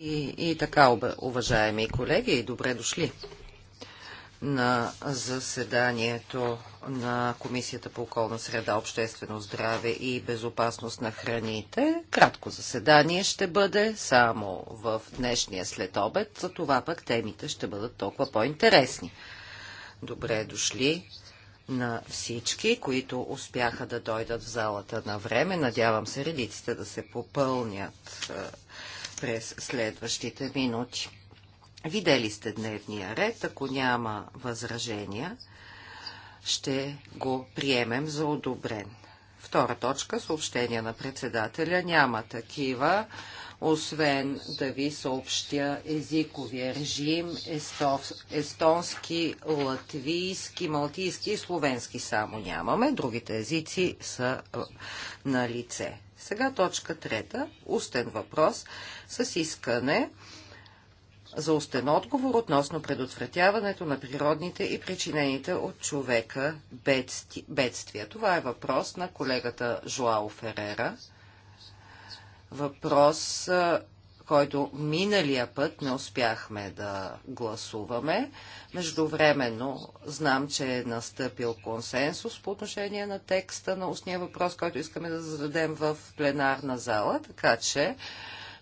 и, и така, уважаеми колеги, добре дошли на заседанието на Комисията по околна среда, обществено здраве и безопасност на храните. Кратко заседание ще бъде само в днешния следобед, за това пък темите ще бъдат толкова по-интересни. Добре дошли на всички, които успяха да дойдат в залата на време. Надявам се редиците да се попълнят е, през следващите минути. Видели сте дневния ред, ако няма възражения, ще го приемем за одобрен. Втора точка – съобщения на председателя. Няма такива, освен да ви съобщя езиковия режим – естонски, латвийски, малтийски и словенски само нямаме. Другите езици са е, на лице. Сега точка трета, устен въпрос с искане за устен отговор относно предотвратяването на природните и причинените от човека бедствия. Това е въпрос на колегата Жоао Ферера. Въпрос който миналия път не успяхме да гласуваме. Междувременно знам, че е настъпил консенсус по отношение на текста на устния въпрос, който искаме да зададем в пленарна зала, така че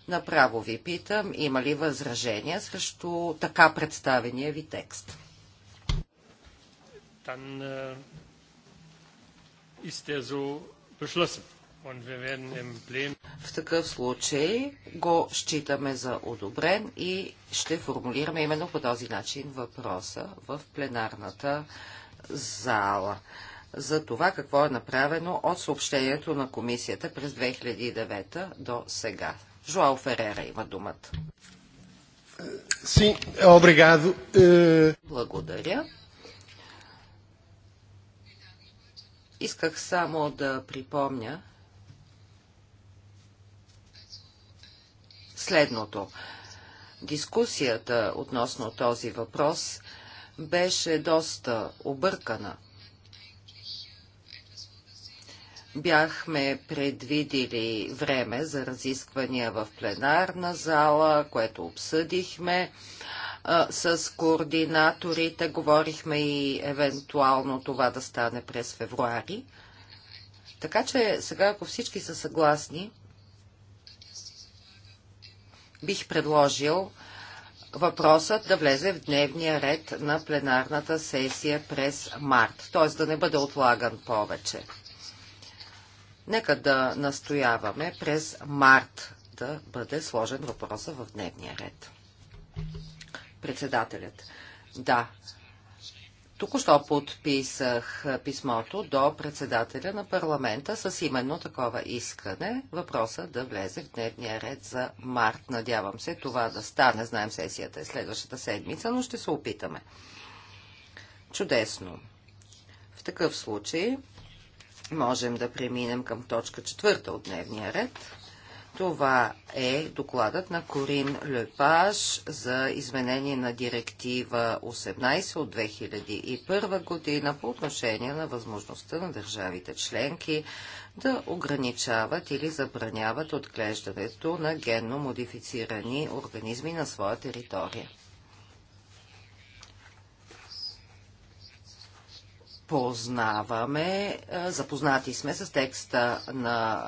направо ви питам, има ли възражения срещу така представения ви текст? Dann äh, ist er so beschlossen. В такъв случай го считаме за одобрен и ще формулираме именно по този начин въпроса в пленарната зала за това какво е направено от съобщението на комисията през 2009 до сега. Жоао Ферера има думата. Си, обригадо. Е, Благодаря. Исках само да припомня, следното. Дискусията относно този въпрос беше доста объркана. Бяхме предвидили време за разисквания в пленарна зала, което обсъдихме а, с координаторите. Говорихме и евентуално това да стане през февруари. Така че сега, ако всички са съгласни, бих предложил въпросът да влезе в дневния ред на пленарната сесия през март, т.е. да не бъде отлаган повече. Нека да настояваме през март да бъде сложен въпроса в дневния ред. Председателят. Да, Току-що подписах писмото до председателя на парламента с именно такова искане. Въпроса е да влезе в дневния ред за март. Надявам се това да стане. Знаем, сесията е следващата седмица, но ще се опитаме. Чудесно. В такъв случай можем да преминем към точка четвърта от дневния ред. Това е докладът на Корин Лепаш за изменение на директива 18 от 2001 година по отношение на възможността на държавите членки да ограничават или забраняват отглеждането на генно модифицирани организми на своя територия. познаваме, запознати сме с текста на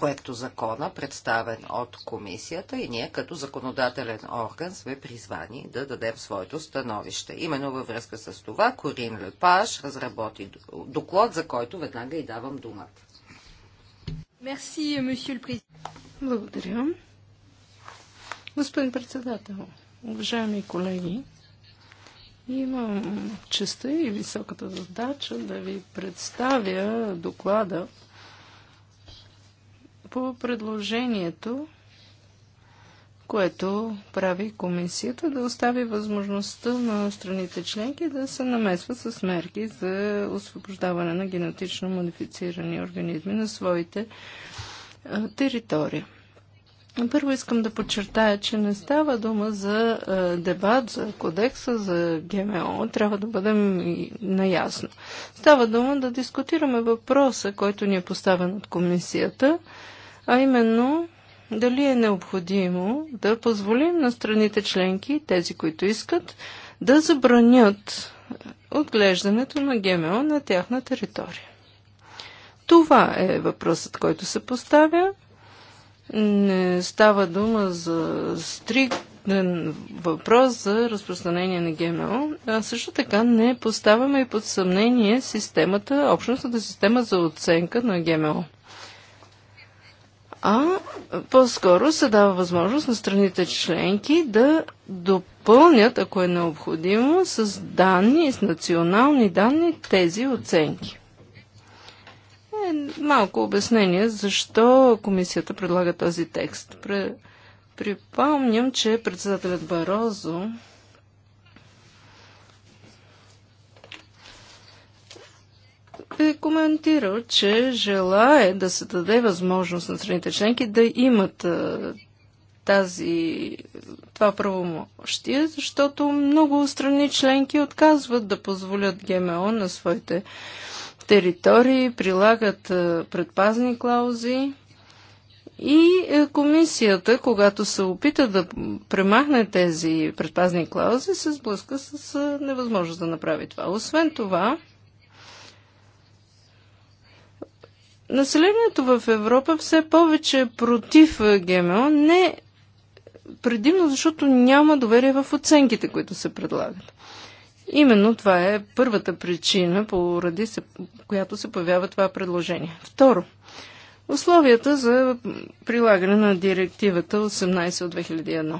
проекто закона, представен от комисията и ние като законодателен орган сме призвани да дадем своето становище. Именно във връзка с това Корин Лепаш разработи доклад, за който веднага и давам думата. Мерси, Благодаря. Господин председател, уважаеми колеги, имам честа и високата задача да ви представя доклада по предложението, което прави комисията да остави възможността на страните членки да се намесват с мерки за освобождаване на генетично модифицирани организми на своите територии. Първо искам да подчертая, че не става дума за дебат за кодекса, за ГМО. Трябва да бъдем наясно. Става дума да дискутираме въпроса, който ни е поставен от комисията а именно дали е необходимо да позволим на страните членки, тези, които искат, да забранят отглеждането на ГМО на тяхна територия. Това е въпросът, който се поставя. Не става дума за стриктен въпрос за разпространение на ГМО, а също така не поставяме и под съмнение системата, общностната система за оценка на ГМО а по-скоро се дава възможност на страните членки да допълнят, ако е необходимо, с данни, с национални данни тези оценки. Е, малко обяснение защо комисията предлага този текст. Припомням, че председателят Барозо е коментирал, че желае да се даде възможност на страните членки да имат тази, това правомощие, защото много страни членки отказват да позволят ГМО на своите територии, прилагат предпазни клаузи. И е, комисията, когато се опита да премахне тези предпазни клаузи, се сблъска с невъзможност да направи това. Освен това, Населението в Европа все повече е против е, ГМО, не предимно защото няма доверие в оценките, които се предлагат. Именно това е първата причина, поради се, която се появява това предложение. Второ, условията за прилагане на директивата 18 от 2001.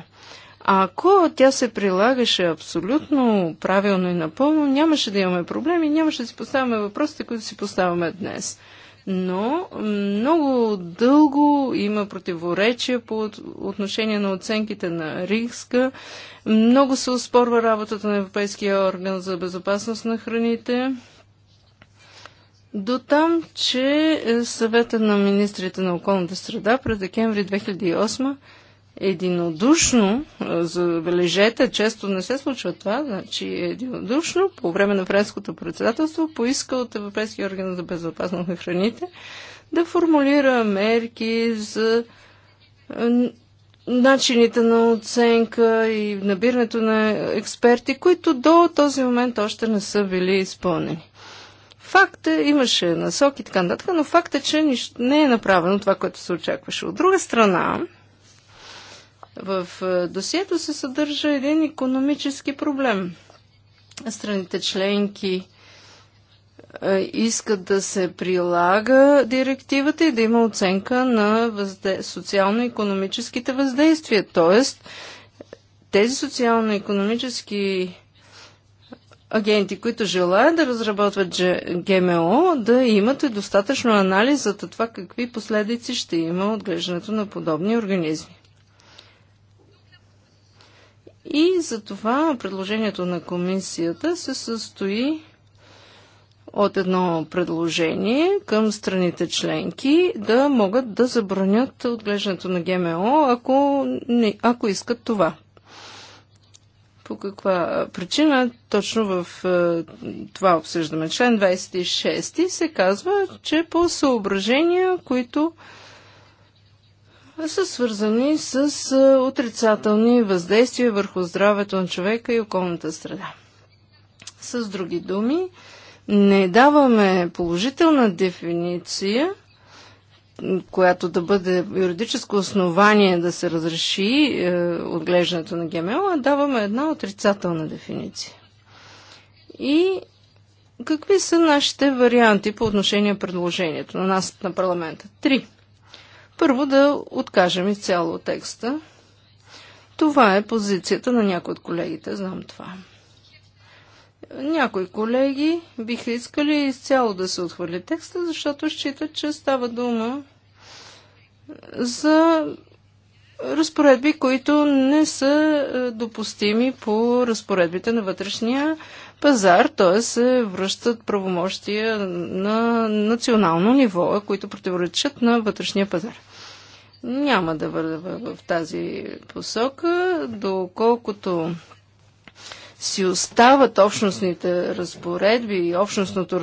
А ако тя се прилагаше абсолютно правилно и напълно, нямаше да имаме проблеми, нямаше да си поставяме въпросите, които си поставяме днес – но много дълго има противоречия по отношение на оценките на риска. Много се успорва работата на Европейския орган за безопасност на храните. До там, че съвета на министрите на околната среда през декември 2008 единодушно, забележете, често не се случва това, значи единодушно по време на френското председателство поиска от Европейския орган за безопасност на храните да формулира мерки за начините на оценка и набирането на експерти, които до този момент още не са били изпълнени. Факт е, имаше насоки и така нататък, но факт е, че не е направено това, което се очакваше. От друга страна, в е, досието се съдържа един економически проблем. Страните членки е, искат да се прилага директивата и да има оценка на възде... социално-економическите въздействия. Тоест, тези социално-економически агенти, които желаят да разработват ГМО, да имат и достатъчно анализ за това какви последици ще има отглеждането на подобни организми. И за това предложението на комисията се състои от едно предложение към страните членки да могат да забранят отглеждането на ГМО, ако, не, ако искат това. По каква причина? Точно в е, това обсъждаме. Член 26 се казва, че по съображения, които са свързани с отрицателни въздействия върху здравето на човека и околната среда. С други думи, не даваме положителна дефиниция, която да бъде юридическо основание да се разреши е, отглеждането на ГМО, а даваме една отрицателна дефиниция. И какви са нашите варианти по отношение на предложението на нас на парламента? Три – първо да откажем изцяло текста. Това е позицията на някои от колегите, знам това. Някои колеги биха искали изцяло да се отхвърли текста, защото считат, че става дума за разпоредби, които не са е, допустими по разпоредбите на вътрешния пазар, т.е. се връщат правомощия на национално ниво, които противоречат на вътрешния пазар. Няма да вървя в тази посока, доколкото си остават общностните разпоредби и общностното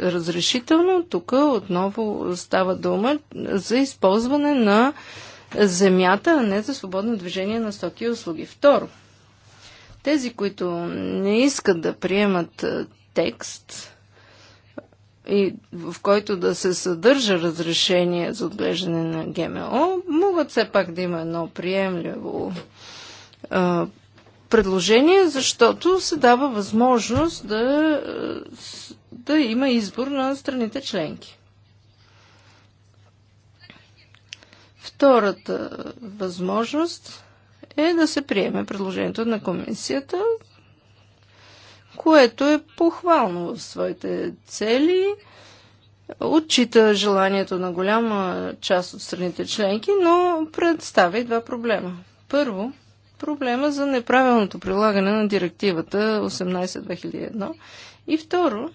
разрешително, тук отново става дума за използване на земята, а не за свободно движение на стоки и услуги. Второ, тези, които не искат да приемат текст, и в който да се съдържа разрешение за отглеждане на ГМО, могат все пак да има едно приемливо а, предложение, защото се дава възможност да, да има избор на страните членки. Втората възможност е да се приеме предложението на комисията, което е похвално в своите цели, отчита желанието на голяма част от страните членки, но представя и два проблема. Първо, проблема за неправилното прилагане на директивата 18-2001 и второ,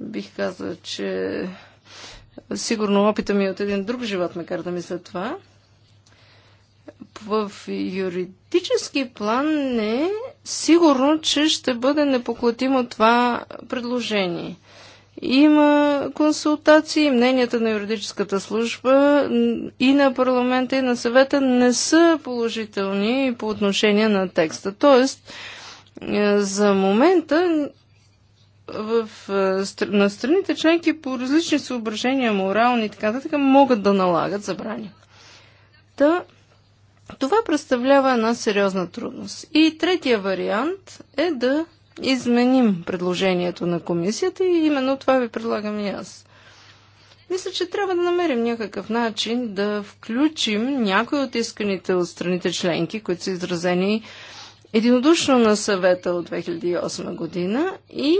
бих казала, че Сигурно опита ми е от един друг живот, макар да мисля това. В юридически план не е сигурно, че ще бъде непоклатимо това предложение. Има консултации, мненията на юридическата служба и на парламента и на съвета не са положителни по отношение на текста. Тоест, е, за момента в, на страните членки по различни съображения, морални и така нататък, могат да налагат забрани. Та, това представлява една сериозна трудност. И третия вариант е да изменим предложението на комисията и именно това ви предлагам и аз. Мисля, че трябва да намерим някакъв начин да включим някои от исканите от страните членки, които са изразени единодушно на съвета от 2008 година и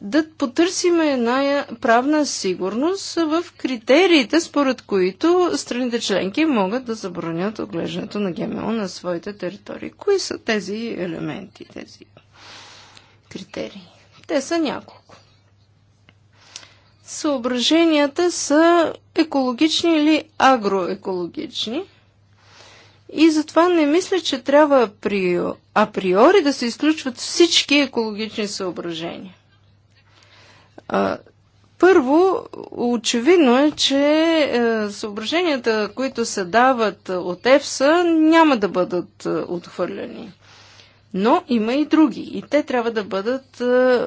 да потърсиме една правна сигурност в критериите, според които страните членки могат да забранят отглеждането на ГМО на своите територии. Кои са тези елементи, тези критерии? Те са няколко. Съображенията са екологични или агроекологични. И затова не мисля, че трябва априори да се изключват всички екологични съображения. Първо, очевидно е, че е, съображенията, които се дават от ЕФСА, няма да бъдат е, отхвърлени. Но има и други. И те трябва да бъдат е,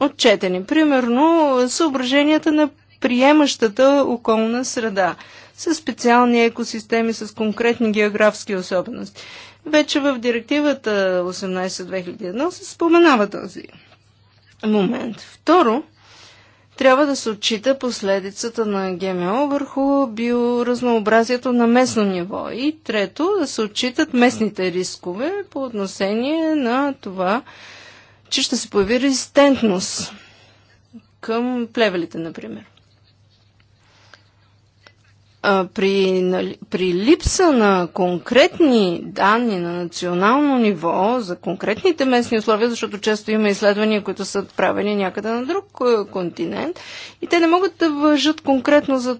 отчетени. Примерно, съображенията на приемащата околна среда с специални екосистеми, с конкретни географски особености. Вече в директивата 18-2001 се споменава този момент. Второ, трябва да се отчита последицата на ГМО върху биоразнообразието на местно ниво. И трето, да се отчитат местните рискове по отношение на това, че ще се появи резистентност към плевелите, например при, нали, при липса на конкретни данни на национално ниво за конкретните местни условия, защото често има изследвания, които са правени някъде на друг континент, и те не могат да въжат конкретно за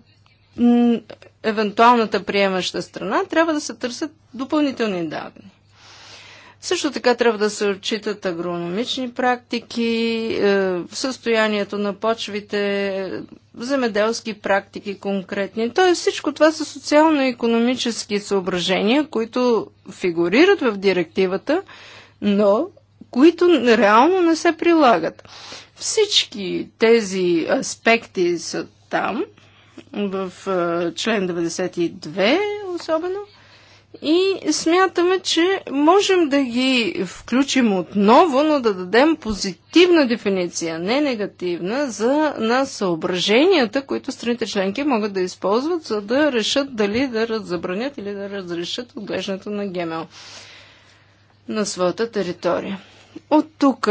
евентуалната приемаща страна, трябва да се търсят допълнителни данни. Също така трябва да се отчитат агрономични практики, е, състоянието на почвите, земеделски практики конкретни. Тоест всичко това са социално-економически съображения, които фигурират в директивата, но които реално не се прилагат. Всички тези аспекти са там, в е, член 92 особено и смятаме, че можем да ги включим отново, но да дадем позитивна дефиниция, не негативна, за, на съображенията, които страните членки могат да използват, за да решат дали да разбранят или да разрешат отглеждането на ГМО на своята територия. От тук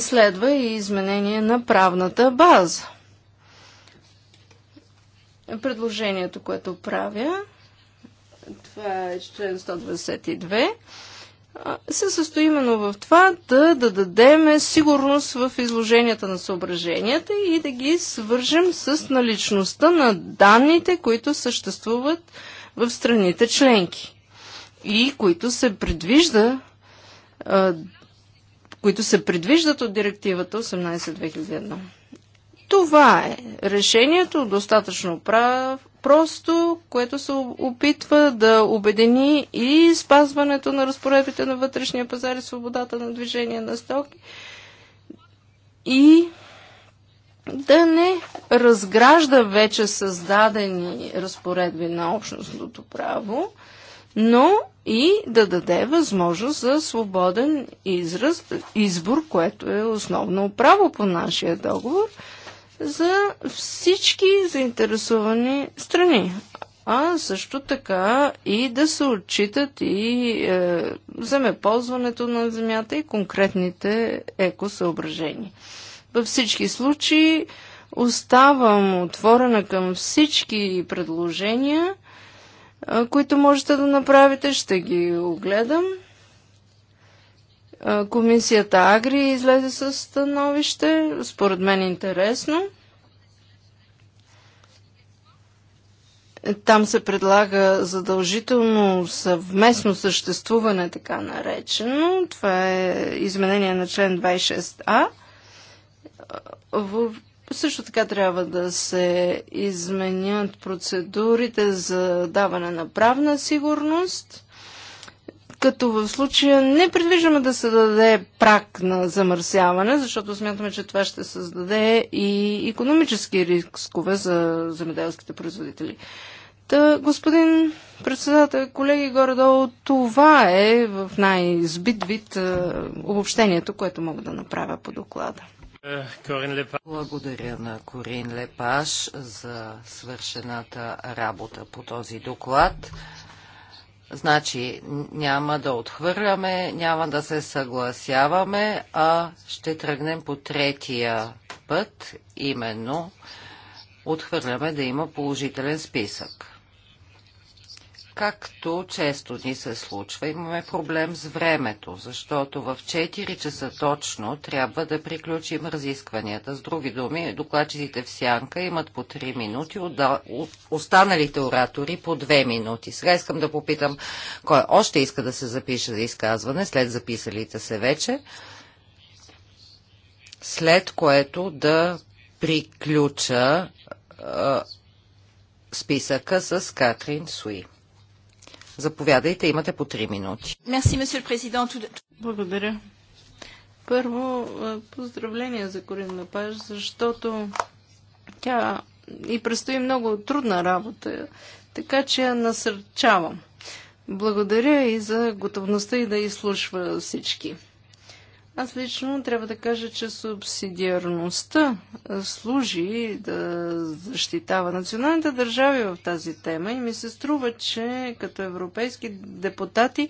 следва и изменение на правната база. Предложението, което правя, това е член 122, се състои именно в това да, да дадем сигурност в изложенията на съображенията и да ги свържем с наличността на данните, които съществуват в страните членки и които се предвижда които се предвиждат от директивата 18-2001. Това е решението, е достатъчно прав, просто, което се опитва да обедини и спазването на разпоредбите на вътрешния пазар и свободата на движение на стоки и да не разгражда вече създадени разпоредби на общностното право, но и да даде възможност за свободен израз, избор, което е основно право по нашия договор – за всички заинтересовани страни. А също така и да се отчитат и е, земеползването на земята и конкретните екосъображения. Във всички случаи оставам отворена към всички предложения, които можете да направите. Ще ги огледам Комисията Агри излезе с становище, според мен е интересно. Там се предлага задължително съвместно съществуване, така наречено. Това е изменение на член 26а. В... Също така трябва да се изменят процедурите за даване на правна сигурност – като в случая не предвиждаме да се даде прак на замърсяване, защото смятаме, че това ще създаде и економически рискове за земеделските производители. Та, господин председател, колеги, горе-долу това е в най-збит вид обобщението, което мога да направя по доклада. Е, Благодаря на Корин Лепаш за свършената работа по този доклад. Значи няма да отхвърляме, няма да се съгласяваме, а ще тръгнем по третия път, именно отхвърляме да има положителен списък. Както често ни се случва, имаме проблем с времето, защото в 4 часа точно трябва да приключим разискванията. С други думи, докладчиците в сянка имат по 3 минути, останалите оратори по 2 минути. Сега искам да попитам, кой още иска да се запише за изказване, след записалите се вече, след което да приключа списъка с Катрин Суи. Заповядайте, имате по 3 минути. Благодаря. Първо, поздравления за Корин Лепаш, защото тя и предстои много трудна работа, така че я насърчавам. Благодаря и за готовността и да изслушва всички. Аз лично трябва да кажа, че субсидиарността служи да защитава националните държави в тази тема и ми се струва, че като европейски депутати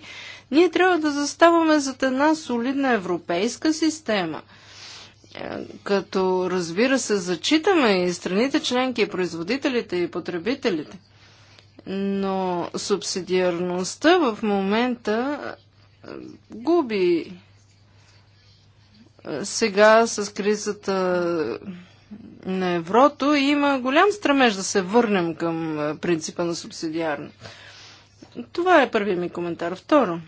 ние трябва да заставаме зад една солидна европейска система – като разбира се зачитаме и страните членки, и производителите, и потребителите. Но субсидиарността в момента губи сега с кризата на еврото има голям стремеж да се върнем към принципа на субсидиарно. Това е първият ми коментар. Второ,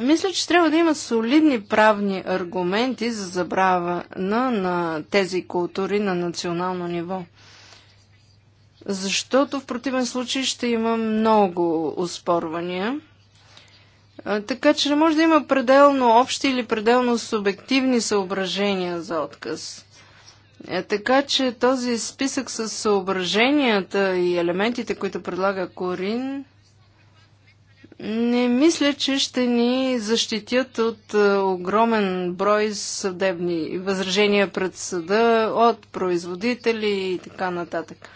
мисля, че трябва да има солидни правни аргументи за забрава на, на тези култури на национално ниво. Защото в противен случай ще има много успорвания така че не може да има пределно общи или пределно субективни съображения за отказ. Е, така че този списък с съображенията и елементите, които предлага Корин, не мисля, че ще ни защитят от е, огромен брой съдебни възражения пред съда, от производители и така нататък.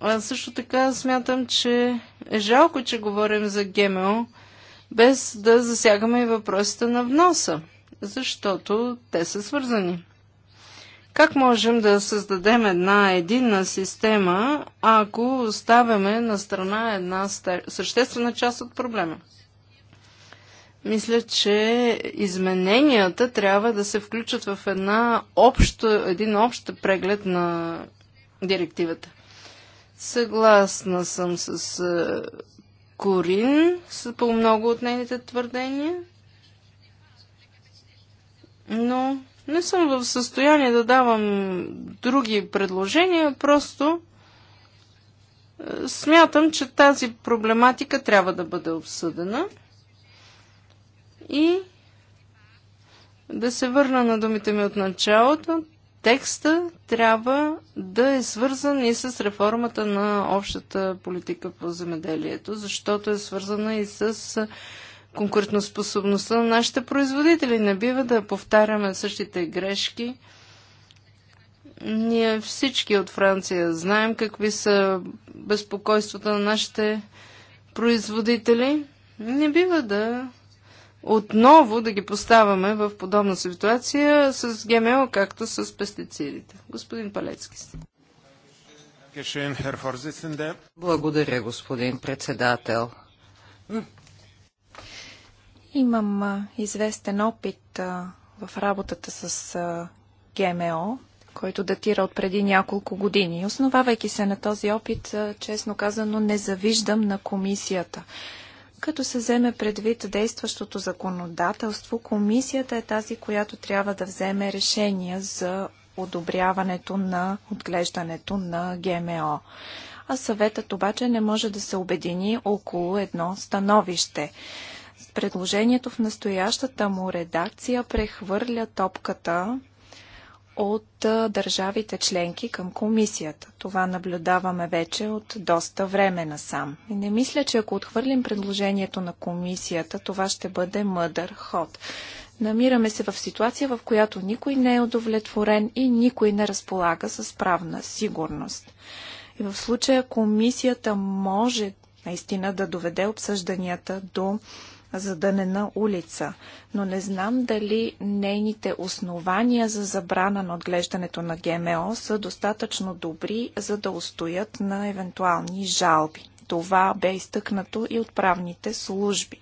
А също така смятам, че е жалко, че говорим за ГМО, без да засягаме и въпросите на вноса, защото те са свързани. Как можем да създадем една единна система, ако оставяме на страна една съществена част от проблема? Мисля, че измененията трябва да се включат в една обща, един общ преглед на директивата. Съгласна съм с Корин по много от нейните твърдения, но не съм в състояние да давам други предложения, просто е, смятам, че тази проблематика трябва да бъде обсъдена и да се върна на думите ми от началото текста трябва да е свързан и с реформата на общата политика по земеделието, защото е свързана и с конкурентоспособността на нашите производители. Не бива да повтаряме същите грешки. Ние всички от Франция знаем какви са безпокойствата на нашите производители. Не бива да отново да ги поставяме в подобна ситуация с ГМО, както с пестицидите. Господин Палецки. Благодаря, господин председател. Имам известен опит в работата с ГМО, който датира от преди няколко години. Основавайки се на този опит, честно казано, не завиждам на комисията. Като се вземе предвид действащото законодателство, комисията е тази, която трябва да вземе решения за одобряването на отглеждането на ГМО. А съветът обаче не може да се обедини около едно становище. Предложението в настоящата му редакция прехвърля топката от държавите членки към комисията. Това наблюдаваме вече от доста време насам. И не мисля, че ако отхвърлим предложението на комисията, това ще бъде мъдър ход. Намираме се в ситуация, в която никой не е удовлетворен и никой не разполага с правна сигурност. И в случая комисията може наистина да доведе обсъжданията до задънена улица. Но не знам дали нейните основания за забрана на отглеждането на ГМО са достатъчно добри, за да устоят на евентуални жалби. Това бе изтъкнато и от правните служби.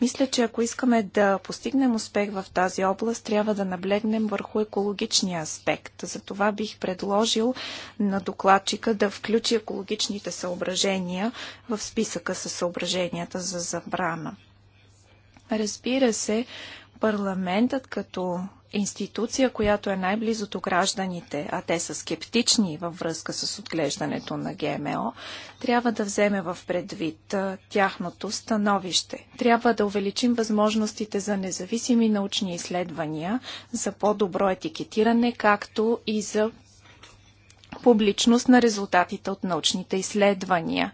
Мисля, че ако искаме да постигнем успех в тази област, трябва да наблегнем върху екологичния аспект. Затова бих предложил на докладчика да включи екологичните съображения в списъка с съображенията за забрана. Разбира се, парламентът като институция, която е най-близо до гражданите, а те са скептични във връзка с отглеждането на ГМО, трябва да вземе в предвид тяхното становище. Трябва да увеличим възможностите за независими научни изследвания, за по-добро етикетиране, както и за публичност на резултатите от научните изследвания.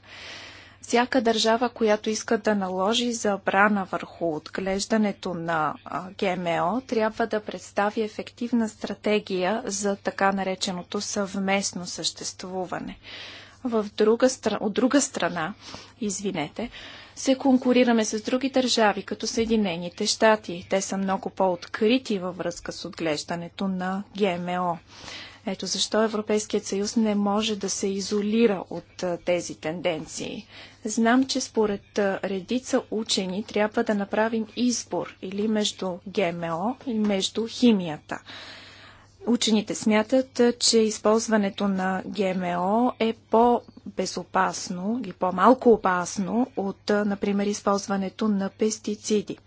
Всяка държава, която иска да наложи забрана върху отглеждането на ГМО, трябва да представи ефективна стратегия за така нареченото съвместно съществуване. В друга, от друга страна, извинете, се конкурираме с други държави, като Съединените щати. Те са много по-открити във връзка с отглеждането на ГМО. Ето защо Европейският съюз не може да се изолира от тези тенденции. Знам, че според редица учени трябва да направим избор или между ГМО и между химията. Учените смятат, че използването на ГМО е по-безопасно или по-малко опасно от, например, използването на пестициди.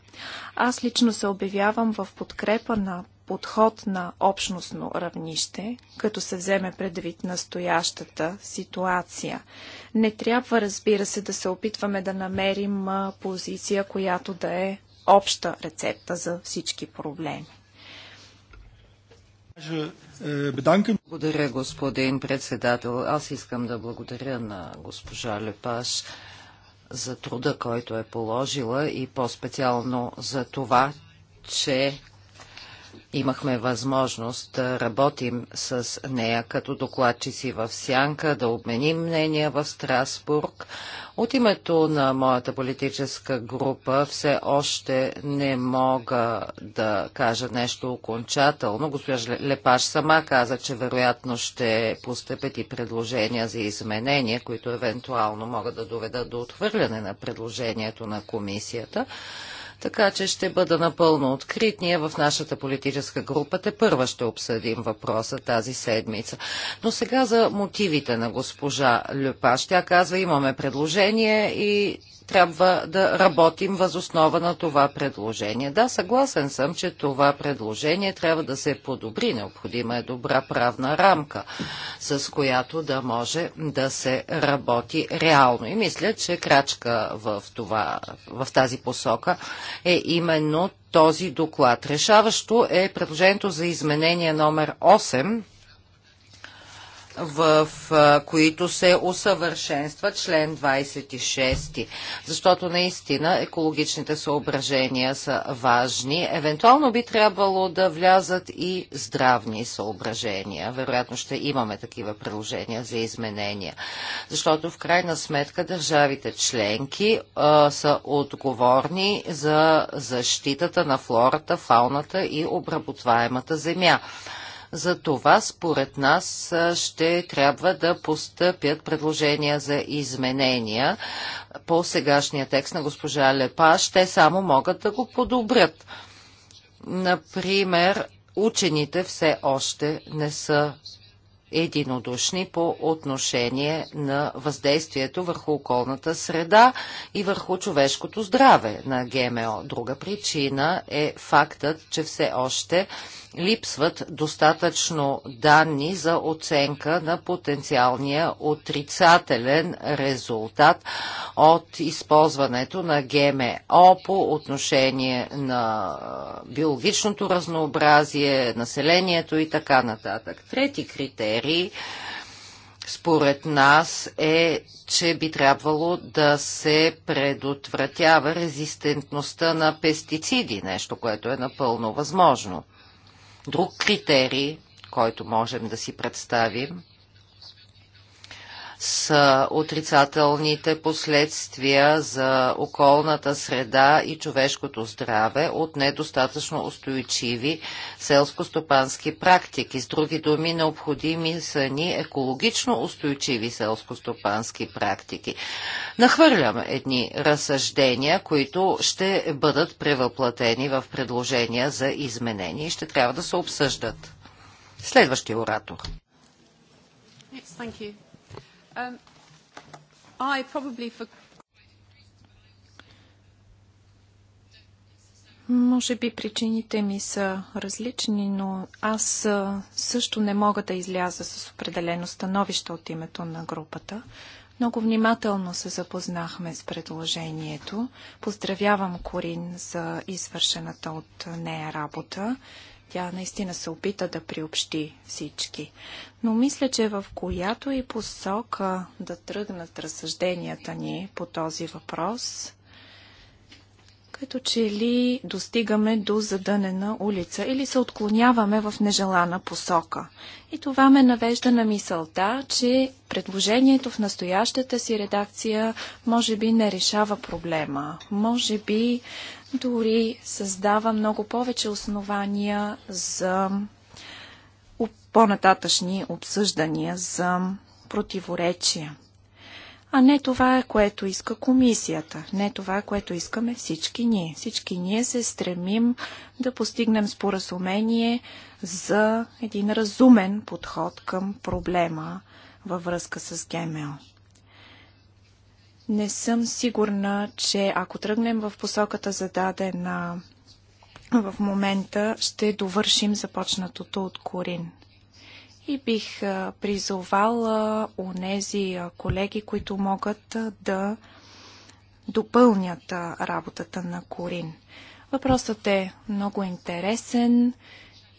Аз лично се обявявам в подкрепа на подход на общностно равнище, като се вземе предвид настоящата ситуация. Не трябва, разбира се, да се опитваме да намерим позиция, която да е обща рецепта за всички проблеми. Е, благодаря, господин председател. Аз искам да благодаря на госпожа Лепаш за труда, който е положила и по-специално за това, че имахме възможност да работим с нея като докладчици в Сянка, да обменим мнения в Страсбург. От името на моята политическа група все още не мога да кажа нещо окончателно. Госпожа Лепаш сама каза, че вероятно ще постъпят и предложения за изменения, които евентуално могат да доведат до отхвърляне на предложението на комисията. Така че ще бъда напълно открит. Ние в нашата политическа група те първа ще обсъдим въпроса тази седмица. Но сега за мотивите на госпожа Люпаш. Тя казва, имаме предложение и трябва да работим възоснова на това предложение. Да, съгласен съм, че това предложение трябва да се подобри. Необходима е добра правна рамка, с която да може да се работи реално. И мисля, че крачка в, това, в тази посока е именно този доклад. Решаващо е предложението за изменение номер 8 в които се усъвършенства член 26, защото наистина екологичните съображения са важни. Евентуално би трябвало да влязат и здравни съображения. Вероятно ще имаме такива предложения за изменения, защото в крайна сметка държавите членки а, са отговорни за защитата на флората, фауната и обработваемата земя. За това, според нас, ще трябва да постъпят предложения за изменения по сегашния текст на госпожа Лепаш. Те само могат да го подобрят. Например, учените все още не са единодушни по отношение на въздействието върху околната среда и върху човешкото здраве на ГМО. Друга причина е фактът, че все още липсват достатъчно данни за оценка на потенциалния отрицателен резултат от използването на ГМО по отношение на биологичното разнообразие, населението и така нататък. Трети критерий според нас е, че би трябвало да се предотвратява резистентността на пестициди, нещо, което е напълно възможно. Друг критерий, който можем да си представим, с отрицателните последствия за околната среда и човешкото здраве от недостатъчно устойчиви селскостопански практики. С други думи, необходими са ни екологично устойчиви селскостопански практики. Нахвърлям едни разсъждения, които ще бъдат превъплатени в предложения за изменения и ще трябва да се обсъждат. Следващия оратор. Um, I probably for... Може би причините ми са различни, но аз също не мога да изляза с определено становище от името на групата. Много внимателно се запознахме с предложението. Поздравявам Корин за извършената от нея работа. Тя наистина се опита да приобщи всички. Но мисля, че в която и посока да тръгнат разсъжденията ни по този въпрос, като че ли достигаме до задънена улица или се отклоняваме в нежелана посока. И това ме навежда на мисълта, че предложението в настоящата си редакция може би не решава проблема. Може би дори създава много повече основания за по-нататъчни обсъждания за противоречия а не това, е, което иска комисията, не това, което искаме всички ние. Всички ние се стремим да постигнем споразумение за един разумен подход към проблема във връзка с ГМО. Не съм сигурна, че ако тръгнем в посоката зададена в момента, ще довършим започнатото от Корин и бих призовала онези колеги, които могат да допълнят работата на Корин. Въпросът е много интересен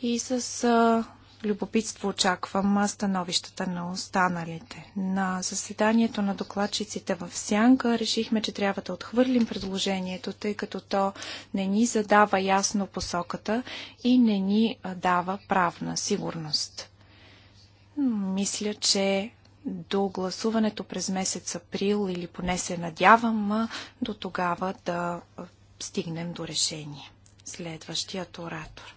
и с любопитство очаквам становищата на останалите. На заседанието на докладчиците в Сянка решихме, че трябва да отхвърлим предложението, тъй като то не ни задава ясно посоката и не ни дава правна сигурност. Мисля, че до гласуването през месец април или поне се надявам до тогава да стигнем до решение. Следващият оратор.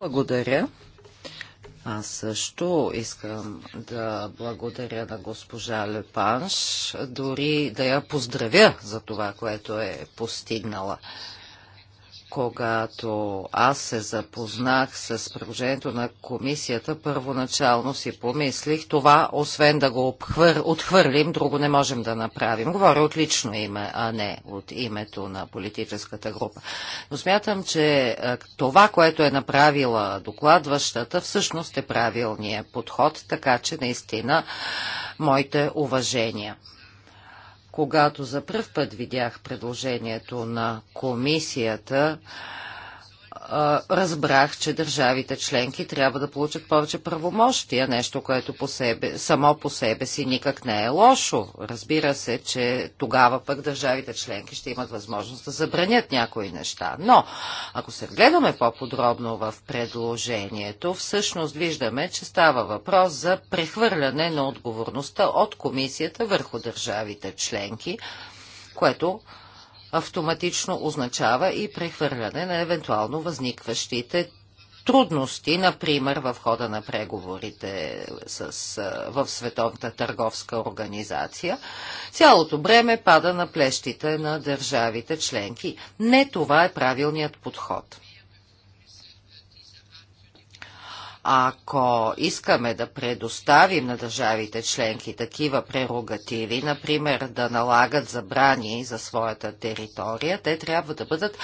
Благодаря. Аз също искам да благодаря на госпожа Лепанш, дори да я поздравя за това, което е постигнала. Когато аз се запознах с приложението на комисията, първоначално си помислих, това, освен да го обхвър... отхвърлим, друго не можем да направим. Говоря от лично име, а не от името на политическата група. Но смятам, че това, което е направила докладващата, всъщност е правилният подход, така че наистина моите уважения. Когато за пръв път видях предложението на комисията, разбрах, че държавите членки трябва да получат повече правомощия, нещо, което по себе, само по себе си никак не е лошо. Разбира се, че тогава пък държавите членки ще имат възможност да забранят някои неща. Но, ако се вгледаме по-подробно в предложението, всъщност виждаме, че става въпрос за прехвърляне на отговорността от комисията върху държавите членки, което автоматично означава и прехвърляне на евентуално възникващите трудности, например в хода на преговорите с, в Световната търговска организация, цялото бреме пада на плещите на държавите членки. Не това е правилният подход. Ако искаме да предоставим на държавите членки такива прерогативи, например да налагат забрани за своята територия, те трябва да бъдат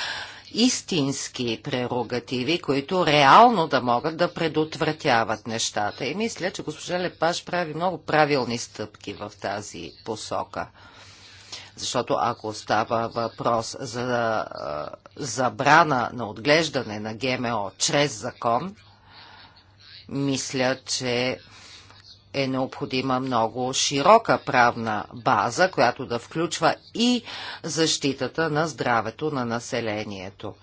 истински прерогативи, които реално да могат да предотвратяват нещата. И мисля, че госпожа Лепаш прави много правилни стъпки в тази посока. Защото ако става въпрос за забрана на отглеждане на ГМО чрез закон, мисля, че е необходима много широка правна база, която да включва и защитата на здравето на населението.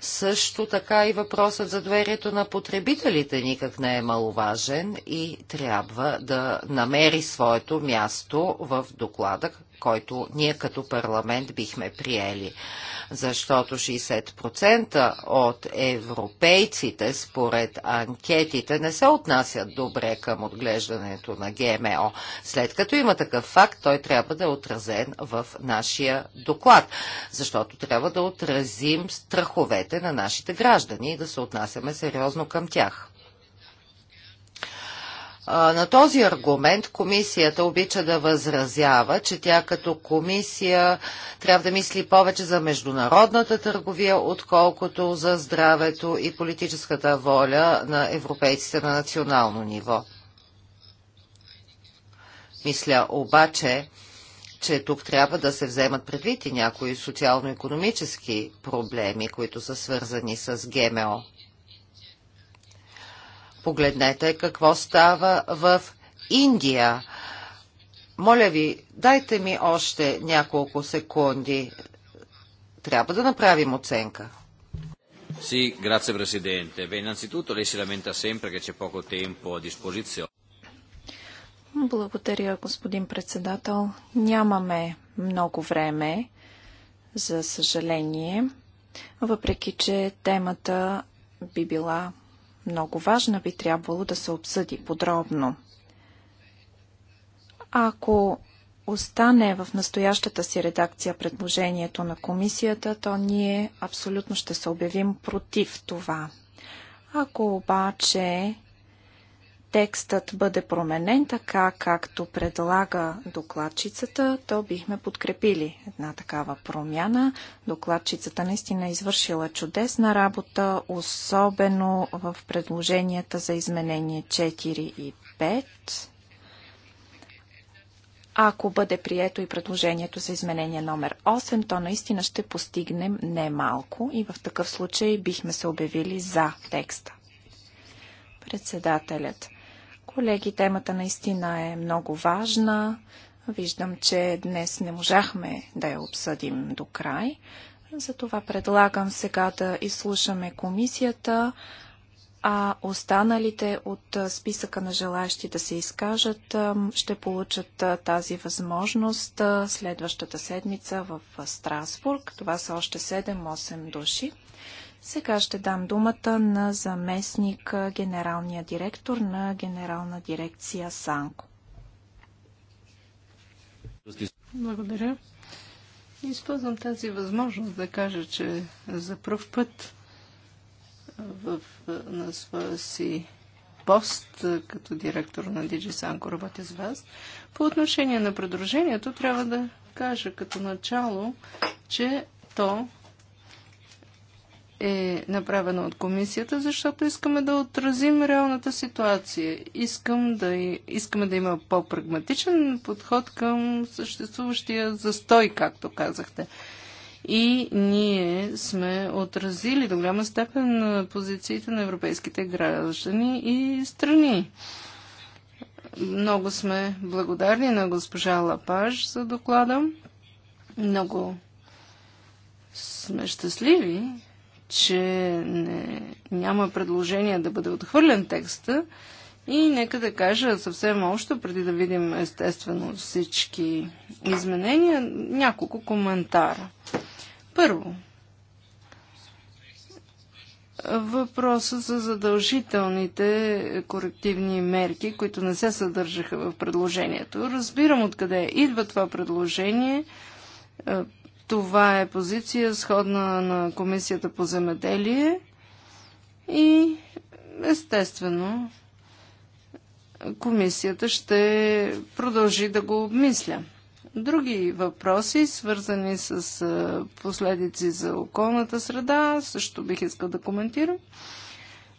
Също така и въпросът за доверието на потребителите никак не е маловажен и трябва да намери своето място в доклада, който ние като парламент бихме приели защото 60% от европейците според анкетите не се отнасят добре към отглеждането на ГМО. След като има такъв факт, той трябва да е отразен в нашия доклад, защото трябва да отразим страховете на нашите граждани и да се отнасяме сериозно към тях. На този аргумент комисията обича да възразява, че тя като комисия трябва да мисли повече за международната търговия, отколкото за здравето и политическата воля на европейците на национално ниво. Мисля обаче, че тук трябва да се вземат предвид и някои социално-економически проблеми, които са свързани с ГМО. Погледнете какво става в Индия. Моля ви, дайте ми още няколко секунди. Трябва да направим оценка. Sì, grazie Presidente. Beh, innanzitutto lei si lamenta sempre che c'è poco tempo a disposizione. Благодаря, господин председател. Нямаме много време, за съжаление, въпреки че темата би била много важна, би трябвало да се обсъди подробно. Ако остане в настоящата си редакция предложението на комисията, то ние абсолютно ще се обявим против това. Ако обаче текстът бъде променен така, както предлага докладчицата, то бихме подкрепили една такава промяна. Докладчицата наистина е извършила чудесна работа, особено в предложенията за изменение 4 и 5. Ако бъде прието и предложението за изменение номер 8, то наистина ще постигнем немалко и в такъв случай бихме се обявили за текста. Председателят. Колеги, темата наистина е много важна. Виждам, че днес не можахме да я обсъдим до край. Затова предлагам сега да изслушаме комисията, а останалите от списъка на желаящи да се изкажат ще получат тази възможност следващата седмица в Страсбург. Това са още 7-8 души. Сега ще дам думата на заместник генералния директор на генерална дирекция Санко. Благодаря. Използвам тази възможност да кажа, че за първ път в, на своя си пост като директор на Диджи Санко работя с вас. По отношение на предложението трябва да кажа като начало, че то е направена от комисията, защото искаме да отразим реалната ситуация. Искам да, искаме да има по-прагматичен подход към съществуващия застой, както казахте. И ние сме отразили до голяма степен на позициите на европейските граждани и страни. Много сме благодарни на госпожа Лапаж за доклада. Много сме щастливи, че не, няма предложение да бъде отхвърлен текста. И нека да кажа съвсем общо, преди да видим естествено всички изменения, няколко коментара. Първо, въпроса за задължителните корективни мерки, които не се съдържаха в предложението. Разбирам откъде идва това предложение. Това е позиция сходна на Комисията по земеделие и естествено Комисията ще продължи да го обмисля. Други въпроси, свързани с последици за околната среда, също бих искал да коментирам.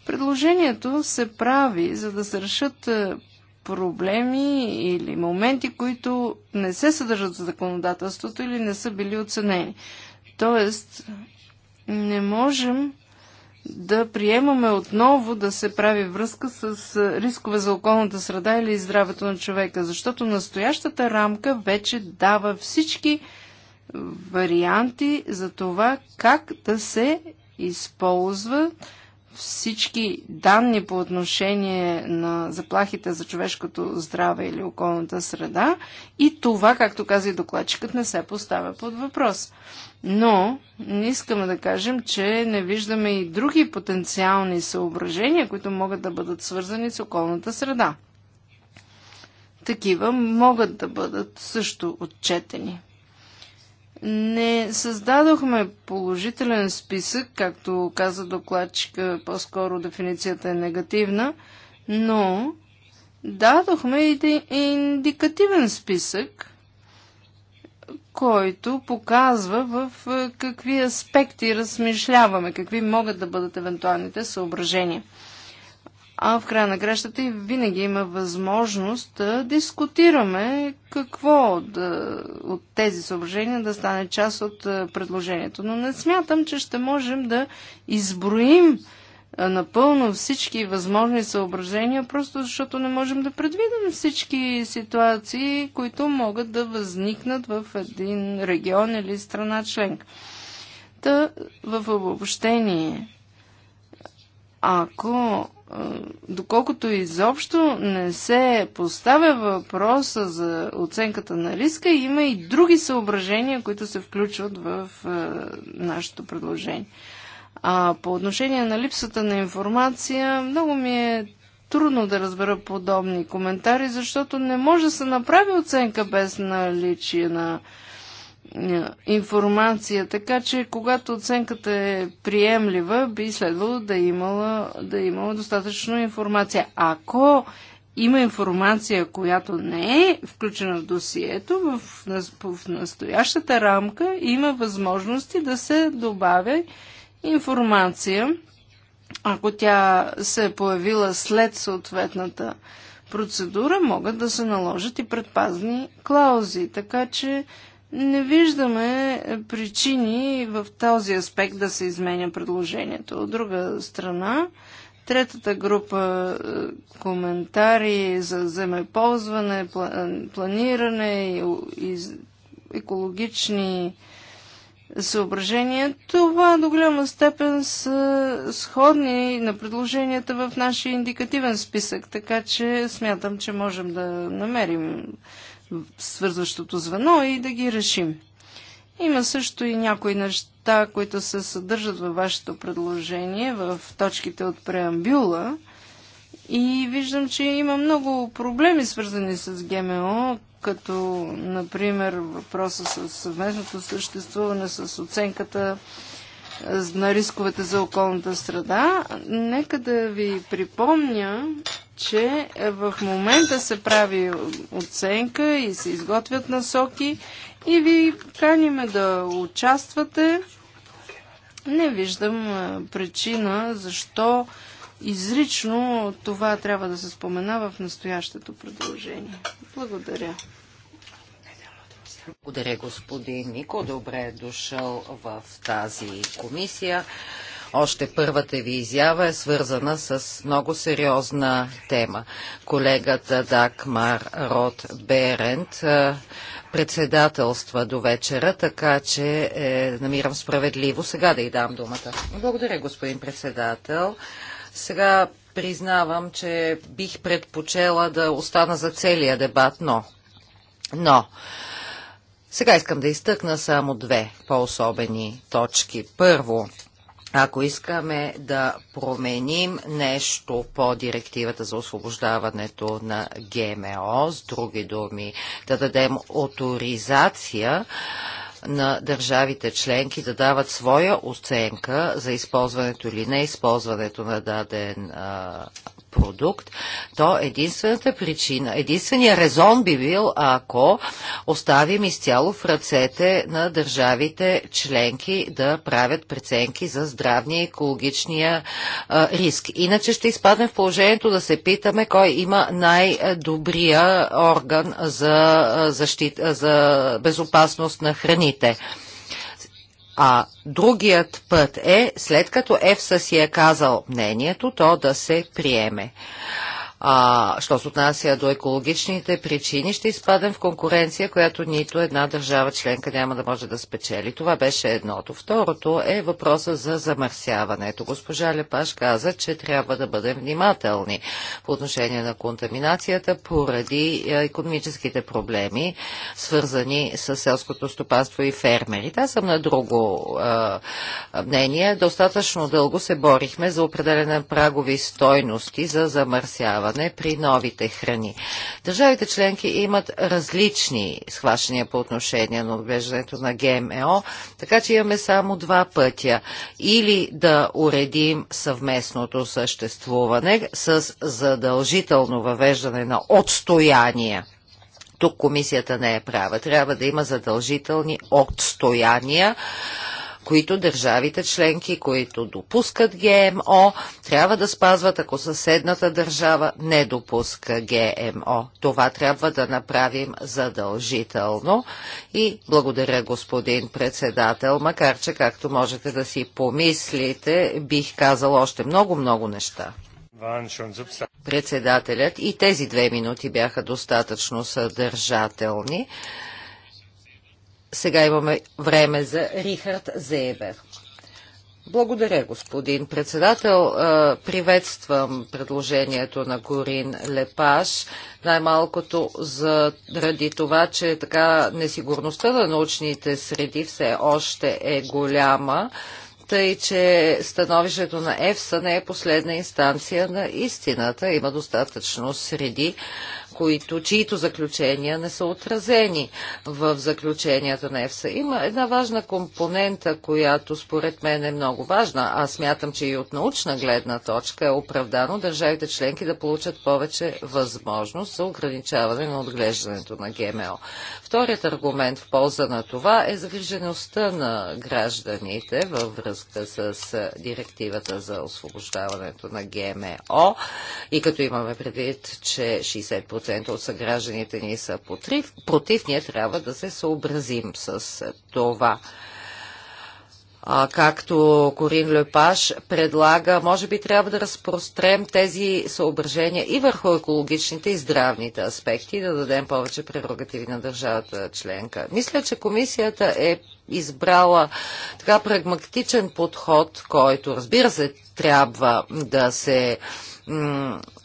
Предложението се прави, за да се решат проблеми или моменти, които не се съдържат в за законодателството или не са били оценени. Тоест, не можем да приемаме отново да се прави връзка с рискове за околната среда или здравето на човека, защото настоящата рамка вече дава всички варианти за това как да се използват всички данни по отношение на заплахите за човешкото здраве или околната среда и това, както каза и докладчикът, не се поставя под въпрос. Но не искаме да кажем, че не виждаме и други потенциални съображения, които могат да бъдат свързани с околната среда. Такива могат да бъдат също отчетени. Не създадохме положителен списък, както каза докладчика, по-скоро дефиницията е негативна, но дадохме и индикативен списък, който показва в е, какви аспекти размишляваме, какви могат да бъдат евентуалните съображения а в края на кращата и винаги има възможност да дискутираме какво да, от тези съображения да стане част от предложението. Но не смятам, че ще можем да изброим напълно всички възможни съображения, просто защото не можем да предвидим всички ситуации, които могат да възникнат в един регион или страна членка. Та в обобщение, ако доколкото изобщо не се поставя въпроса за оценката на риска, има и други съображения, които се включват в е, нашето предложение. А по отношение на липсата на информация, много ми е трудно да разбера подобни коментари, защото не може да се направи оценка без наличие на е, информация, така че когато оценката е приемлива, би следвало да имала, да имала достатъчно информация. Ако има информация, която не е включена в досието, в, в настоящата рамка има възможности да се добавя информация, ако тя се е появила след съответната процедура, могат да се наложат и предпазни клаузи. Така че не виждаме причини в този аспект да се изменя предложението. От друга страна, третата група е, коментари за земеползване, планиране и екологични съображения, това до голяма степен са сходни на предложенията в нашия индикативен списък, така че смятам, че можем да намерим свързващото звено и да ги решим. Има също и някои неща, които се съдържат във вашето предложение, в точките от преамбюла. И виждам, че има много проблеми, свързани с ГМО, като, например, въпроса с съвместното съществуване, с оценката е, на рисковете за околната среда. Нека да ви припомня, че е, в момента се прави оценка и се изготвят насоки и ви каниме да участвате. Не виждам е, причина защо изрично това трябва да се спомена в настоящето предложение. Благодаря. Благодаря, господин Нико. Добре е дошъл в тази комисия. Още първата ви изява е свързана с много сериозна тема. Колегата Дакмар Рот Берент председателства до вечера, така че е, намирам справедливо сега да й дам думата. Благодаря, господин председател. Сега признавам, че бих предпочела да остана за целия дебат, но... Но... Сега искам да изтъкна само две по-особени точки. Първо, ако искаме да променим нещо по директивата за освобождаването на ГМО, с други думи, да дадем авторизация на държавите членки да дават своя оценка за използването или не използването на даден а, продукт, то единствената причина, единствения резон би бил, ако оставим изцяло в ръцете на държавите членки да правят преценки за здравния и екологичния а, риск. Иначе ще изпаднем в положението да се питаме кой има най-добрия орган за, защита, за безопасност на храните. А другият път е, след като ЕФСА си е казал мнението, то да се приеме. А, що се отнася до екологичните причини, ще изпадем в конкуренция, която нито една държава членка няма да може да спечели. Това беше едното. Второто е въпроса за замърсяването. Госпожа Лепаш каза, че трябва да бъдем внимателни по отношение на контаминацията поради економическите проблеми, свързани с селското стопанство и фермерите. Аз съм на друго а, е, мнение. Достатъчно дълго се борихме за определена прагови стойности за замърсяване заболяване при новите храни. Държавите членки имат различни схващания по отношение на отглеждането на ГМО, така че имаме само два пътя. Или да уредим съвместното съществуване с задължително въвеждане на отстояния тук комисията не е права. Трябва да има задължителни отстояния които държавите членки, които допускат ГМО, трябва да спазват, ако съседната държава не допуска ГМО. Това трябва да направим задължително. И благодаря, господин председател, макар че, както можете да си помислите, бих казал още много-много неща. Председателят и тези две минути бяха достатъчно съдържателни. Сега имаме време за Рихард Зейбер. Благодаря, господин председател. Е, приветствам предложението на Корин Лепаш, най-малкото заради това, че така несигурността на научните среди все още е голяма, тъй че становището на ЕФСА не е последна инстанция на истината. Има достатъчно среди, които, чието заключения не са отразени в заключенията на ЕФСА. Има една важна компонента, която според мен е много важна. Аз смятам, че и от научна гледна точка е оправдано държавите членки да получат повече възможност за ограничаване на отглеждането на ГМО. Вторият аргумент в полза на това е загрижеността на гражданите във връзка с директивата за освобождаването на ГМО. И като имаме предвид, че 60% 90% от съгражданите ни са против, против, ние трябва да се съобразим с това. А, както Корин Лепаш предлага, може би трябва да разпрострем тези съображения и върху екологичните и здравните аспекти и да дадем повече прерогативи на държавата членка. Мисля, че комисията е избрала така прагматичен подход, който разбира се трябва да се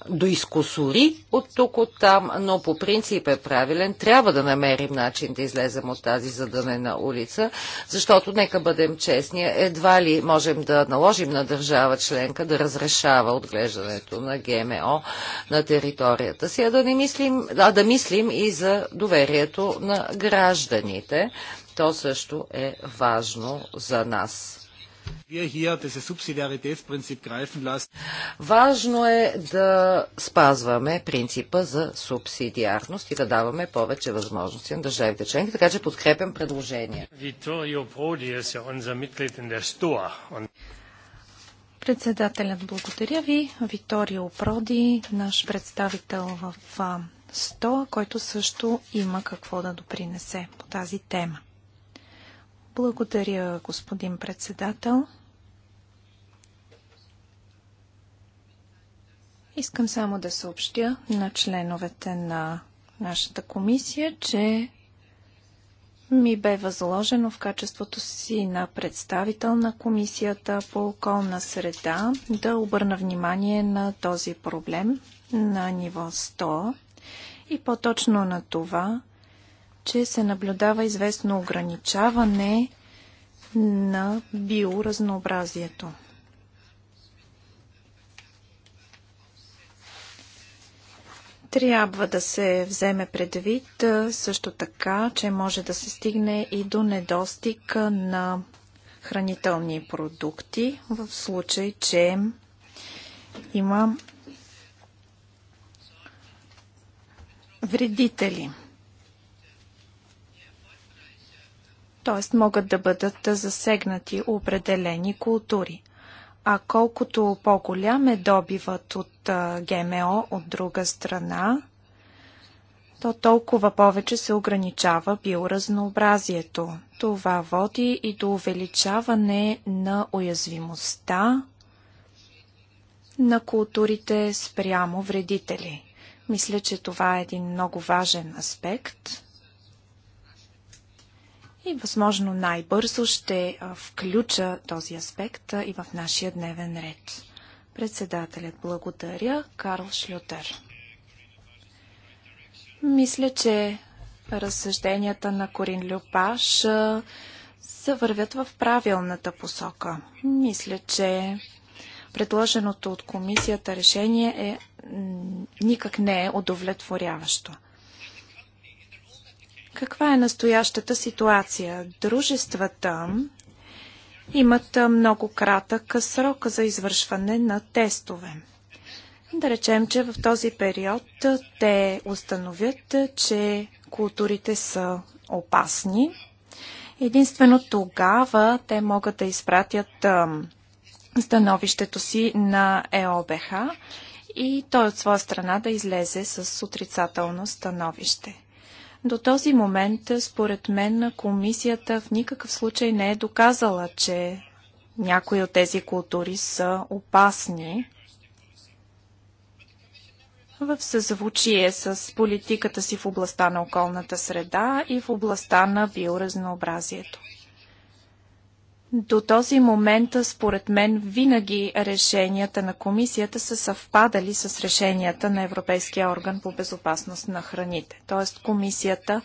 до изкусури от тук от там, но по принцип е правилен. Трябва да намерим начин да излезем от тази задънена улица, защото, нека бъдем честни, едва ли можем да наложим на държава членка да разрешава отглеждането на ГМО на територията си, а да, не мислим, а да мислим и за доверието на гражданите. То също е важно за нас. Важно е да спазваме принципа за субсидиарност и да даваме повече възможности на държавите членки, така че подкрепям предложение. Председателят благодаря ви. Викторио Проди, наш представител в СТОА, който също има какво да допринесе по тази тема. Благодаря, господин председател. Искам само да съобщя на членовете на нашата комисия, че ми бе възложено в качеството си на представител на Комисията по околна среда да обърна внимание на този проблем на ниво 100 и по-точно на това, че се наблюдава известно ограничаване на биоразнообразието. Трябва да се вземе предвид също така, че може да се стигне и до недостиг на хранителни продукти, в случай, че има вредители – т.е. могат да бъдат засегнати определени култури. А колкото по-голям е добивът от ГМО от друга страна, то толкова повече се ограничава биоразнообразието. Това води и до увеличаване на уязвимостта на културите спрямо вредители. Мисля, че това е един много важен аспект и възможно най-бързо ще включа този аспект и в нашия дневен ред. Председателят благодаря Карл Шлютер. Мисля, че разсъжденията на Корин Люпаш се вървят в правилната посока. Мисля, че предложеното от комисията решение е никак не е удовлетворяващо. Каква е настоящата ситуация? Дружествата имат много кратък срок за извършване на тестове. Да речем, че в този период те установят, че културите са опасни. Единствено тогава те могат да изпратят становището си на ЕОБХ и той от своя страна да излезе с отрицателно становище. До този момент, според мен, комисията в никакъв случай не е доказала, че някои от тези култури са опасни в съзвучие с политиката си в областта на околната среда и в областта на биоразнообразието. До този момент, според мен, винаги решенията на комисията са съвпадали с решенията на Европейския орган по безопасност на храните. Тоест, комисията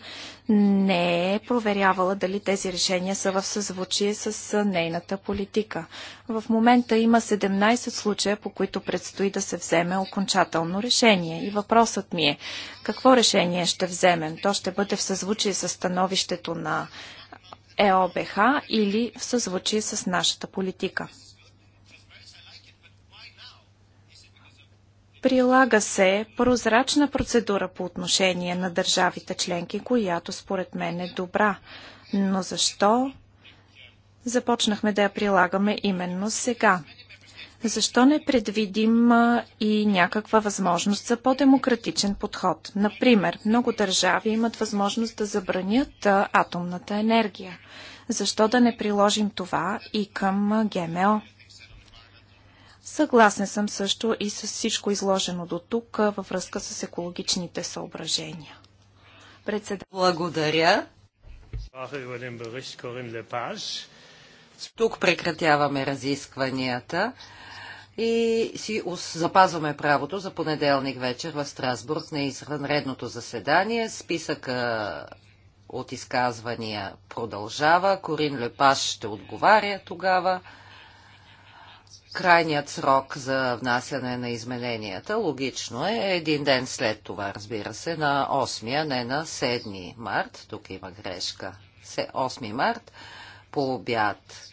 не е проверявала дали тези решения са в съзвучие с нейната политика. В момента има 17 случая, по които предстои да се вземе окончателно решение. И въпросът ми е, какво решение ще вземем? То ще бъде в съзвучие с становището на ЕОБХ или в съзвучие с нашата политика. Прилага се прозрачна процедура по отношение на държавите членки, която според мен е добра. Но защо започнахме да я прилагаме именно сега? Защо не предвидим и някаква възможност за по-демократичен подход? Например, много държави имат възможност да забранят атомната енергия. Защо да не приложим това и към ГМО? Съгласен съм също и с всичко изложено до тук във връзка с екологичните съображения. Председател. Благодаря. Тук прекратяваме разискванията и си запазваме правото за понеделник вечер в Страсбург на изредното заседание. Списък от изказвания продължава. Корин Лепаш ще отговаря тогава. Крайният срок за внасяне на измененията, логично е, е един ден след това, разбира се, на 8, я не на 7 март. Тук има грешка. 8 март по обяд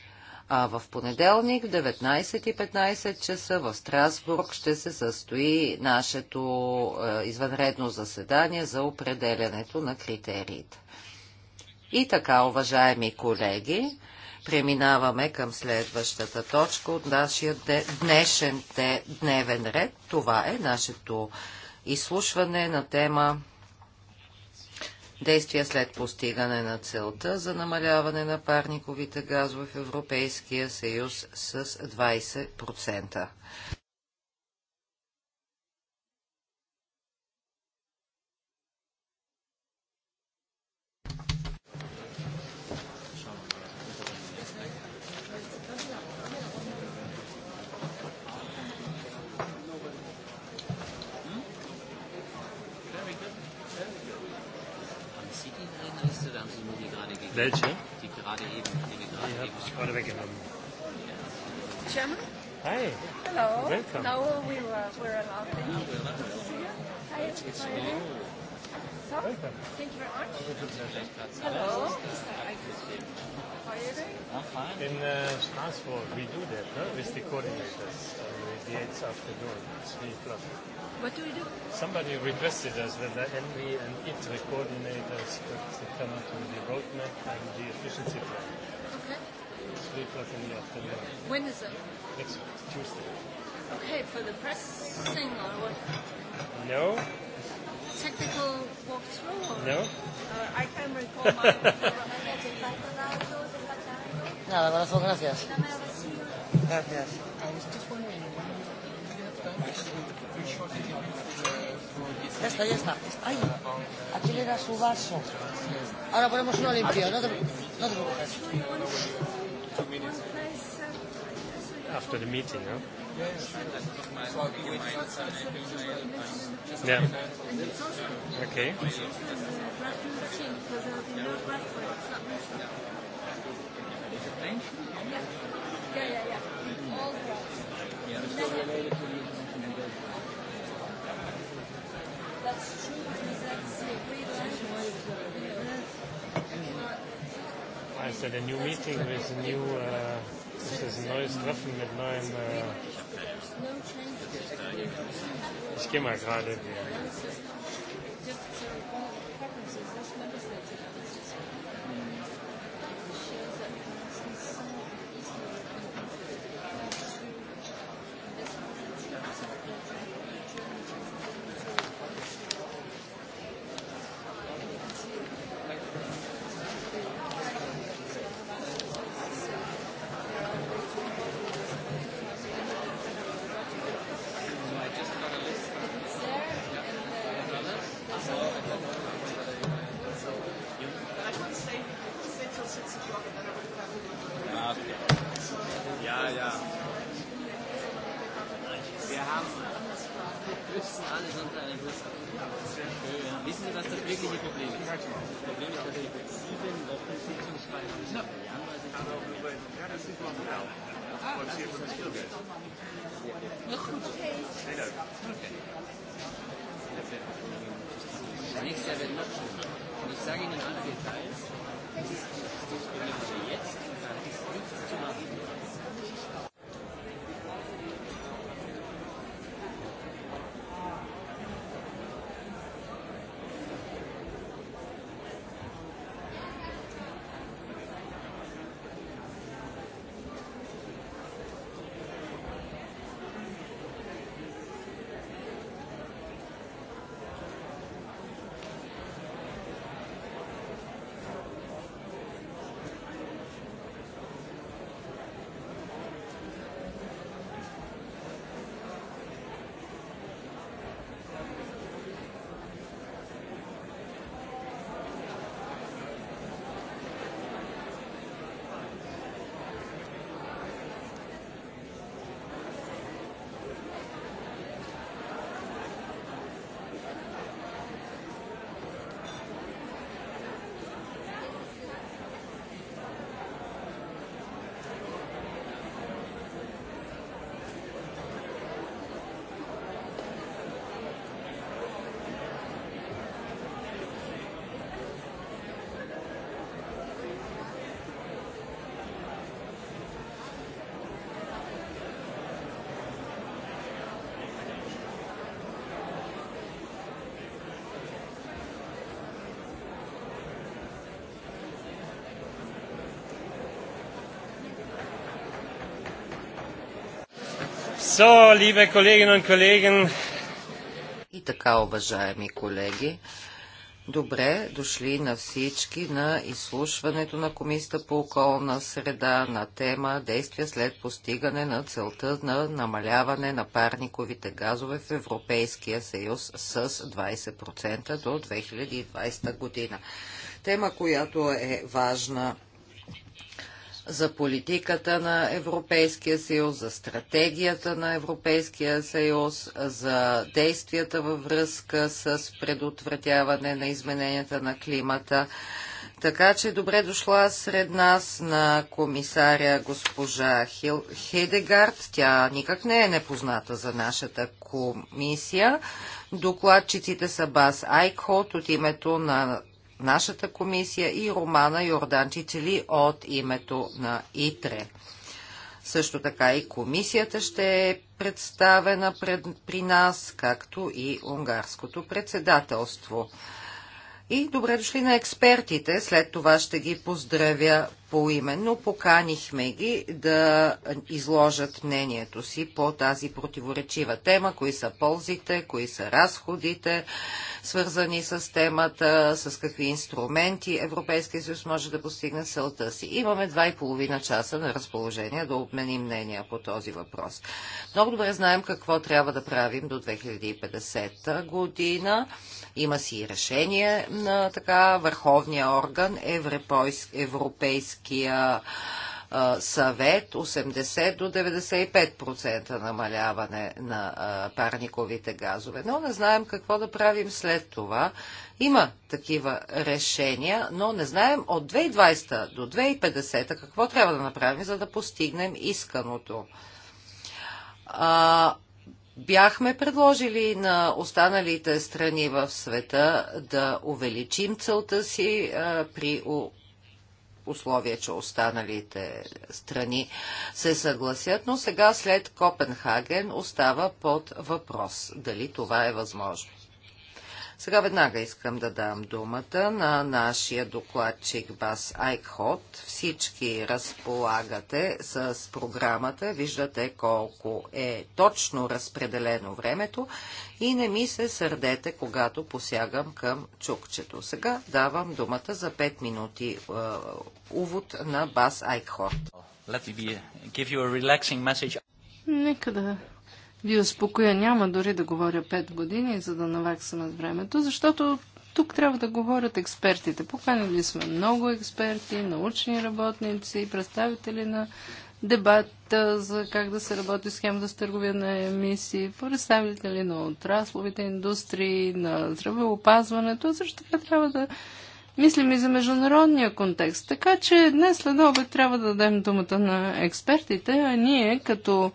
а в понеделник в 19.15 часа в Страсбург ще се състои нашето е, извънредно заседание за определянето на критериите. И така, уважаеми колеги, преминаваме към следващата точка от нашия днешен дневен ред. Това е нашето изслушване на тема действия след постигане на целта за намаляване на парниковите газове в Европейския съюз с 20%. Welche? Die gerade eben. Die, habe ich gerade weggenommen. Chairman? Hi. Hello. Welcome. Now we were, we're allowed. Hi. It's, it's Hi. Christoph. Thank you very much. Hello. In uh, Strasbourg, we do that huh? with the coordinators. Uh, the 8th afternoon, 3 o'clock. What do we do? Somebody requested us that the NV and ITRE coordinators could come up with the roadmap and the efficiency plan. Okay. Three o'clock in the afternoon. When is it? Next Tuesday. Okay, for the press thing or what? No, technical walkthrough? No. Uh, I can recall my... Nada, corazón, gracias. Gracias. Ya está, ya está. Ay, aquí le da su vaso. Ahora ponemos uno limpio, no te, no te preocupes. After the meeting, ¿no? Yeah. Okay. Yeah, yeah, yeah. All yeah. That's true because that's the agreed language. Ah, ist ja New Meeting with New, uh this is ein neues Treffen mit neuem uh Ich gehe mal gerade. Hier. So, liebe Kolleginnen und Kollegen. И така, уважаеми колеги, добре дошли на всички на изслушването на Комисията по околна среда на тема Действия след постигане на целта на намаляване на парниковите газове в Европейския съюз с 20% до 2020 година. Тема, която е важна за политиката на Европейския съюз, за стратегията на Европейския съюз, за действията във връзка с предотвратяване на измененията на климата. Така че добре дошла сред нас на комисаря госпожа Хил... Хедегард. Тя никак не е непозната за нашата комисия. Докладчиците са Бас Айкхот от името на нашата комисия и Романа Йордан Чичели от името на ИТРЕ. Също така и комисията ще е представена пред, при нас, както и унгарското председателство. И добре дошли на експертите. След това ще ги поздравя поименно поканихме ги да изложат мнението си по тази противоречива тема, кои са ползите, кои са разходите, свързани с темата, с какви инструменти Европейския съюз може да постигне целта си. Имаме два и половина часа на разположение да обменим мнения по този въпрос. Много добре знаем какво трябва да правим до 2050 година. Има си решение на така върховния орган Европейски Европейския съвет 80 до 95% намаляване на парниковите газове. Но не знаем какво да правим след това. Има такива решения, но не знаем от 2020 до 2050 какво трябва да направим, за да постигнем исканото. А, бяхме предложили на останалите страни в света да увеличим целта си а, при условие, че останалите страни се съгласят, но сега след Копенхаген остава под въпрос дали това е възможно. Сега веднага искам да дам думата на нашия докладчик Бас Айкхот. Всички разполагате с програмата, виждате колко е точно разпределено времето и не ми се сърдете, когато посягам към чукчето. Сега давам думата за 5 минути е, увод на Бас Айкхот. Нека да ви успокоя, няма дори да говоря 5 години, за да наваксаме времето, защото тук трябва да говорят експертите. Поканили сме много експерти, научни работници, представители на дебата за как да се работи схемата с търговия на емисии, представители на отрасловите индустрии, на здравеопазването. Също така трябва да мислим и за международния контекст. Така че днес след обед трябва да дадем думата на експертите, а ние като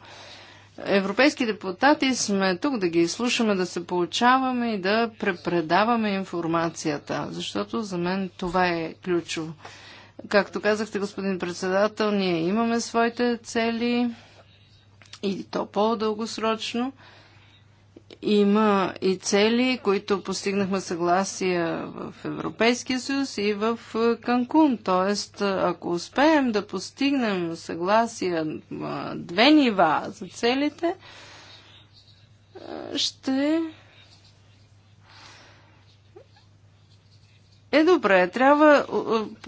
европейски депутати сме тук да ги слушаме, да се получаваме и да препредаваме информацията, защото за мен това е ключово. Както казахте, господин председател, ние имаме своите цели и то по-дългосрочно. Има и цели, които постигнахме съгласие в Европейския съюз и в Канкун. Тоест, ако успеем да постигнем съгласие на две нива за целите, ще Е, добре, трябва...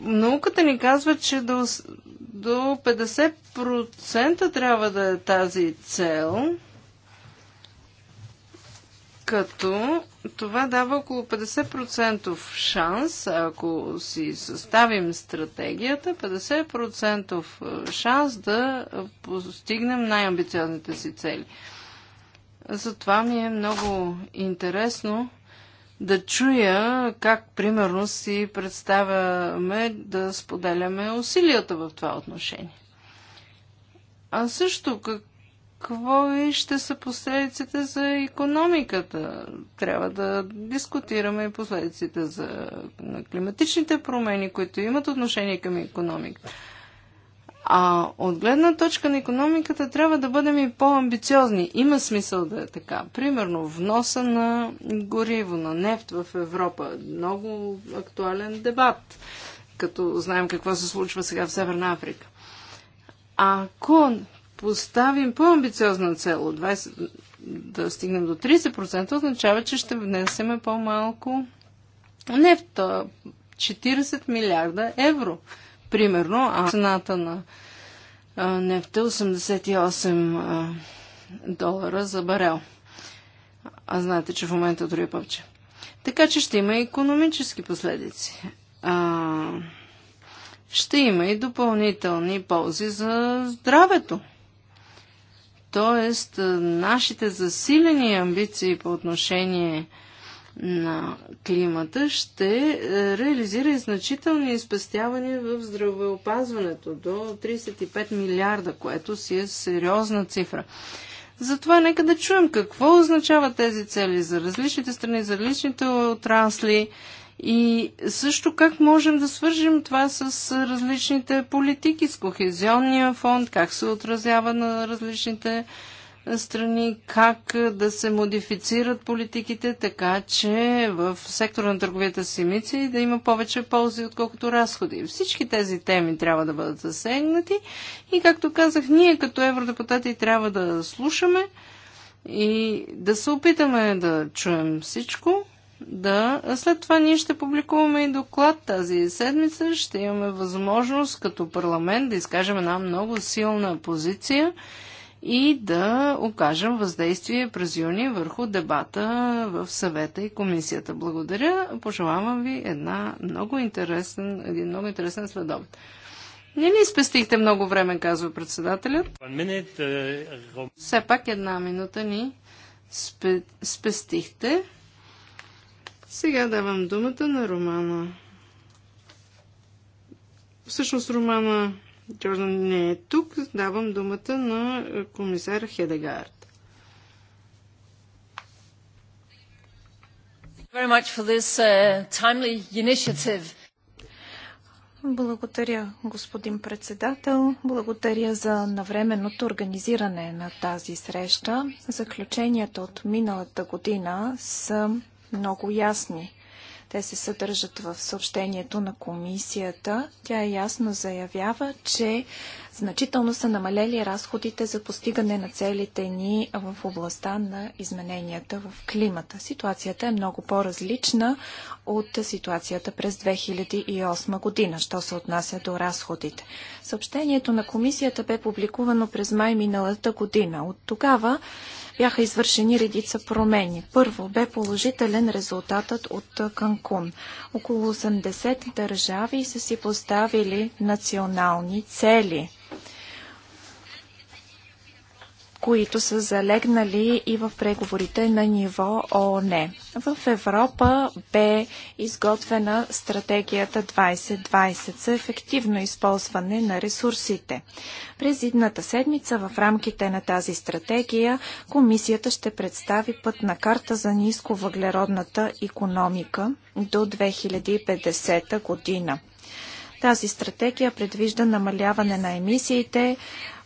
Науката ни казва, че до, до 50% трябва да е тази цел като това дава около 50% шанс, ако си съставим стратегията, 50% шанс да постигнем най-амбициозните си цели. Затова ми е много интересно да чуя как примерно си представяме да споделяме усилията в това отношение. А също как какво и ще са последиците за економиката. Трябва да дискутираме и последиците за климатичните промени, които имат отношение към економиката. А от гледна точка на економиката трябва да бъдем и по-амбициозни. Има смисъл да е така. Примерно вноса на гориво, на нефт в Европа. Много актуален дебат, като знаем какво се случва сега в Северна Африка. Ако поставим по-амбициозна цел от 20, да стигнем до 30%, означава, че ще внесеме по-малко нефта. 40 милиарда евро. Примерно, а цената на нефта е 88 долара за барел. А знаете, че в момента дори е повече. Така че ще има и економически последици. А, ще има и допълнителни ползи за здравето. Тоест, нашите засилени амбиции по отношение на климата ще е, реализира и значителни изпъстявания в здравеопазването до 35 милиарда, което си е сериозна цифра. Затова нека да чуем какво означават тези цели за различните страни, за различните отрасли и също как можем да свържим това с различните политики, с кохезионния фонд, как се отразява на различните страни, как да се модифицират политиките, така че в сектора на търговията с емиции да има повече ползи, отколкото разходи. Всички тези теми трябва да бъдат засегнати и, както казах, ние като евродепутати трябва да слушаме и да се опитаме да чуем всичко да, след това ние ще публикуваме и доклад тази седмица. Ще имаме възможност като парламент да изкажем една много силна позиция и да окажем въздействие през юни върху дебата в съвета и комисията. Благодаря. Пожелавам ви една много интересен, един много интересен следобед. Не ни спестихте много време, казва председателят. Е, Все пак една минута ни спе, спестихте. Сега давам думата на Романа. Всъщност Романа Джордан не е тук. Давам думата на комисар Хедегард. Uh, Благодаря, господин председател. Благодаря за навременното организиране на тази среща. Заключенията от миналата година са много ясни. Те се съдържат в съобщението на комисията. Тя ясно заявява, че Значително са намалели разходите за постигане на целите ни в областта на измененията в климата. Ситуацията е много по-различна от ситуацията през 2008 година, що се отнася до разходите. Съобщението на комисията бе публикувано през май миналата година. От тогава бяха извършени редица промени. Първо бе положителен резултатът от Канкун. Около 80 държави са си поставили национални цели – които са залегнали и в преговорите на ниво ООН. В Европа бе изготвена стратегията 2020 за ефективно използване на ресурсите. През идната седмица в рамките на тази стратегия комисията ще представи път на карта за нисковъглеродната економика до 2050 година. Тази стратегия предвижда намаляване на емисиите,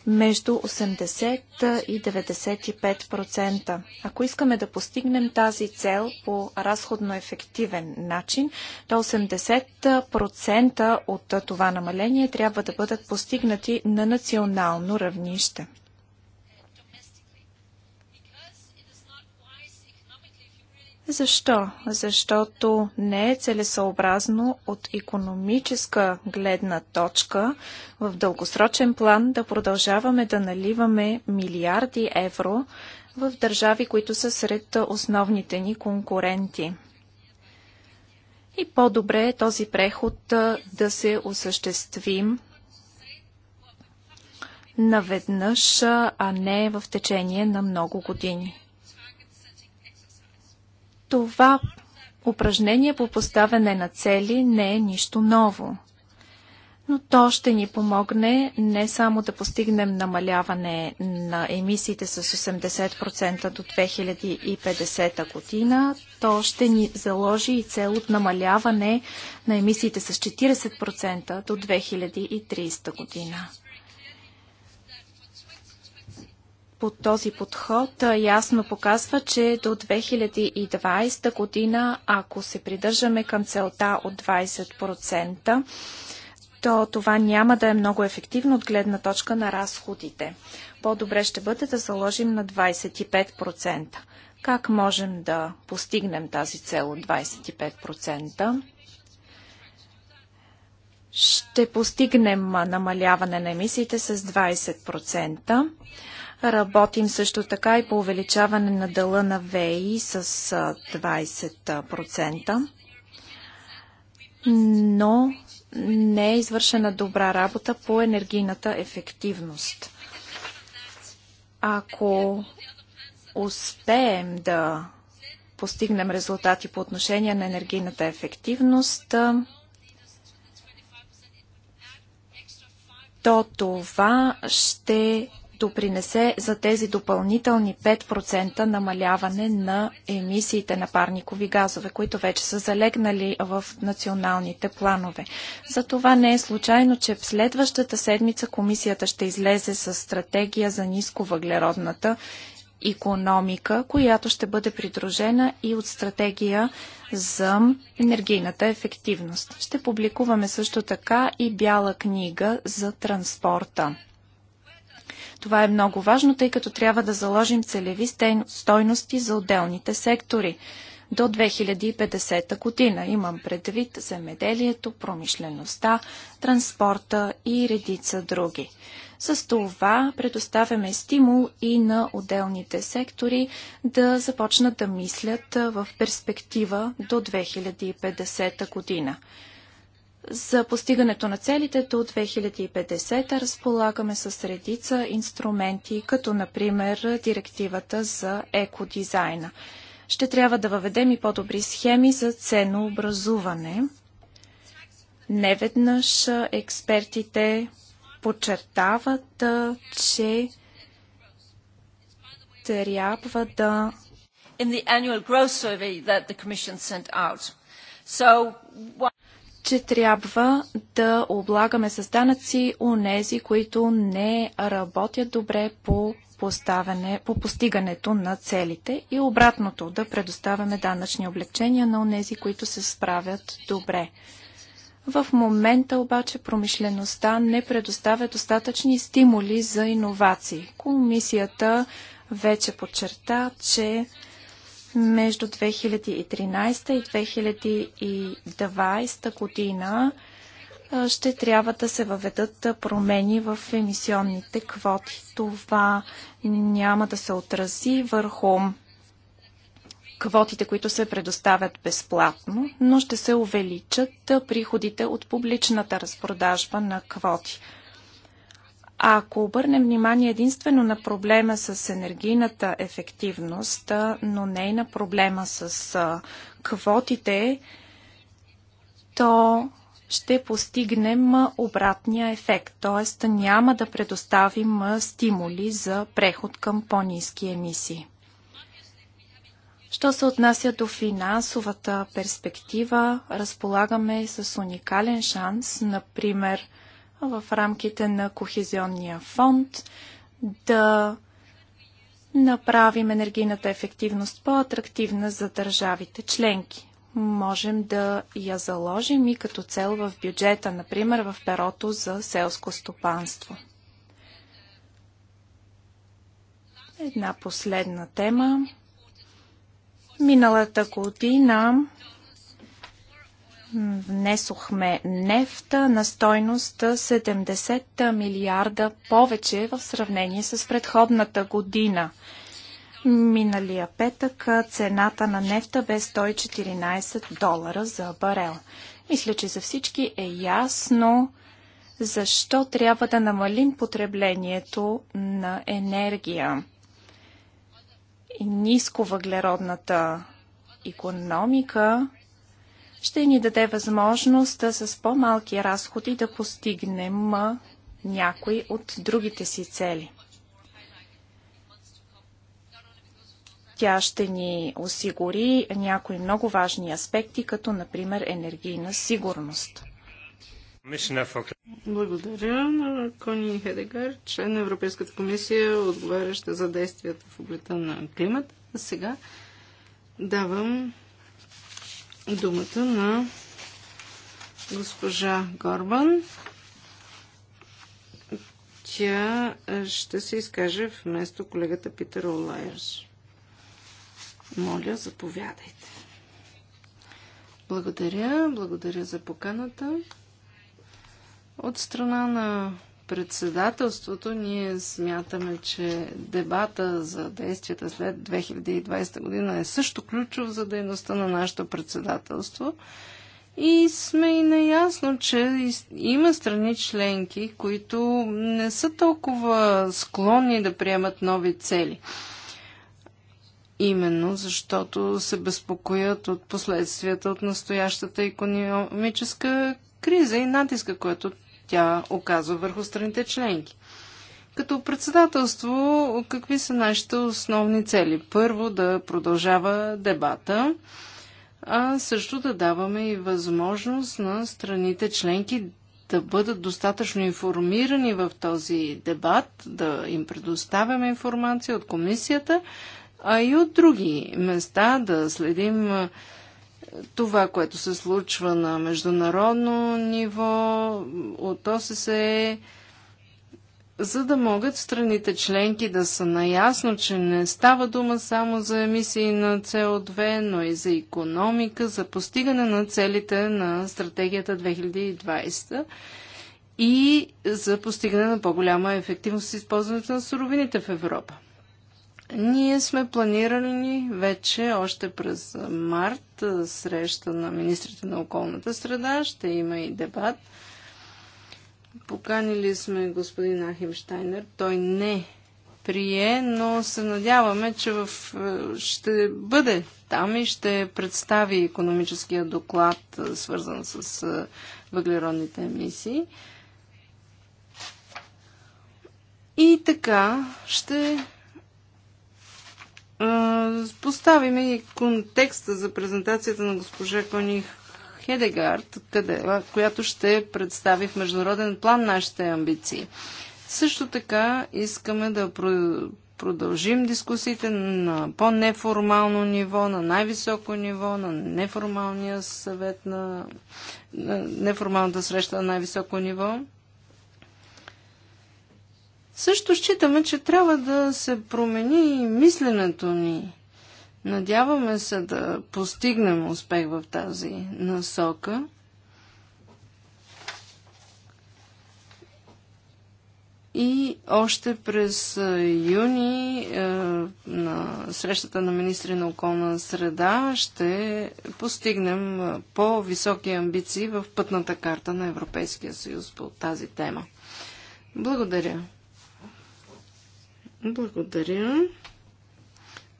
между 80 и 95%. Ако искаме да постигнем тази цел по разходно ефективен начин, то 80% от това намаление трябва да бъдат постигнати на национално равнище. Защо? Защото не е целесообразно от економическа гледна точка в дългосрочен план да продължаваме да наливаме милиарди евро в държави, които са сред основните ни конкуренти. И по-добре е този преход да се осъществим наведнъж, а не в течение на много години. Това упражнение по поставяне на цели не е нищо ново. Но то ще ни помогне не само да постигнем намаляване на емисиите с 80% до 2050 година, то ще ни заложи и цел от намаляване на емисиите с 40% до 2030 година. по този подход ясно показва, че до 2020 година, ако се придържаме към целта от 20%, то това няма да е много ефективно от гледна точка на разходите. По-добре ще бъде да заложим на 25%. Как можем да постигнем тази цел от 25%? Ще постигнем намаляване на емисиите с 20%. Работим също така и по увеличаване на дъла на ВЕИ с 20%. Но не е извършена добра работа по енергийната ефективност. Ако успеем да постигнем резултати по отношение на енергийната ефективност, то това ще допринесе за тези допълнителни 5% намаляване на емисиите на парникови газове, които вече са залегнали в националните планове. За това не е случайно, че в следващата седмица комисията ще излезе с стратегия за нисковъглеродната економика, която ще бъде придружена и от стратегия за енергийната ефективност. Ще публикуваме също така и бяла книга за транспорта. Това е много важно, тъй като трябва да заложим целеви стойности за отделните сектори до 2050 година. Имам предвид земеделието, промишлеността, транспорта и редица други. С това предоставяме стимул и на отделните сектори да започнат да мислят в перспектива до 2050 година. За постигането на целите до 2050 разполагаме с редица инструменти, като например директивата за екодизайна. Ще трябва да въведем и по-добри схеми за ценообразуване. Неведнъж експертите подчертават, че трябва да in the annual growth survey that the Commission sent out. So, че трябва да облагаме с данъци онези, които не работят добре по, поставяне, по постигането на целите и обратното да предоставяме данъчни облегчения на онези, които се справят добре. В момента обаче промишлеността не предоставя достатъчни стимули за иновации. Комисията вече подчерта, че между 2013 и 2020 година ще трябва да се въведат промени в емисионните квоти. Това няма да се отрази върху квотите, които се предоставят безплатно, но ще се увеличат приходите от публичната разпродажба на квоти. А ако обърнем внимание единствено на проблема с енергийната ефективност, но не и на проблема с квотите, то ще постигнем обратния ефект, т.е. няма да предоставим стимули за преход към по-низки емисии. Що се отнася до финансовата перспектива, разполагаме с уникален шанс, например, в рамките на Кохезионния фонд да направим енергийната ефективност по-атрактивна за държавите членки. Можем да я заложим и като цел в бюджета, например в перото за селско стопанство. Една последна тема. Миналата година внесохме нефта на стойност 70 милиарда повече в сравнение с предходната година. Миналия петък цената на нефта бе 114 долара за барел. Мисля, че за всички е ясно защо трябва да намалим потреблението на енергия. Нисковъглеродната економика ще ни даде възможност да с по-малки разходи да постигнем някои от другите си цели. Тя ще ни осигури някои много важни аспекти, като например енергийна сигурност. Благодаря на Кони Хедегар, член на Европейската комисия, отговаряща за действията в областта на климата. Сега давам думата на госпожа Горбан. Тя е, ще се изкаже вместо колегата Питер Олайерс. Моля, заповядайте. Благодаря, благодаря за поканата. От страна на председателството ние смятаме, че дебата за действията след 2020 година е също ключов за дейността на нашето председателство. И сме и наясно, че има страни членки, които не са толкова склонни да приемат нови цели. Именно защото се безпокоят от последствията от настоящата економическа криза и натиска, което тя оказва върху страните членки. Като председателство, какви са нашите основни цели? Първо да продължава дебата, а също да даваме и възможност на страните членки да бъдат достатъчно информирани в този дебат, да им предоставяме информация от комисията, а и от други места да следим това, което се случва на международно ниво, от ОССЕ, за да могат страните членки да са наясно, че не става дума само за емисии на СО2, но и за економика, за постигане на целите на стратегията 2020 и за постигане на по-голяма ефективност използването на суровините в Европа. Ние сме планирали вече още през март среща на министрите на околната среда. Ще има и дебат. Поканили сме господин Ахим Штайнер. Той не прие, но се надяваме, че в... ще бъде там и ще представи економическия доклад, свързан с въглеродните емисии. И така ще Поставим и контекста за презентацията на госпожа Кони Хедегард, къде, която ще представи в международен план нашите амбиции. Също така искаме да продължим дискусиите на по-неформално ниво, на най-високо ниво, на неформалния съвет на, на неформалната среща на най-високо ниво. Също считаме, че трябва да се промени мисленето ни. Надяваме се да постигнем успех в тази насока. И още през юни е, на срещата на министри на околна среда ще постигнем е, по-високи амбиции в пътната карта на Европейския съюз по тази тема. Благодаря. Благодаря.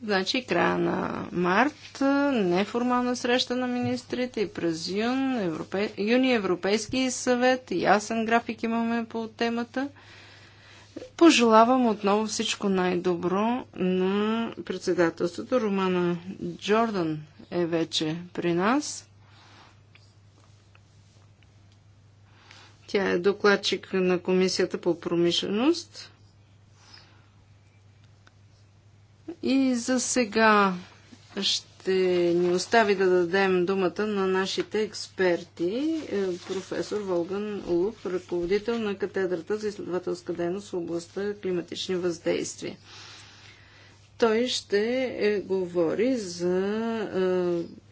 Значи края на март, неформална среща на министрите и през юн, европе... юни Европейски съвет, ясен график имаме по темата. Пожелавам отново всичко най-добро на председателството. Романа Джордан е вече при нас. Тя е докладчик на Комисията по промишленост. И за сега ще ни остави да дадем думата на нашите експерти. Е, професор Волган Улов, ръководител на катедрата за изследователска дейност в областта климатични въздействия. Той ще е, говори за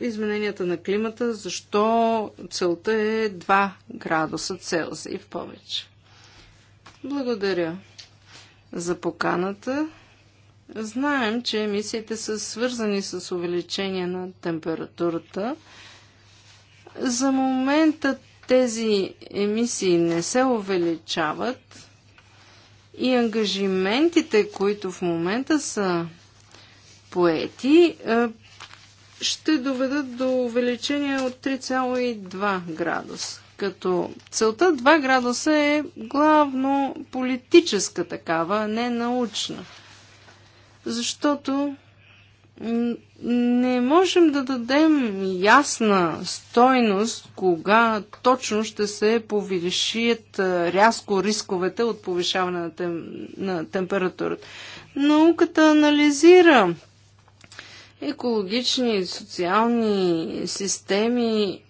е, измененията на климата, защо целта е 2 градуса и в повече. Благодаря за поканата. Знаем, че емисиите са свързани с увеличение на температурата. За момента тези емисии не се увеличават и ангажиментите, които в момента са поети, е, ще доведат до увеличение от 3,2 градуса. Като целта 2 градуса е главно политическа такава, не научна защото не можем да дадем ясна стойност, кога точно ще се повишият рязко рисковете от повишаване на, тем, на температурата. Науката анализира екологични и социални системи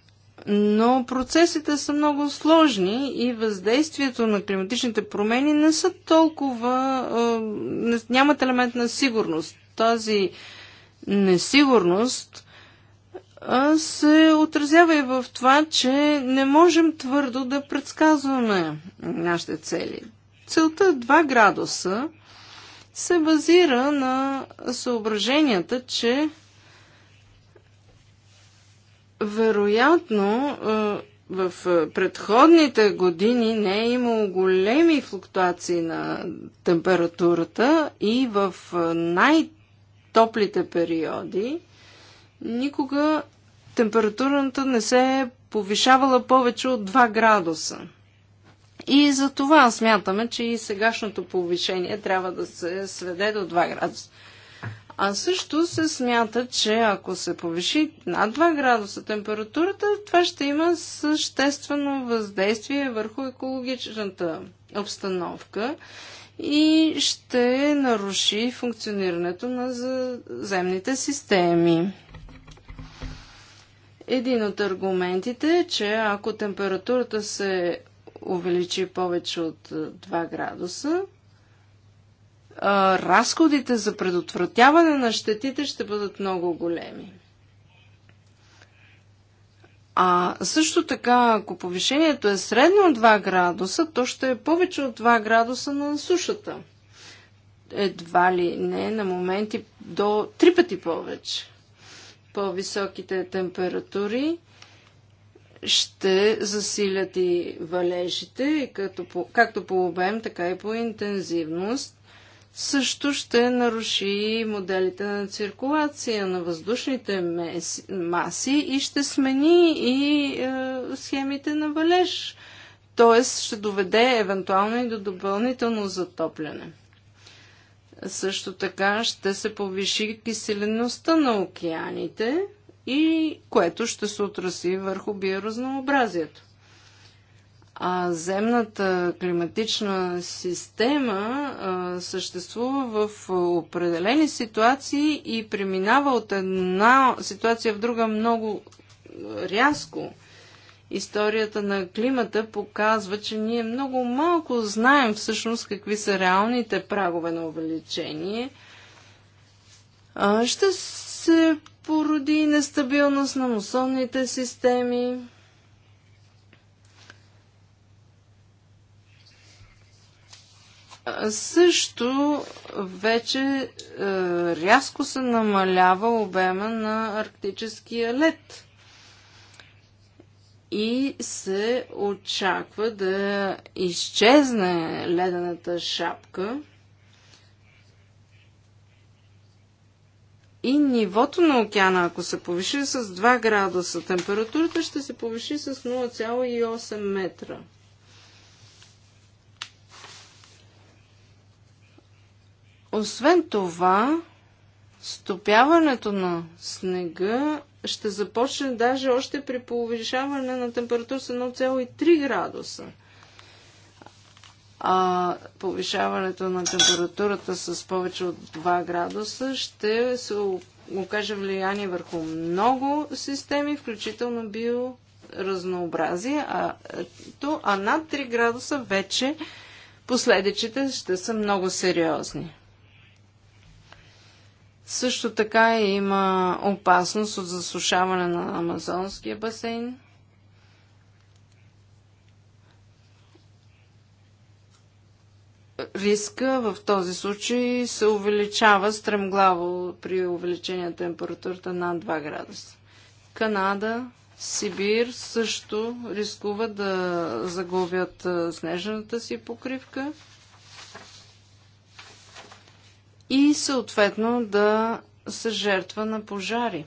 но процесите са много сложни и въздействието на климатичните промени не са толкова, нямат елемент на сигурност. Тази несигурност се отразява и в това, че не можем твърдо да предсказваме нашите цели. Целта 2 градуса се базира на съображенията, че вероятно, в предходните години не е имало големи флуктуации на температурата и в най-топлите периоди никога температурата не се е повишавала повече от 2 градуса. И за това смятаме, че и сегашното повишение трябва да се сведе до 2 градуса. А също се смята, че ако се повиши над 2 градуса температурата, това ще има съществено въздействие върху екологичната обстановка и ще наруши функционирането на земните системи. Един от аргументите е, че ако температурата се увеличи повече от 2 градуса, разходите за предотвратяване на щетите ще бъдат много големи. А също така, ако повишението е средно от 2 градуса, то ще е повече от 2 градуса на сушата. Едва ли не, на моменти до 3 пъти повече. По-високите температури ще засилят и валежите, по, както по обем, така и по интензивност също ще наруши моделите на циркулация на въздушните маси и ще смени и е, схемите на валеж. Т.е. ще доведе евентуално и до допълнително затопляне. Също така ще се повиши киселеността на океаните и което ще се отраси върху биоразнообразието. А земната климатична система а, съществува в определени ситуации и преминава от една ситуация в друга много рязко. Историята на климата показва, че ние много малко знаем всъщност какви са реалните прагове на увеличение. А, ще се породи нестабилност на мусонните системи също вече е, рязко се намалява обема на арктическия лед и се очаква да изчезне ледената шапка и нивото на океана, ако се повиши с 2 градуса температурата, ще се повиши с 0,8 метра. Освен това, стопяването на снега ще започне даже още при повишаване на температура с 1,3 градуса. А повишаването на температурата с повече от 2 градуса ще се окаже влияние върху много системи, включително биоразнообразие, а, е, а над 3 градуса вече последиците ще са много сериозни. Също така има опасност от засушаване на Амазонския басейн. Риска в този случай се увеличава стремглаво при увеличение на температурата над 2 градуса. Канада, Сибир също рискуват да загубят снежната си покривка и съответно да са жертва на пожари.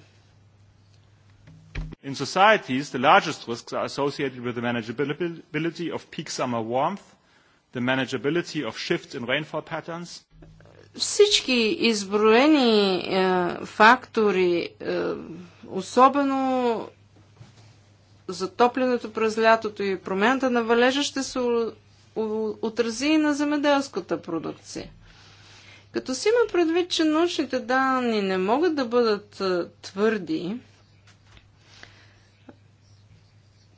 In societies, the largest risks are associated with the manageability of peak summer warmth, the manageability of shifts in rainfall patterns. Всички изброени е, фактори, е, особено затоплянето през лятото и промената на валежа, ще се отрази и на земеделската продукция. Като си има предвид, че научните данни не могат да бъдат е, твърди,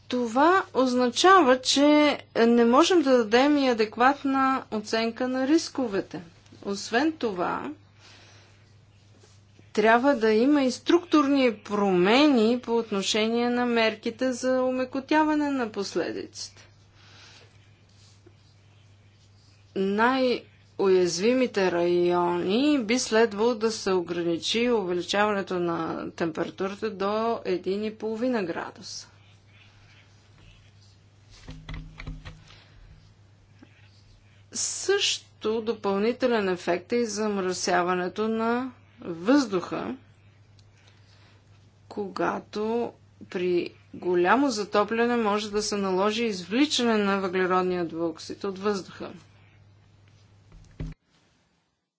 това означава, че не можем да дадем и адекватна оценка на рисковете. Освен това, трябва да има и структурни промени по отношение на мерките за умекотяване на последиците. Най- уязвимите райони би следвало да се ограничи увеличаването на температурата до 1,5 градуса. Също допълнителен ефект е и замръсяването на въздуха, когато при голямо затопляне може да се наложи извличане на въглеродния двуоксид от въздуха.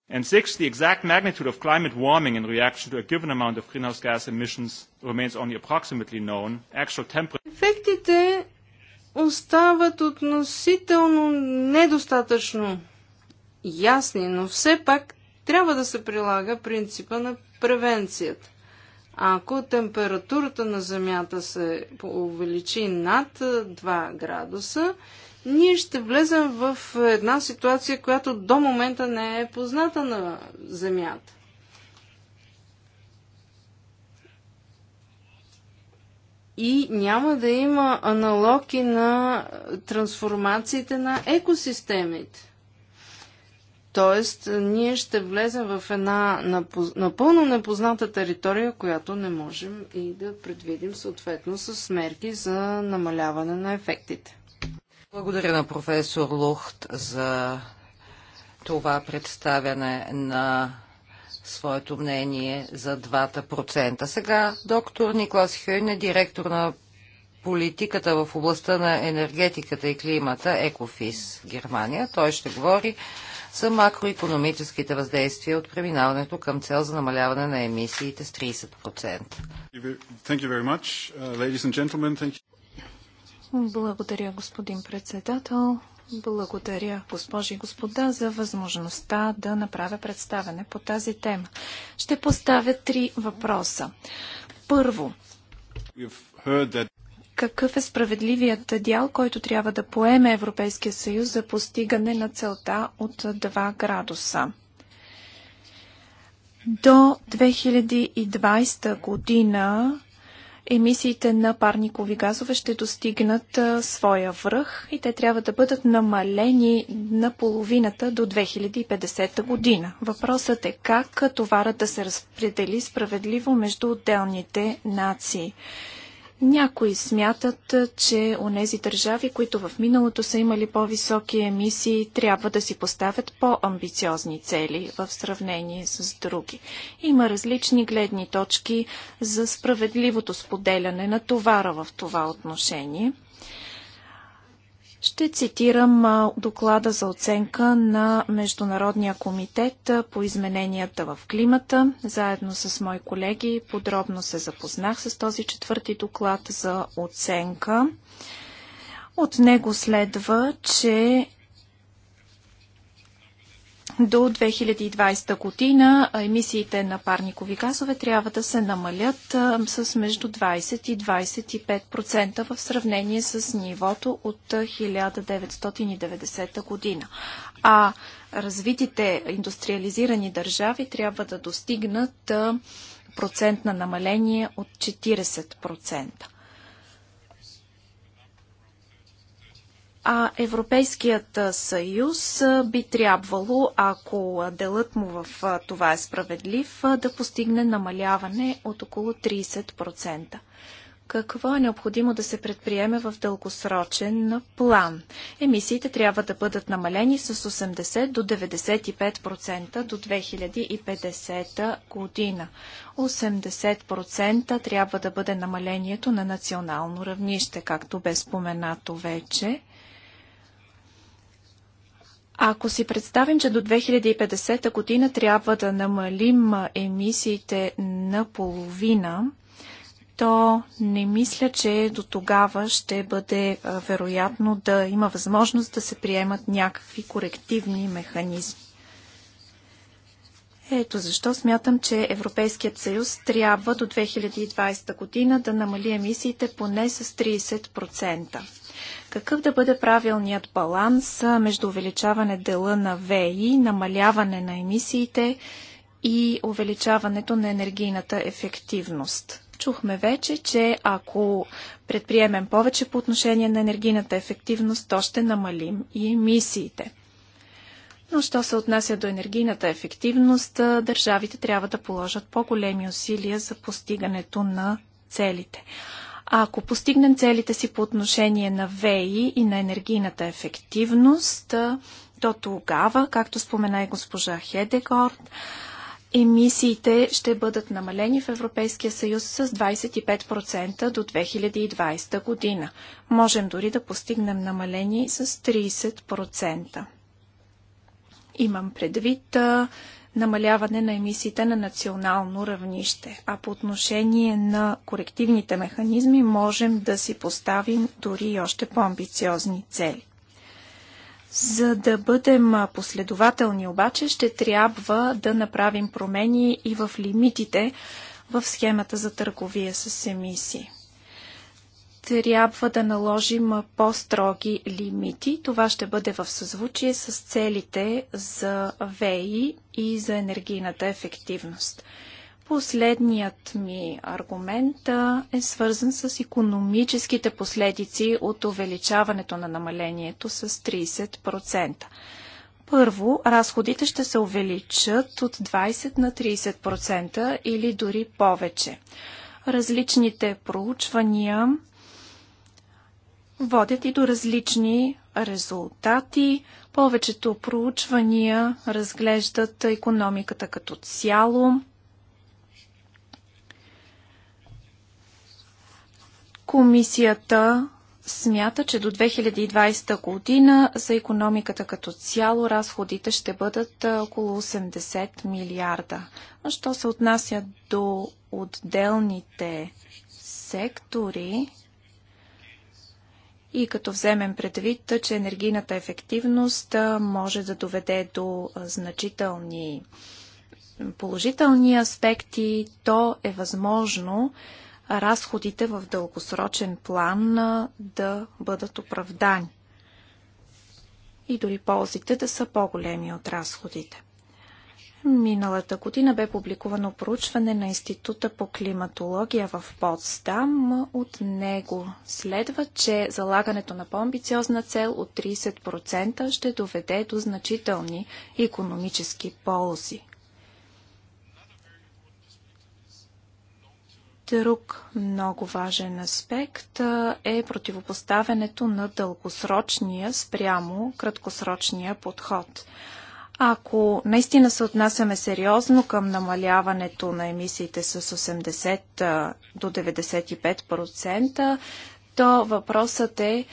And six, the exact magnitude of climate warming in reaction to a given amount of greenhouse gas emissions remains only approximately known. Actual temperature... Ефектите остават относително недостатъчно ясни, но все пак трябва да се прилага принципа на превенцията. Ако температурата на Земята се увеличи над 2 градуса, ние ще влезем в една ситуация, която до момента не е позната на Земята. И няма да има аналоги на трансформациите на екосистемите. Тоест, ние ще влезем в една напълно непозната територия, която не можем и да предвидим съответно с мерки за намаляване на ефектите. Благодаря на професор Лухт за това представяне на своето мнение за 2%. Сега доктор Никлас Хюйн е директор на политиката в областта на енергетиката и климата Екофис Германия. Той ще говори за макроекономическите въздействия от преминаването към цел за намаляване на емисиите с 30%. Благодаря, господин председател. Благодаря, госпожи и господа, за възможността да направя представене по тази тема. Ще поставя три въпроса. Първо, какъв е справедливият дял, който трябва да поеме Европейския съюз за постигане на целта от 2 градуса? До 2020 година емисиите на парникови газове ще достигнат своя връх и те трябва да бъдат намалени на половината до 2050 година. Въпросът е как товарът да се разпредели справедливо между отделните нации. Някои смятат, че онези държави, които в миналото са имали по-високи емисии, трябва да си поставят по-амбициозни цели в сравнение с други. Има различни гледни точки за справедливото споделяне на товара в това отношение – ще цитирам доклада за оценка на Международния комитет по измененията в климата. Заедно с мои колеги подробно се запознах с този четвърти доклад за оценка. От него следва, че до 2020 година емисиите на парникови газове трябва да се намалят с между 20 и 25% в сравнение с нивото от 1990 година. А развитите индустриализирани държави трябва да достигнат процент на намаление от 40%. а Европейският съюз би трябвало, ако делът му в това е справедлив, да постигне намаляване от около 30%. Какво е необходимо да се предприеме в дългосрочен план? Емисиите трябва да бъдат намалени с 80 до 95% до 2050 година. 80% трябва да бъде намалението на национално равнище, както бе споменато вече. Ако си представим, че до 2050 година трябва да намалим емисиите на половина, то не мисля, че до тогава ще бъде вероятно да има възможност да се приемат някакви корективни механизми. Ето защо смятам, че Европейският съюз трябва до 2020 година да намали емисиите поне с 30%. Какъв да бъде правилният баланс между увеличаване дела на ВЕИ, намаляване на емисиите и увеличаването на енергийната ефективност? Чухме вече, че ако предприемем повече по отношение на енергийната ефективност, то ще намалим и емисиите. Но що се отнася до енергийната ефективност, държавите трябва да положат по-големи усилия за постигането на целите. А ако постигнем целите си по отношение на ВЕИ и на енергийната ефективност, то тогава, както спомена и госпожа Хедегорд, емисиите ще бъдат намалени в Европейския съюз с 25% до 2020 година. Можем дори да постигнем намаление с 30%. Имам предвид намаляване на емисиите на национално равнище. А по отношение на корективните механизми можем да си поставим дори и още по-амбициозни цели. За да бъдем последователни обаче, ще трябва да направим промени и в лимитите в схемата за търговия с емисии трябва да наложим по-строги лимити. Това ще бъде в съзвучие с целите за ВЕИ и за енергийната ефективност. Последният ми аргумент е свързан с економическите последици от увеличаването на намалението с 30%. Първо, разходите ще се увеличат от 20 на 30% или дори повече. Различните проучвания водят и до различни резултати. Повечето проучвания разглеждат економиката като цяло. Комисията смята, че до 2020 година за економиката като цяло разходите ще бъдат около 80 милиарда. А що се отнася до отделните сектори, и като вземем предвид, че енергийната ефективност може да доведе до значителни положителни аспекти, то е възможно разходите в дългосрочен план да бъдат оправдани и дори ползите да са по-големи от разходите. Миналата година бе публикувано проучване на Института по климатология в Потсдам. От него следва, че залагането на по-амбициозна цел от 30% ще доведе до значителни економически ползи. Друг много важен аспект е противопоставянето на дългосрочния спрямо краткосрочния подход – ако наистина се отнасяме сериозно към намаляването на емисиите с 80 до 95%, то въпросът е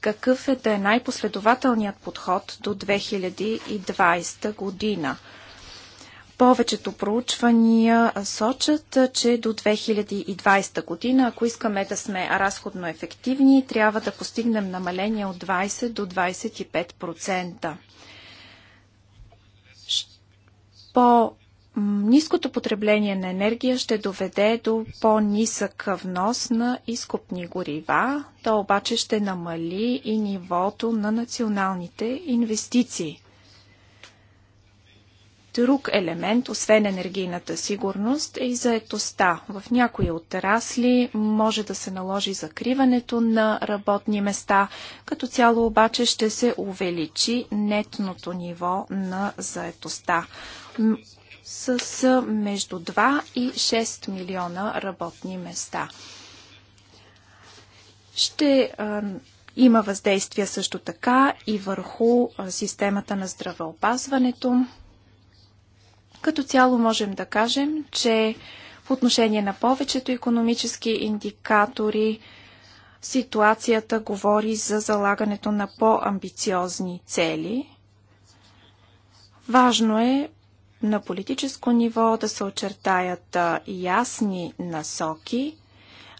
какъв е да е най-последователният подход до 2020 година. Повечето проучвания сочат, че до 2020 година, ако искаме да сме разходно ефективни, трябва да постигнем намаление от 20 до 25% по- Ниското потребление на енергия ще доведе до по-нисък внос на изкупни горива. То обаче ще намали и нивото на националните инвестиции. Друг елемент, освен енергийната сигурност, е и заетостта. В някои отрасли може да се наложи закриването на работни места. Като цяло обаче ще се увеличи нетното ниво на заетостта с между 2 и 6 милиона работни места. Ще има въздействие също така и върху системата на здравеопазването. Като цяло можем да кажем, че в отношение на повечето економически индикатори ситуацията говори за залагането на по-амбициозни цели. Важно е на политическо ниво да се очертаят ясни насоки,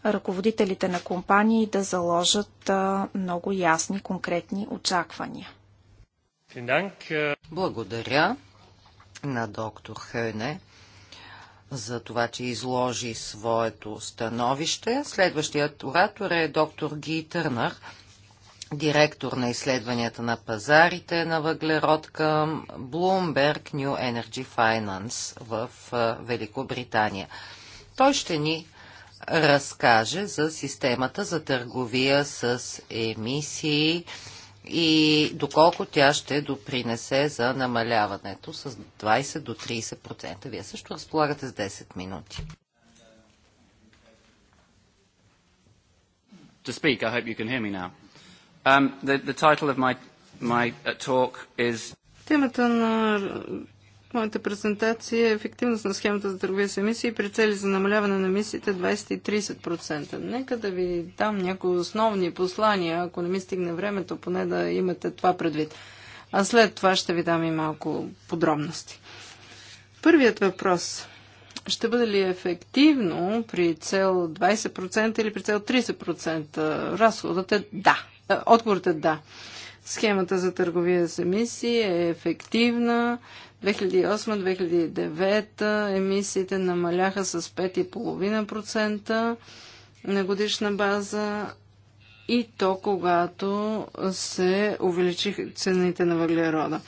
ръководителите на компании да заложат много ясни, конкретни очаквания. Благодаря на доктор Хъне за това, че изложи своето становище. Следващият оратор е доктор Ги Търнър директор на изследванията на пазарите на въглерод към Bloomberg New Energy Finance в Великобритания. Той ще ни разкаже за системата за търговия с емисии и доколко тя ще допринесе за намаляването с 20 до 30%. Вие също разполагате с 10 минути. To speak, I hope you can hear me now. Um, the, the title of my, my uh, talk is... Темата на моята презентация е ефективност на схемата за търговия с емисии при цели за намаляване на емисиите 20-30%. Нека да ви дам някои основни послания, ако не ми стигне времето, поне да имате това предвид. А след това ще ви дам и малко подробности. Първият въпрос. Ще бъде ли ефективно при цел 20% или при цел 30%? Разходът е да. Е, отговорът е да. Схемата за търговия с емисии е ефективна. 2008-2009 емисиите намаляха с 5,5% на годишна база и то когато се увеличиха цените на въглерода.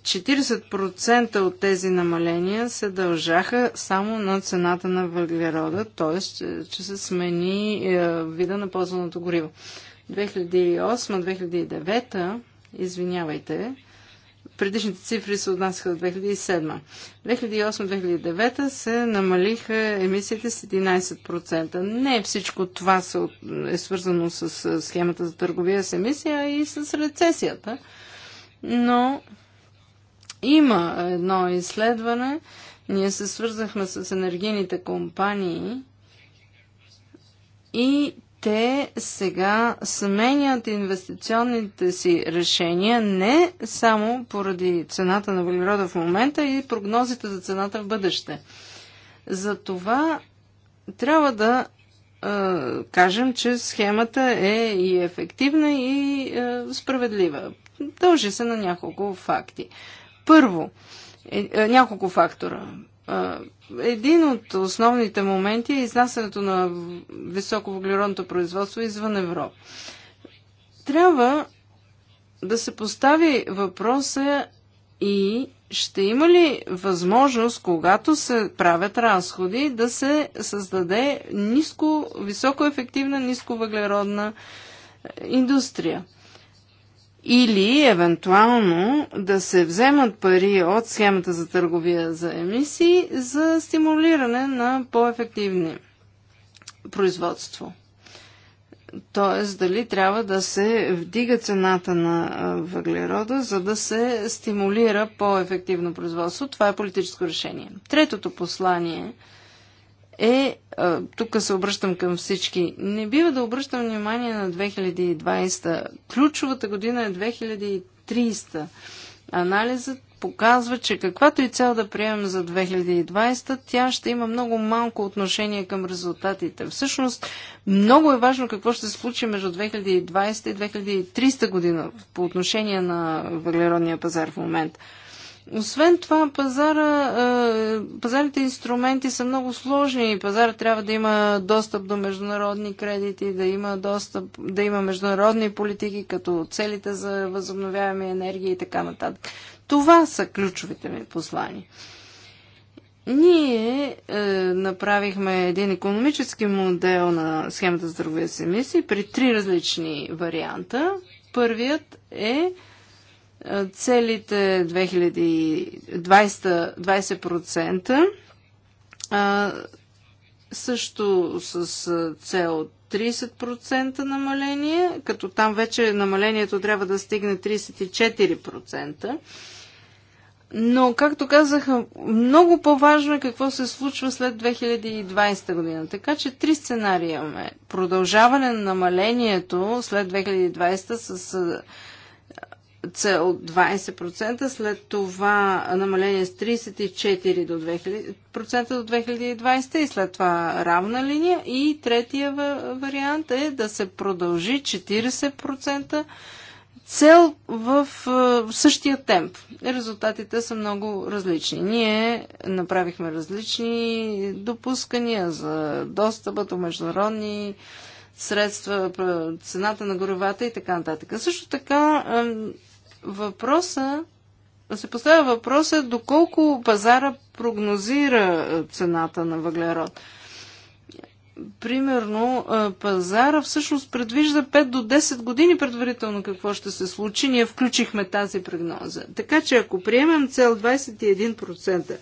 40% от тези намаления се дължаха само на цената на въглерода, т.е. че се смени е, вида на ползваното гориво. 2008-2009, извинявайте, предишните цифри се отнасяха до 2007. 2008-2009 се намалиха емисиите с 11%. Не всичко това е свързано с схемата за търговия с емисия и с рецесията, но има едно изследване. Ние се свързахме с енергийните компании и те сега сменят инвестиционните си решения не само поради цената на въглерода в момента и прогнозите за цената в бъдеще. Затова трябва да е, кажем, че схемата е и ефективна и е, справедлива. Дължи се на няколко факти. Първо, е, е, няколко фактора. Е, един от основните моменти е изнасянето на високовъглеродното производство извън Европа. Трябва да се постави въпроса и ще има ли възможност, когато се правят разходи, да се създаде ниско, високо нисковъглеродна е, индустрия? или евентуално да се вземат пари от схемата за търговия за емисии за стимулиране на по-ефективни производство. Тоест, дали трябва да се вдига цената на въглерода, за да се стимулира по-ефективно производство. Това е политическо решение. Третото послание – е, тук се обръщам към всички, не бива да обръщам внимание на 2020. Ключовата година е 2300. Анализът показва, че каквато и цел да приемем за 2020, тя ще има много малко отношение към резултатите. Всъщност, много е важно какво ще се случи между 2020 и 2300 година по отношение на въглеродния пазар в момента. Освен това, пазара, пазарите инструменти са много сложни. Пазара трябва да има достъп до международни кредити, да има, достъп, да има международни политики, като целите за възобновяеми енергии и така нататък. Това са ключовите ми послания. Ние е, направихме един економически модел на схемата за търговия с емисии при три различни варианта. Първият е е, целите 2020, 20%, а, също с е, цел 30% намаление, като там вече намалението трябва да стигне 34%. Но, както казах, много по-важно е какво се случва след 2020 година. Така че три сценария имаме. Продължаване на намалението след 2020 с е, цел 20%, след това намаление с 34% до 2000, до 2020 и след това равна линия. И третия вариант е да се продължи 40% цел в същия темп. Резултатите са много различни. Ние направихме различни допускания за достъпа до международни средства, цената на горевата и така нататък. Също така въпроса се поставя въпроса доколко пазара прогнозира е, цената на въглерод. Примерно, е, пазара всъщност предвижда 5 до 10 години предварително какво ще се случи. Ние включихме тази прогноза. Така че ако приемем цел 21%,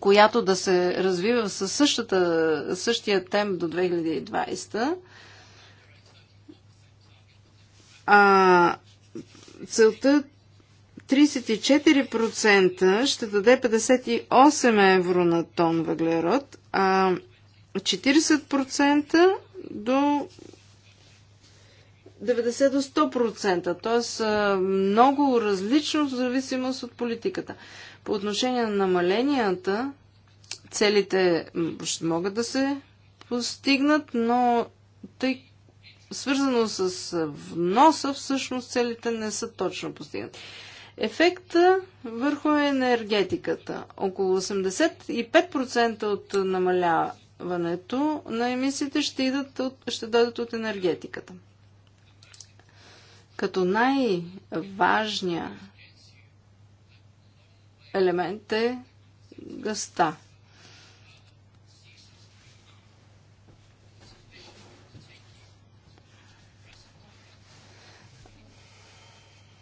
която да се развива със същата, същия темп до 2020, а целта 34% ще даде 58 евро на тон въглерод, а 40% до 90 до 100%, т.е. много различно в зависимост от политиката. По отношение на намаленията, целите ще могат да се постигнат, но тъй свързано с вноса, всъщност целите не са точно постигнати. Ефекта върху енергетиката. Около 85% от намаляването на емисиите ще, идат от, ще дойдат от енергетиката. Като най-важния елемент е гъста.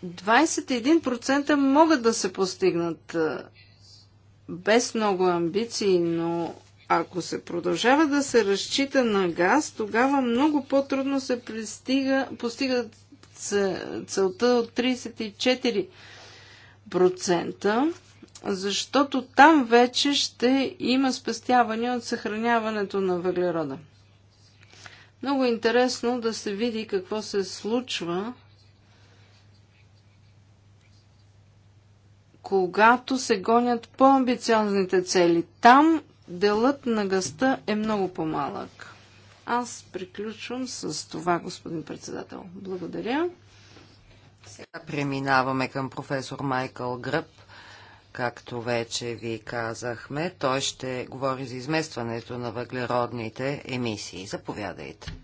21% могат да се постигнат без много амбиции, но ако се продължава да се разчита на газ, тогава много по-трудно се пристига, постига целта от 34%, защото там вече ще има спестяване от съхраняването на въглерода. Много интересно да се види какво се случва когато се гонят по-амбициозните цели. Там делът на гъста е много по-малък. Аз приключвам с това, господин председател. Благодаря. Сега преминаваме към професор Майкъл Гръб. Както вече ви казахме, той ще говори за изместването на въглеродните емисии. Заповядайте.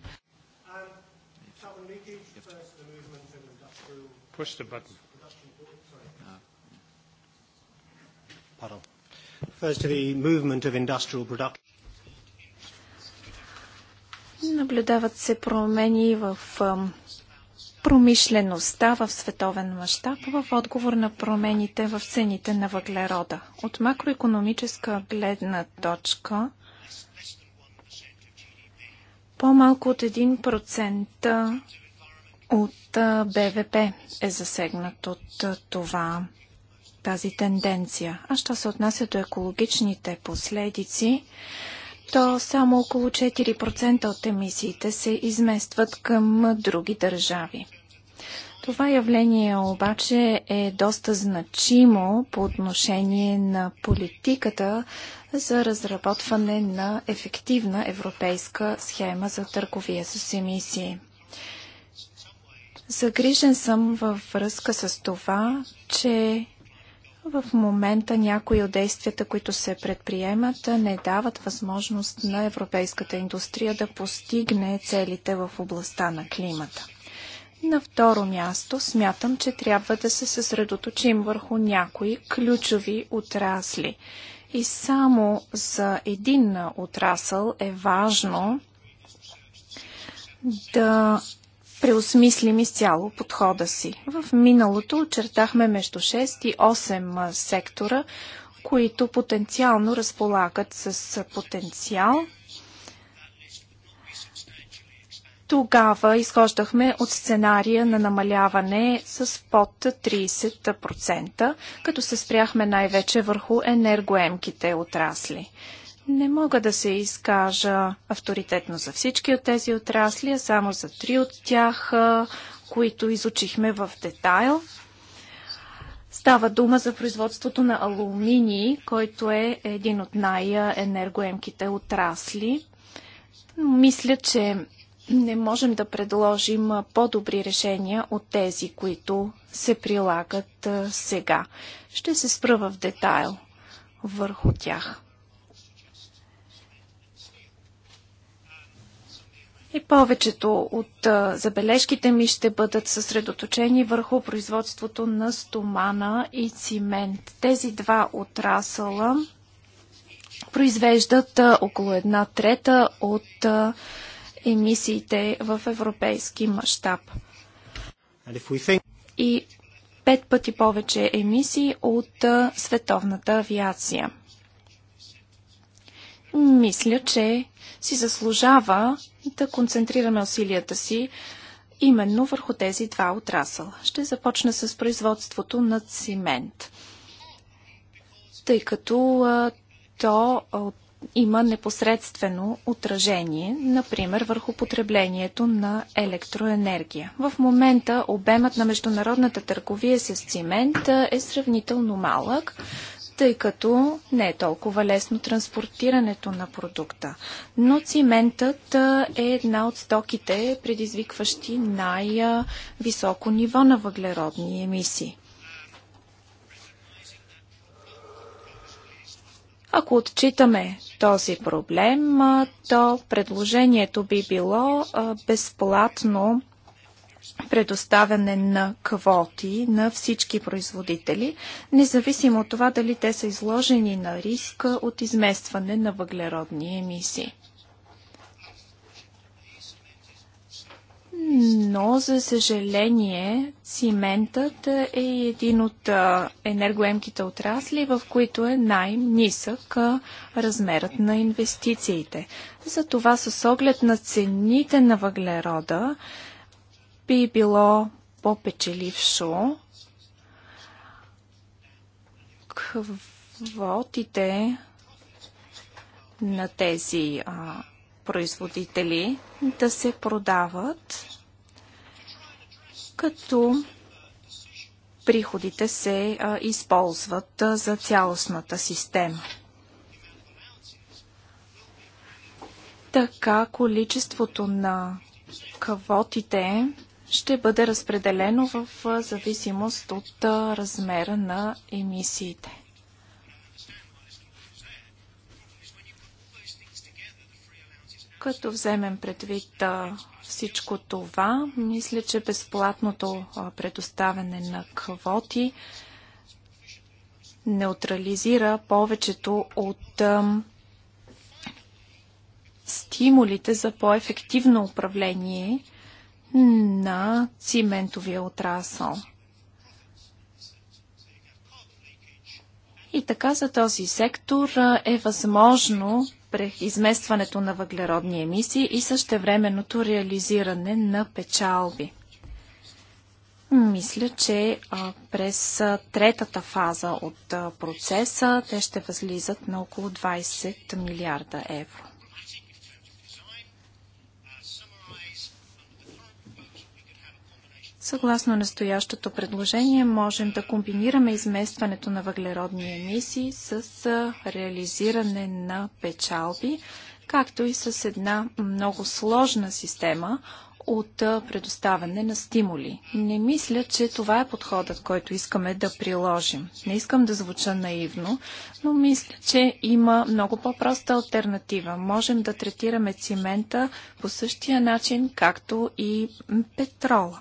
Um, Push the button. Pardon. First to the movement of industrial production. Наблюдават се промени в промишлеността в световен мащаб в отговор на промените в цените на въглерода. От макроекономическа гледна точка по-малко от 1% от БВП е засегнат от това тази тенденция. А що се отнася до екологичните последици, то само около 4% от емисиите се изместват към други държави. Това явление обаче е доста значимо по отношение на политиката за разработване на ефективна европейска схема за търговия с емисии. Загрижен съм във връзка с това, че в момента някои от действията, които се предприемат, не дават възможност на европейската индустрия да постигне целите в областта на климата. На второ място смятам, че трябва да се съсредоточим върху някои ключови отрасли. И само за един отрасъл е важно да преосмислим изцяло подхода си. В миналото очертахме между 6 и 8 сектора, които потенциално разполагат с потенциал. Тогава изхождахме от сценария на намаляване с под 30%, като се спряхме най-вече върху енергоемките отрасли. Не мога да се изкажа авторитетно за всички от тези отрасли, а само за три от тях, които изучихме в детайл. Става дума за производството на алуминий, който е един от най-енергоемките отрасли. Мисля, че не можем да предложим по-добри решения от тези, които се прилагат сега. Ще се спра в детайл върху тях. И повечето от забележките ми ще бъдат съсредоточени върху производството на стомана и цимент. Тези два отрасъла произвеждат около една трета от емисиите в европейски мащаб. И пет пъти повече емисии от световната авиация. Мисля, че си заслужава да концентрираме усилията си именно върху тези два отрасъла. Ще започна с производството на цимент, тъй като а, то а, има непосредствено отражение, например върху потреблението на електроенергия. В момента обемът на международната търговия с цимент е сравнително малък, тъй като не е толкова лесно транспортирането на продукта. Но циментът е една от стоките, предизвикващи най-високо ниво на въглеродни емисии. Ако отчитаме този проблем, то предложението би било безплатно предоставяне на квоти на всички производители, независимо от това дали те са изложени на риска от изместване на въглеродни емисии. Но, за съжаление, циментът е един от енергоемките отрасли, в които е най-нисък размерът на инвестициите. Затова с оглед на цените на въглерода, би било по-печелившо квотите на тези а, производители да се продават, като приходите се а, използват а, за цялостната система. Така количеството на квотите ще бъде разпределено в зависимост от размера на емисиите. Като вземем предвид всичко това, мисля, че безплатното предоставяне на квоти неутрализира повечето от стимулите за по-ефективно управление на циментовия отрасъл. И така за този сектор е възможно изместването на въглеродни емисии и същевременното реализиране на печалби. Мисля, че през третата фаза от процеса те ще възлизат на около 20 милиарда евро. Съгласно настоящото предложение, можем да комбинираме изместването на въглеродни емисии с реализиране на печалби, както и с една много сложна система от предоставяне на стимули. Не мисля, че това е подходът, който искаме да приложим. Не искам да звуча наивно, но мисля, че има много по-проста альтернатива. Можем да третираме цимента по същия начин, както и петрола.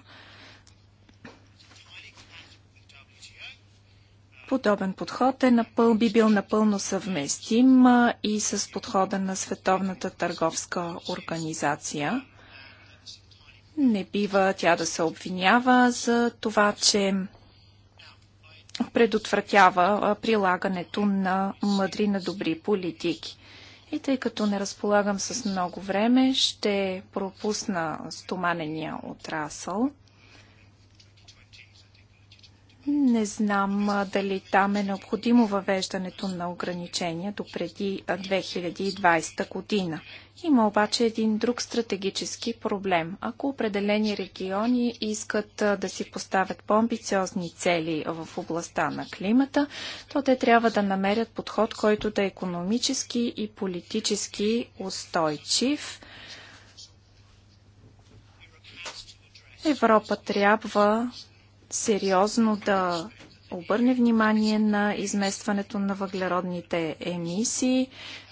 Подобен подход е напъл, би бил напълно съвместим и с подхода на Световната търговска организация. Не бива тя да се обвинява за това, че предотвратява прилагането на мъдри, на добри политики. И тъй като не разполагам с много време, ще пропусна стоманения отрасъл – не знам дали там е необходимо въвеждането на ограничения до преди 2020 година. Има обаче един друг стратегически проблем. Ако определени региони искат да си поставят по-амбициозни цели в областта на климата, то те трябва да намерят подход, който да е економически и политически устойчив. Европа трябва сериозно да обърне внимание на изместването на въглеродните емисии.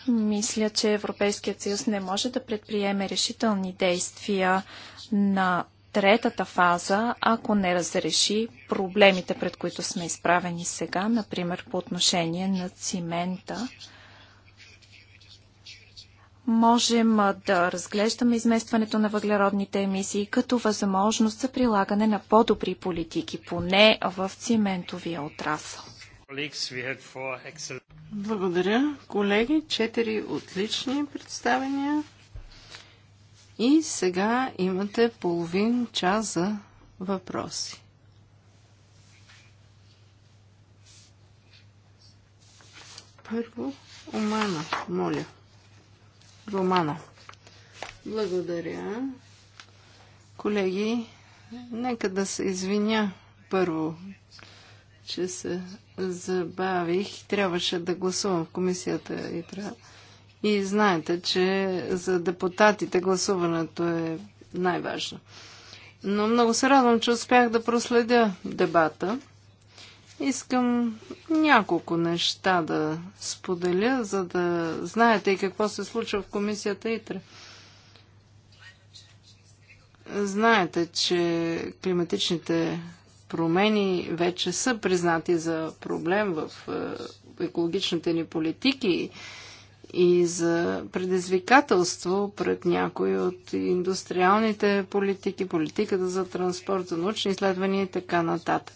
Мисля, че Европейският съюз не може да предприеме решителни действия на третата фаза, ако не разреши проблемите, пред които сме изправени сега, например по отношение на цимента можем да разглеждаме изместването на въглеродните емисии като възможност за прилагане на по-добри политики, поне в циментовия отрасъл. Благодаря, колеги. Четири отлични представения. И сега имате половин час за въпроси. Първо, Омана, моля. Романа. Благодаря. Колеги, нека да се извиня първо, че се забавих. Трябваше да гласувам в комисията и трябва. И знаете, че за депутатите гласуването е най-важно. Но много се радвам, че успях да проследя дебата. Искам няколко неща да споделя, за да знаете и какво се случва в комисията ИТРЕ. Знаете, че климатичните промени вече са признати за проблем в е, екологичните ни политики и за предизвикателство пред някои от индустриалните политики, политиката за транспорт, за научни изследвания и така нататък.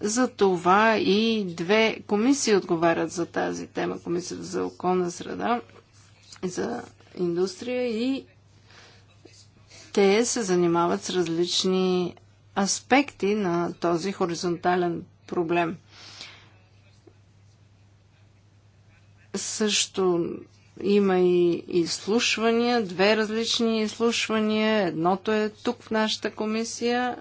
За това и две комисии отговарят за тази тема. Комисията за околна среда, за индустрия и те се занимават с различни аспекти на този хоризонтален проблем. Също има и изслушвания, две различни изслушвания. Едното е тук в нашата комисия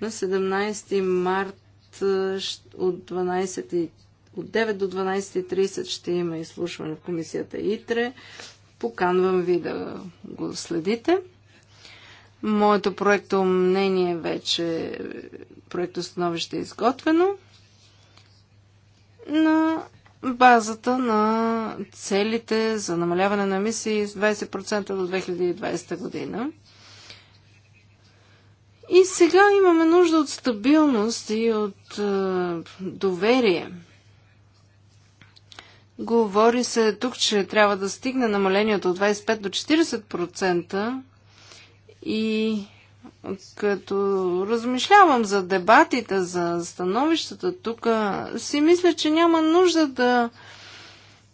на 17 март от 12 от 9 до 12.30 ще има изслушване в комисията ИТРЕ. Поканвам ви да го следите. Моето проекто мнение вече, проекто становище е изготвено на базата на целите за намаляване на емисии с 20% до 2020 година. И сега имаме нужда от стабилност и от е, доверие. Говори се тук, че трябва да стигне намалението от 25 до 40% и като размишлявам за дебатите, за становищата тук, си мисля, че няма нужда да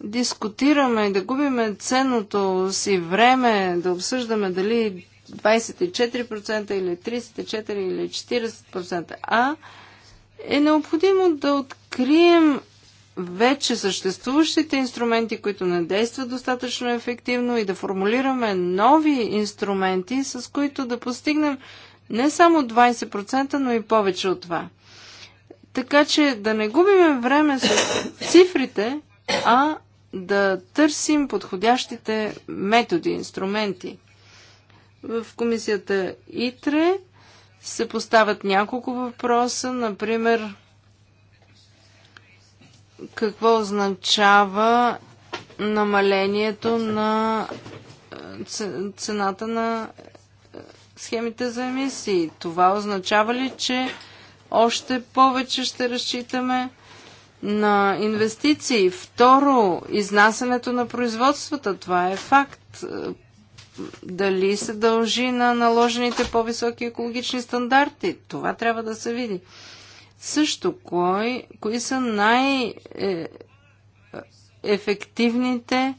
дискутираме и да губиме ценното си време, да обсъждаме дали 24% или 34% или 40%, а е необходимо да открием вече съществуващите инструменти, които не действат достатъчно ефективно и да формулираме нови инструменти, с които да постигнем не само 20%, но и повече от това. Така че да не губим време с цифрите, а да търсим подходящите методи, инструменти. В комисията ИТРЕ се поставят няколко въпроса, например какво означава намалението на е, цената на е, схемите за емисии. Това означава ли, че още повече ще разчитаме на инвестиции? Второ, изнасянето на производствата. Това е факт. Е, дали се дължи на наложените по-високи екологични стандарти? Това трябва да се види. Също, кой, кои са най-ефективните е,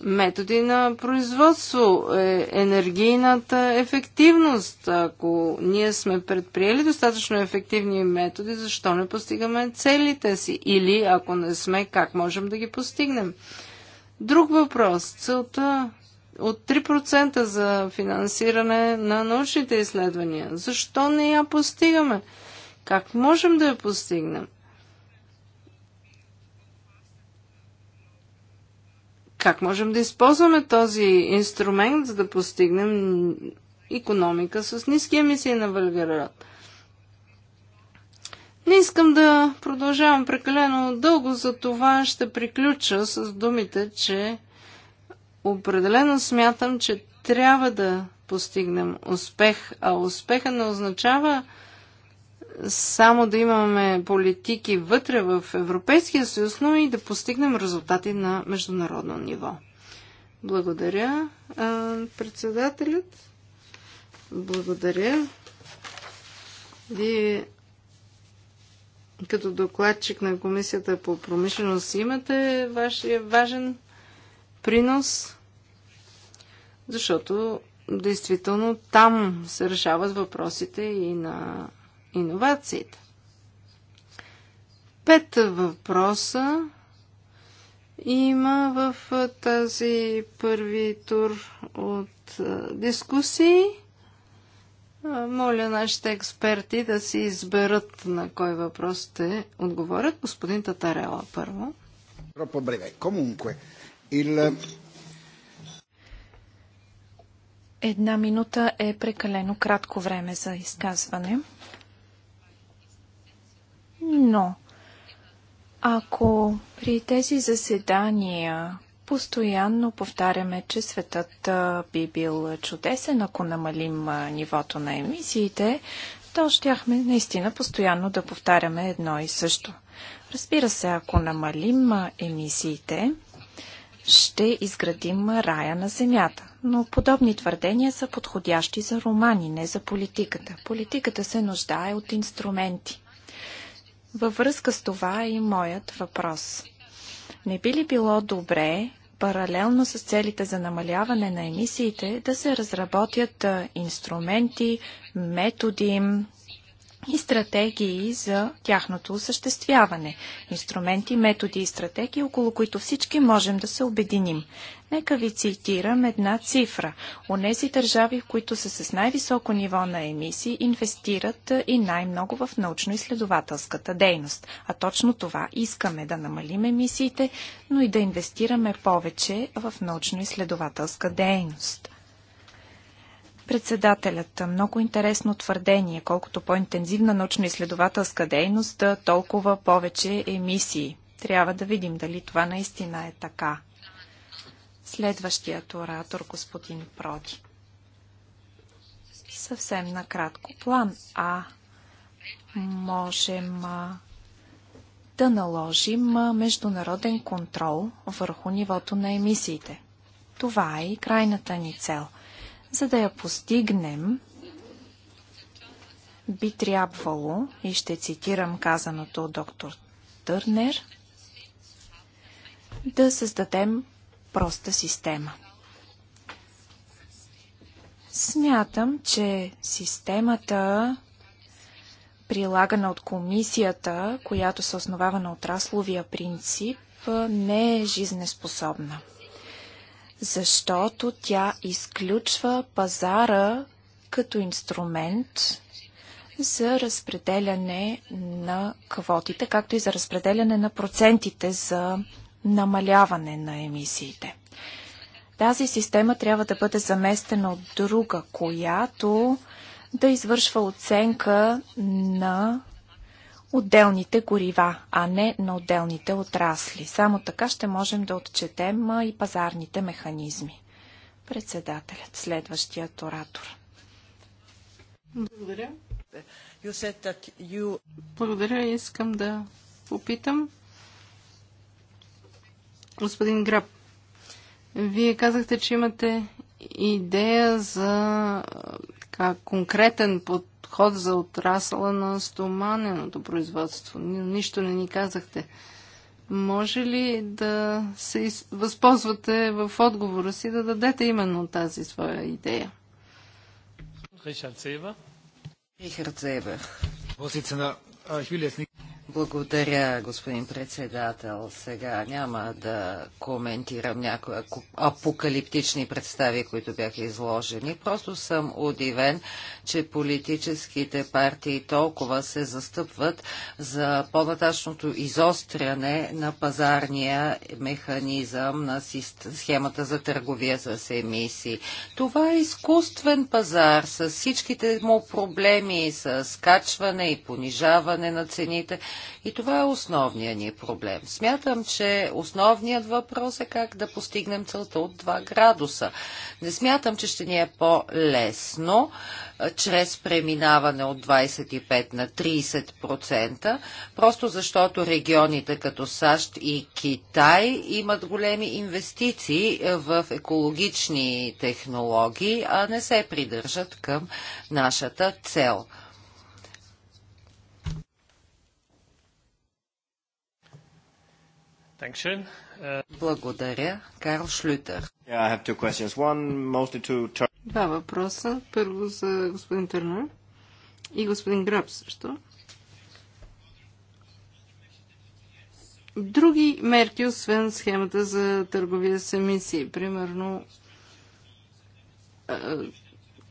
методи на производство, е, енергийната ефективност. Ако ние сме предприели достатъчно ефективни методи, защо не постигаме целите си? Или ако не сме, как можем да ги постигнем? Друг въпрос. Целта от 3% за финансиране на научните изследвания. Защо не я постигаме? Как можем да я постигнем? Как можем да използваме този инструмент, за да постигнем економика с ниски емисии на въглерод? Не искам да продължавам прекалено дълго, за това ще приключа с думите, че определено смятам, че трябва да постигнем успех, а успеха не означава само да имаме политики вътре в Европейския съюз, но и да постигнем резултати на международно ниво. Благодаря, председателят. Благодаря. Вие като докладчик на Комисията по промишленост имате вашия важен принос защото действително там се решават въпросите и на иновациите. Пет въпроса има в тази първи тур от дискусии. Моля нашите експерти да си изберат на кой въпрос те отговорят. Господин Татарела първо. il Една минута е прекалено кратко време за изказване. Но, ако при тези заседания постоянно повтаряме, че светът би бил чудесен, ако намалим нивото на емисиите, то щяхме наистина постоянно да повтаряме едно и също. Разбира се, ако намалим емисиите, ще изградим рая на Земята но подобни твърдения са подходящи за романи, не за политиката. Политиката се нуждае от инструменти. Във връзка с това е и моят въпрос. Не би ли било добре, паралелно с целите за намаляване на емисиите, да се разработят инструменти, методи, и стратегии за тяхното осъществяване. Инструменти, методи и стратегии, около които всички можем да се обединим. Нека ви цитирам една цифра. Онези държави, в които са с най-високо ниво на емисии, инвестират и най-много в научно-изследователската дейност. А точно това искаме да намалим емисиите, но и да инвестираме повече в научно-изследователска дейност. Председателят, много интересно твърдение. Колкото по-интензивна научно-изследователска дейност, толкова повече емисии. Трябва да видим дали това наистина е така. Следващият оратор, господин Проди. Съвсем накратко план А. Можем да наложим международен контрол върху нивото на емисиите. Това е и крайната ни цел – за да я постигнем, би трябвало, и ще цитирам казаното от доктор Търнер, да създадем проста система. Смятам, че системата, прилагана от комисията, която се основава на отрасловия принцип, не е жизнеспособна защото тя изключва пазара като инструмент за разпределяне на квотите, както и за разпределяне на процентите за намаляване на емисиите. Тази система трябва да бъде заместена от друга, която да извършва оценка на отделните горива, а не на отделните отрасли. Само така ще можем да отчетем и пазарните механизми. Председателят, следващият оратор. Благодаря. You... Благодаря. Искам да попитам. Господин Граб, вие казахте, че имате идея за така, конкретен под подход за отрасъла на стоманеното производство. Нищо не ни казахте. Може ли да се възползвате в отговора си да дадете именно тази своя идея? Рихард Зейбер. Рихард Зейбер. Благодаря, господин председател. Сега няма да коментирам някои апокалиптични представи, които бяха изложени. Просто съм удивен, че политическите партии толкова се застъпват за по наташното изостряне на пазарния механизъм на схемата за търговия с емисии. Това е изкуствен пазар с всичките му проблеми, с качване и понижаване на цените – и това е основният ни проблем. Смятам, че основният въпрос е как да постигнем целта от 2 градуса. Не смятам, че ще ни е по-лесно чрез преминаване от 25 на 30%, просто защото регионите като САЩ и Китай имат големи инвестиции в екологични технологии, а не се придържат към нашата цел. Е, Благодаря. Карл Шлютер. Два въпроса. Първо за господин Търнер и господин Граб също. Други мерки, освен схемата за търговия с емисии, примерно е,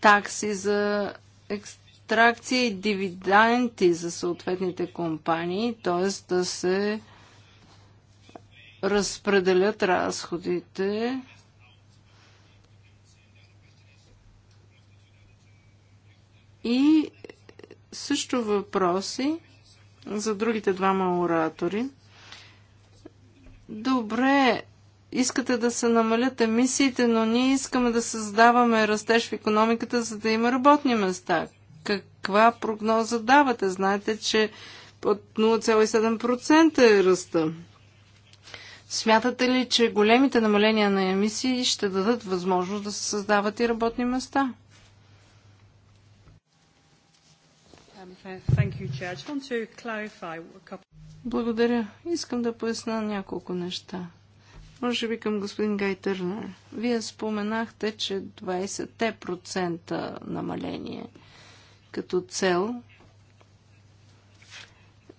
такси за екстракция и дивиденти за съответните компании, т.е. да се разпределят разходите. И също въпроси за другите двама оратори. Добре, искате да се намалят емисиите, но ние искаме да създаваме растеж в економиката, за да има работни места. Каква прогноза давате? Знаете, че под 0,7% е ръста. Смятате ли, че големите намаления на емисии ще дадат възможност да се създават и работни места? Благодаря. Искам да поясна няколко неща. Може би към господин Гайтърнер. Вие споменахте, че 20% намаление като цел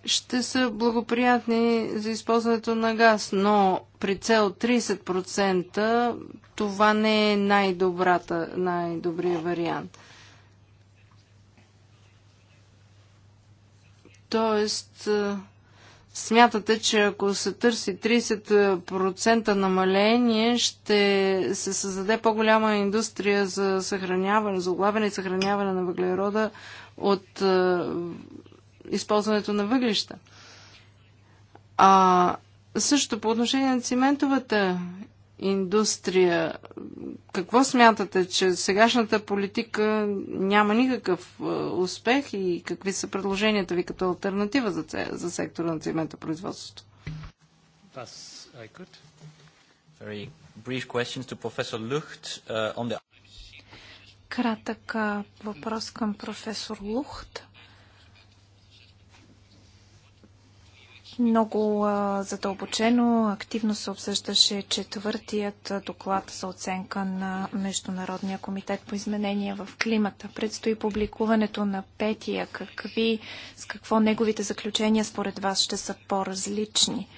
ще са благоприятни за използването на газ, но при цел 30% това не е най-добрата, най-добрия вариант. Тоест, смятате, че ако се търси 30% намаление, ще се създаде по-голяма индустрия за съхраняване, за оглавяне и съхраняване на въглерода от използването на въглища. А също по отношение на циментовата индустрия, какво смятате, че сегашната политика няма никакъв успех и какви са предложенията ви като альтернатива за, за сектора на циментопроизводството? Very uh, Кратък въпрос към професор Лухт Много задълбочено, активно се обсъждаше четвъртият доклад за оценка на Международния комитет по изменения в климата. Предстои публикуването на петия. Какви, с какво неговите заключения според вас ще са по-различни?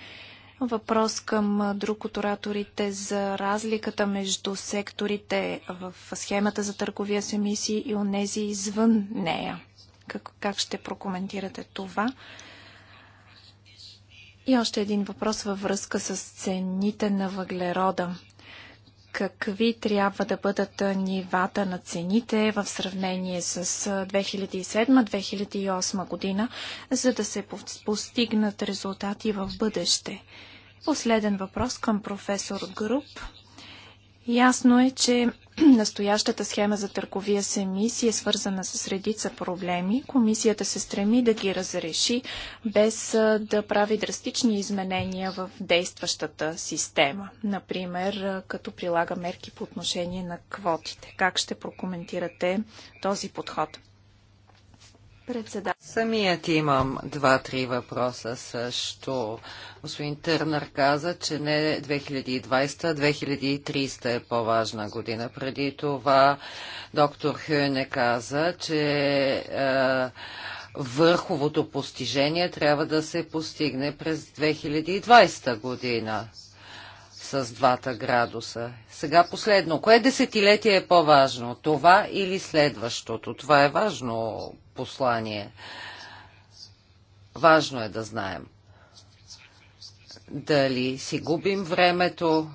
Въпрос към друг от ораторите за разликата между секторите в схемата за търговия с емисии и онези извън нея. Как, как ще прокоментирате това? И още един въпрос във връзка с цените на въглерода. Какви трябва да бъдат нивата на цените в сравнение с 2007-2008 година, за да се постигнат резултати в бъдеще? Последен въпрос към професор Груп. Ясно е, че Настоящата схема за търговия с емисии е свързана с редица проблеми. Комисията се стреми да ги разреши, без да прави драстични изменения в действащата система. Например, като прилага мерки по отношение на квотите. Как ще прокоментирате този подход? Председател. Самият имам два-три въпроса също. Господин Търнър каза, че не 2020, 2030 е по-важна година. Преди това доктор Хюне каза, че е, върховото постижение трябва да се постигне през 2020 година с двата градуса. Сега последно. Кое десетилетие е по-важно? Това или следващото? Това е важно послание. Важно е да знаем. Дали си губим времето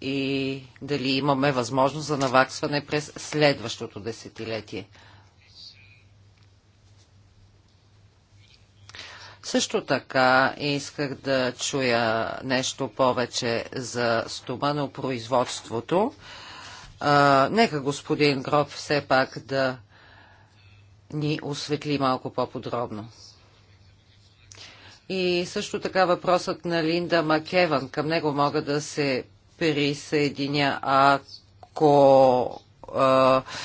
и дали имаме възможност за наваксване през следващото десетилетие. Също така исках да чуя нещо повече за стоманопроизводството. А, нека господин Гроб все пак да ни осветли малко по-подробно. И също така въпросът на Линда Макеван. Към него мога да се присъединя, ако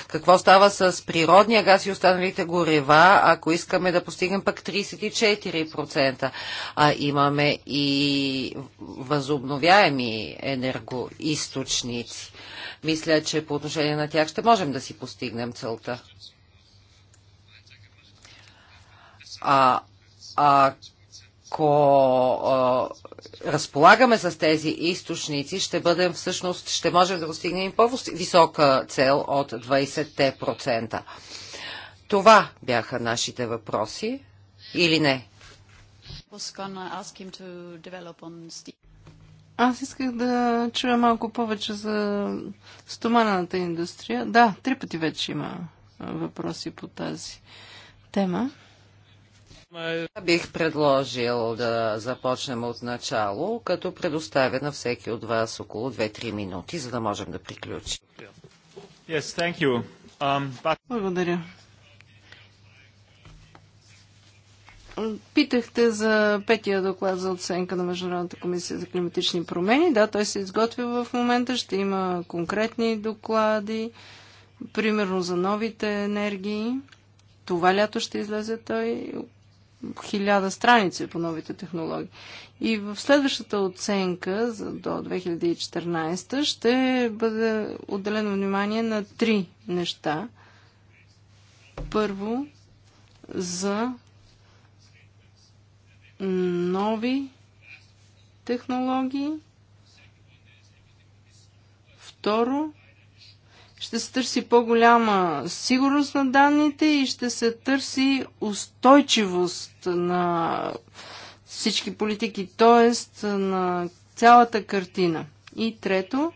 какво става с природния газ и останалите горева, ако искаме да постигнем пък 34%. А имаме и възобновяеми енергоисточници. Мисля, че по отношение на тях ще можем да си постигнем целта. А а ако а, разполагаме с тези източници, ще бъдем всъщност, ще можем да достигнем по-висока цел от 20%. Това бяха нашите въпроси или не? Аз исках да чуя малко повече за стоманата индустрия. Да, три пъти вече има въпроси по тази тема. Бих предложил да започнем от начало, като предоставя на всеки от вас около 2-3 минути, за да можем да приключим. Um, Благодаря. Питахте за петия доклад за оценка на Международната комисия за климатични промени. Да, той се изготвя в момента. Ще има конкретни доклади, примерно за новите енергии. Това лято ще излезе той хиляда страници по новите технологии. И в следващата оценка за до 2014 ще бъде отделено внимание на три неща. Първо, за нови технологии. Второ, ще се търси по-голяма сигурност на данните и ще се търси устойчивост на всички политики, т.е. на цялата картина. И трето,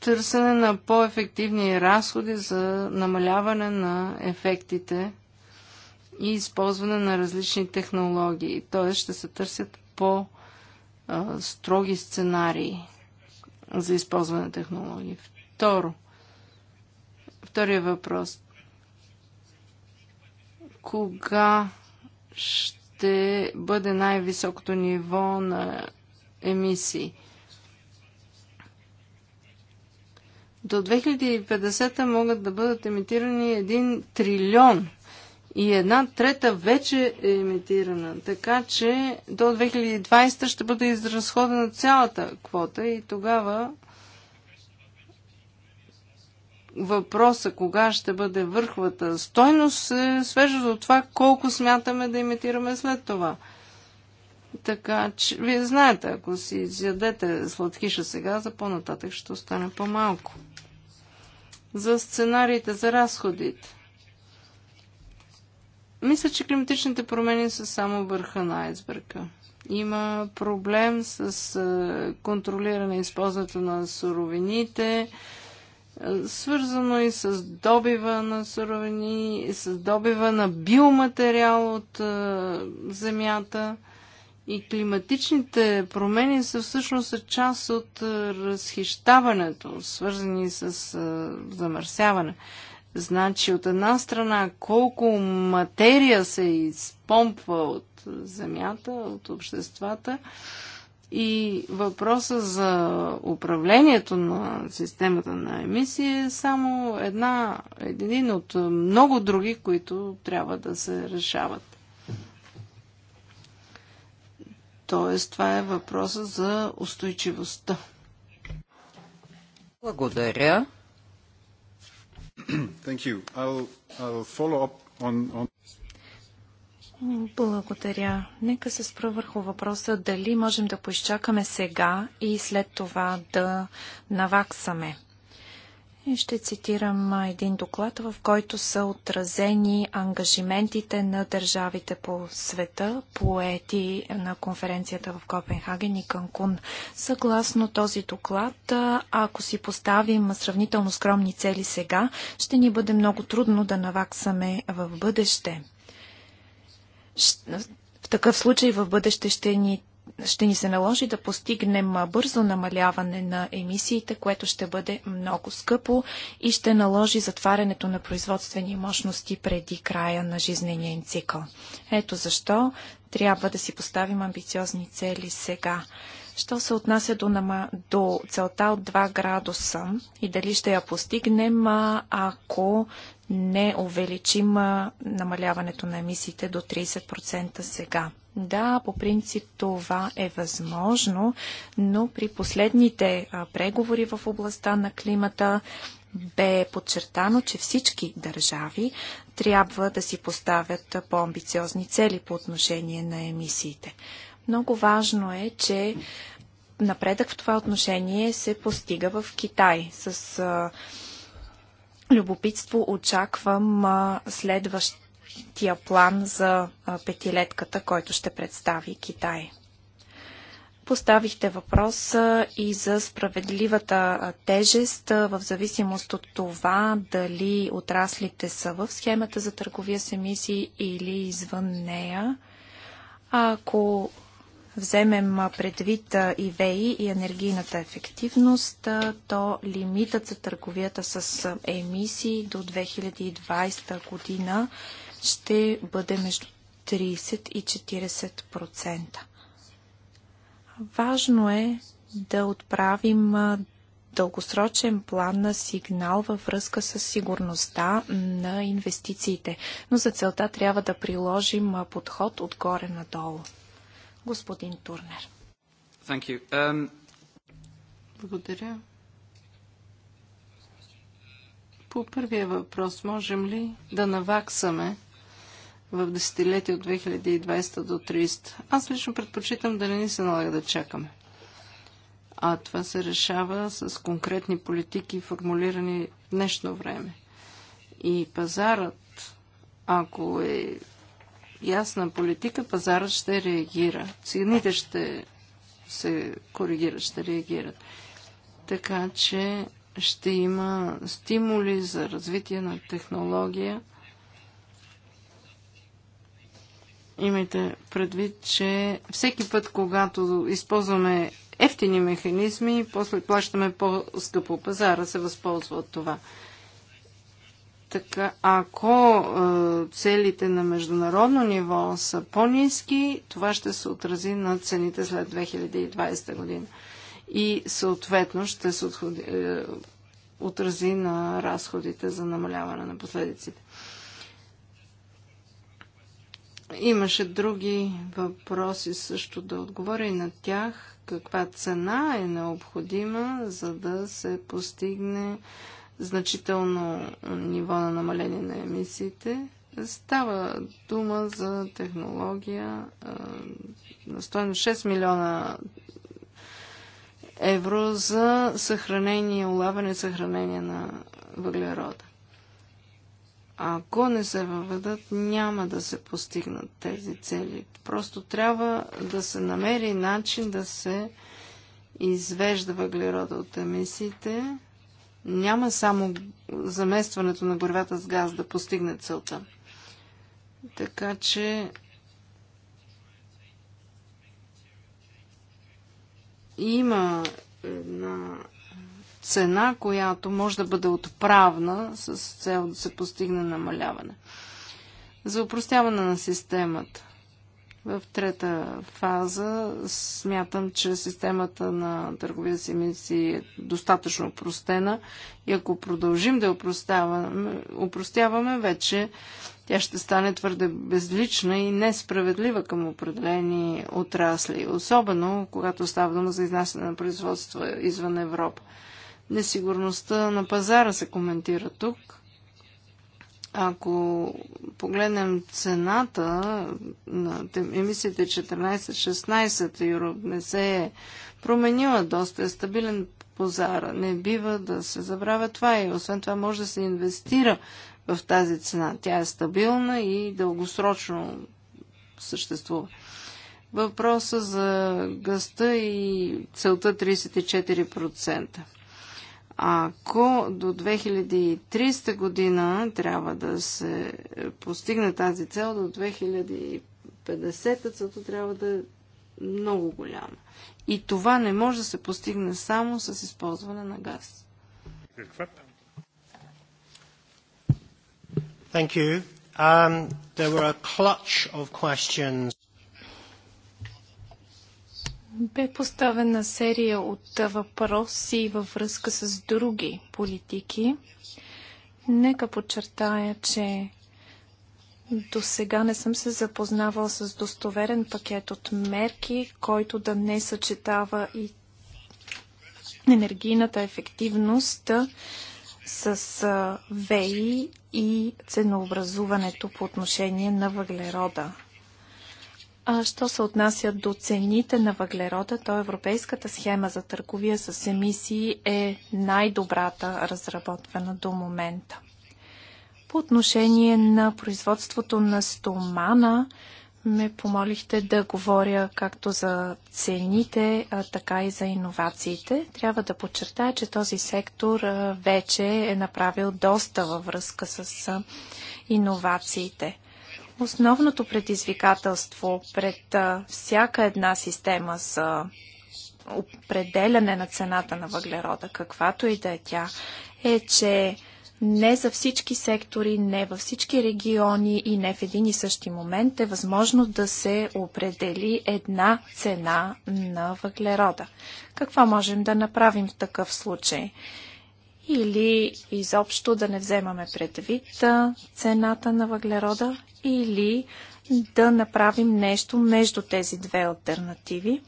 търсене на по-ефективни разходи за намаляване на ефектите и използване на различни технологии. Т.е. ще се търсят по-строги сценарии за използване на технологии. Второ, втория въпрос. Кога ще бъде най-високото ниво на емисии? До 2050 могат да бъдат емитирани 1 трилион и една трета вече е емитирана. Така че до 2020 ще бъде изразходена цялата квота и тогава въпроса кога ще бъде върхвата стойност се свежда до това колко смятаме да имитираме след това. Така че, вие знаете, ако си изядете сладкиша сега, за по-нататък ще остане по-малко. За сценариите за разходите. Мисля, че климатичните промени са само върха на айсберга. Има проблем с контролиране използването на суровините, свързано и с добива на суровини, и с добива на биоматериал от земята. И климатичните промени са всъщност част от разхищаването, свързани с замърсяване. Значи от една страна колко материя се изпомпва от земята, от обществата и въпроса за управлението на системата на емисии е само една, един от много други, които трябва да се решават. Тоест, това е въпроса за устойчивостта. Благодаря. Thank you. I'll, I'll follow up on, on... Благодаря. Нека се спра върху въпроса дали можем да поизчакаме сега и след това да наваксаме. И ще цитирам един доклад, в който са отразени ангажиментите на държавите по света, поети на конференцията в Копенхаген и Канкун. Съгласно този доклад, ако си поставим сравнително скромни цели сега, ще ни бъде много трудно да наваксаме в бъдеще. В такъв случай в бъдеще ще ни ще ни се наложи да постигнем бързо намаляване на емисиите, което ще бъде много скъпо и ще наложи затварянето на производствени мощности преди края на жизнения им цикъл. Ето защо трябва да си поставим амбициозни цели сега. Що се отнася до, нама, до целта от 2 градуса и дали ще я постигнем, ако не увеличим намаляването на емисиите до 30% сега? Да, по принцип това е възможно, но при последните преговори в областта на климата бе подчертано, че всички държави трябва да си поставят по-амбициозни цели по отношение на емисиите. Много важно е, че напредък в това отношение се постига в Китай. С любопитство очаквам следващ тия план за петилетката, който ще представи Китай. Поставихте въпрос и за справедливата тежест в зависимост от това дали отраслите са в схемата за търговия с емисии или извън нея. Ако вземем предвид и ВЕИ и енергийната ефективност, то лимитът за търговията с емисии до 2020 година ще бъде между 30 и 40%. Важно е да отправим дългосрочен план на сигнал във връзка с сигурността на инвестициите, но за целта трябва да приложим подход отгоре надолу. Господин Турнер. Um... Благодаря. По първия въпрос, можем ли да наваксаме в десетилетие от 2020 до 30. Аз лично предпочитам да не ни се налага да чакаме. А това се решава с конкретни политики, формулирани в днешно време. И пазарът, ако е ясна политика, пазарът ще реагира. Цените ще се коригират, ще реагират. Така че ще има стимули за развитие на технология – имайте предвид, че всеки път, когато използваме ефтини механизми, после плащаме по-скъпо. Пазара се възползва от това. Така, ако е, целите на международно ниво са по-низки, това ще се отрази на цените след 2020 година. И съответно ще се отходи, е, отрази на разходите за намаляване на последиците. Имаше други въпроси също да отговоря и на тях. Каква цена е необходима, за да се постигне значително ниво на намаление на емисиите? Става дума за технология на стоеност 6 милиона евро за съхранение, улавяне и съхранение на въглерода. Ако не се въведат, няма да се постигнат тези цели. Просто трябва да се намери начин да се извежда въглерода от емисиите. Няма само заместването на горевата с газ да постигне целта. Така че има една цена, която може да бъде отправна с цел да се постигне намаляване. За упростяване на системата. В трета фаза смятам, че системата на търговия с емисии е достатъчно упростена и ако продължим да упростяваме, упростяваме, вече тя ще стане твърде безлична и несправедлива към определени отрасли, особено когато става дума за изнасяне на производство извън Европа. Несигурността на пазара се коментира тук. Ако погледнем цената на емисиите 14-16 евро не се е променила доста, е стабилен пазара. Не бива да се забравя това и освен това може да се инвестира в тази цена. Тя е стабилна и дългосрочно съществува. Въпроса за гъста и целта 34%. Ако до 2300 година трябва да се постигне тази цел, до 2050 целта трябва да е много голяма. И това не може да се постигне само с използване на газ. Thank you. Um, there were a clutch of questions. Бе поставена серия от въпроси във връзка с други политики. Нека подчертая, че до сега не съм се запознавал с достоверен пакет от мерки, който да не съчетава и енергийната ефективност с ВЕИ и ценообразуването по отношение на въглерода. А що се отнася до цените на въглерода, то европейската схема за търговия с емисии е най-добрата разработвана до момента. По отношение на производството на стомана, ме помолихте да говоря както за цените, така и за иновациите. Трябва да подчертая, че този сектор вече е направил доста във връзка с иновациите. Основното предизвикателство пред всяка една система за определяне на цената на въглерода, каквато и да е тя, е, че не за всички сектори, не във всички региони и не в един и същи момент е възможно да се определи една цена на въглерода. Какво можем да направим в такъв случай? или изобщо да не вземаме предвид цената на въглерода, или да направим нещо между тези две альтернативи.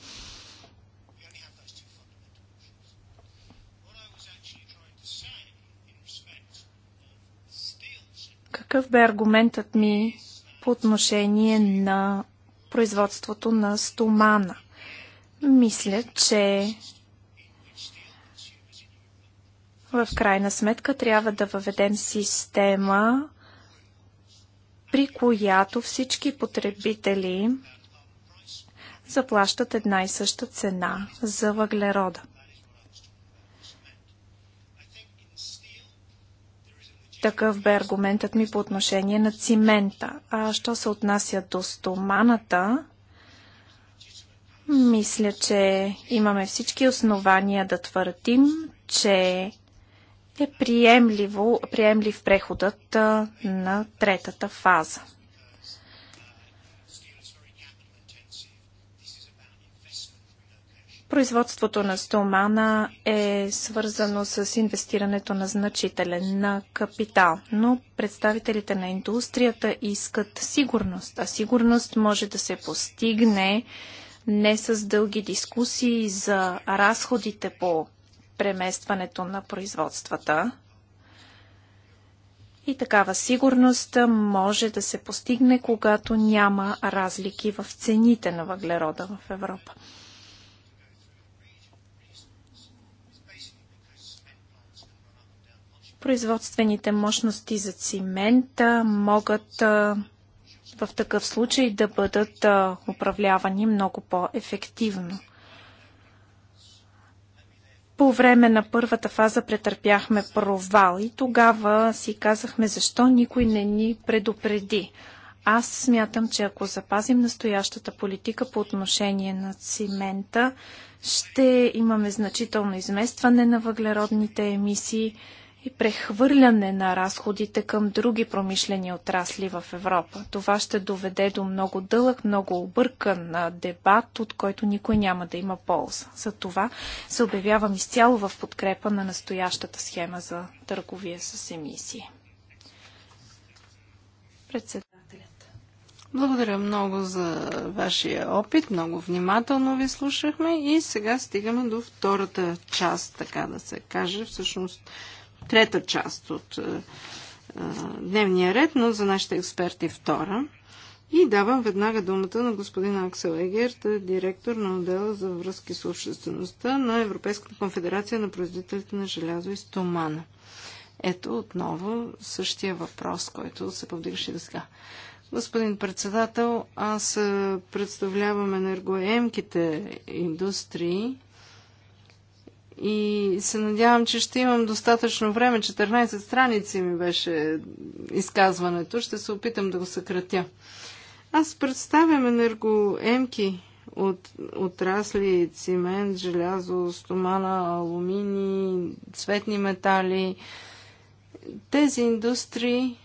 Какъв бе аргументът ми по отношение на производството на стомана? Мисля, че в крайна сметка трябва да въведем система, при която всички потребители заплащат една и съща цена за въглерода. Такъв бе аргументът ми по отношение на цимента. А що се отнася до стоманата, мисля, че имаме всички основания да твърдим, че е приемливо, приемлив преходът на третата фаза. Производството на стомана е свързано с инвестирането на значителен на капитал, но представителите на индустрията искат сигурност, а сигурност може да се постигне не с дълги дискусии за разходите по преместването на производствата. И такава сигурност може да се постигне, когато няма разлики в цените на въглерода в Европа. Производствените мощности за цимента могат в такъв случай да бъдат управлявани много по-ефективно. По време на първата фаза претърпяхме провал и тогава си казахме защо никой не ни предупреди. Аз смятам, че ако запазим настоящата политика по отношение на цимента, ще имаме значително изместване на въглеродните емисии, и прехвърляне на разходите към други промишлени отрасли в Европа. Това ще доведе до много дълъг, много объркан дебат, от който никой няма да има полза. За това се обявявам изцяло в подкрепа на настоящата схема за търговия с емисии. Председателят. Благодаря много за вашия опит. Много внимателно ви слушахме и сега стигаме до втората част, така да се каже. Всъщност трета част от е, е, дневния ред, но за нашите експерти втора. И давам веднага думата на господин Аксел Егерт, директор на отдела за връзки с обществеността на Европейската конфедерация на производителите на желязо и стомана. Ето отново същия въпрос, който се повдигаше до сега. Господин председател, аз е, представлявам енергоемките индустрии и се надявам, че ще имам достатъчно време. 14 страници ми беше изказването. Ще се опитам да го съкратя. Аз представям енергоемки от отрасли цимент, желязо, стомана, алумини, цветни метали. Тези индустрии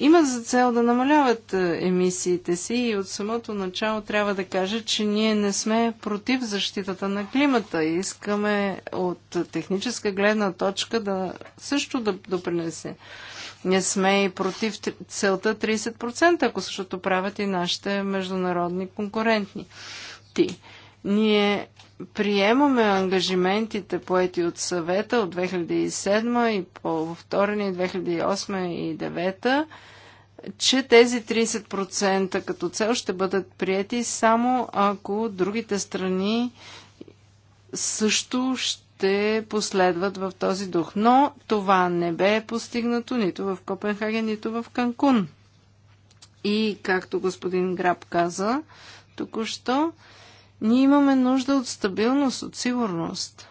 имат за цел да намаляват е, емисиите си и от самото начало трябва да кажа, че ние не сме против защитата на климата. Искаме от техническа гледна точка да също да допринесе. Не сме и против целта 30%, ако същото правят и нашите международни конкурентни. Ти. Ние приемаме ангажиментите поети от съвета от 2007 и по вторни 2008 и 2009, че тези 30% като цел ще бъдат прияти само ако другите страни също ще последват в този дух. Но това не бе постигнато нито в Копенхаген, нито в Канкун. И, както господин Граб каза току-що, ние имаме нужда от стабилност, от сигурност.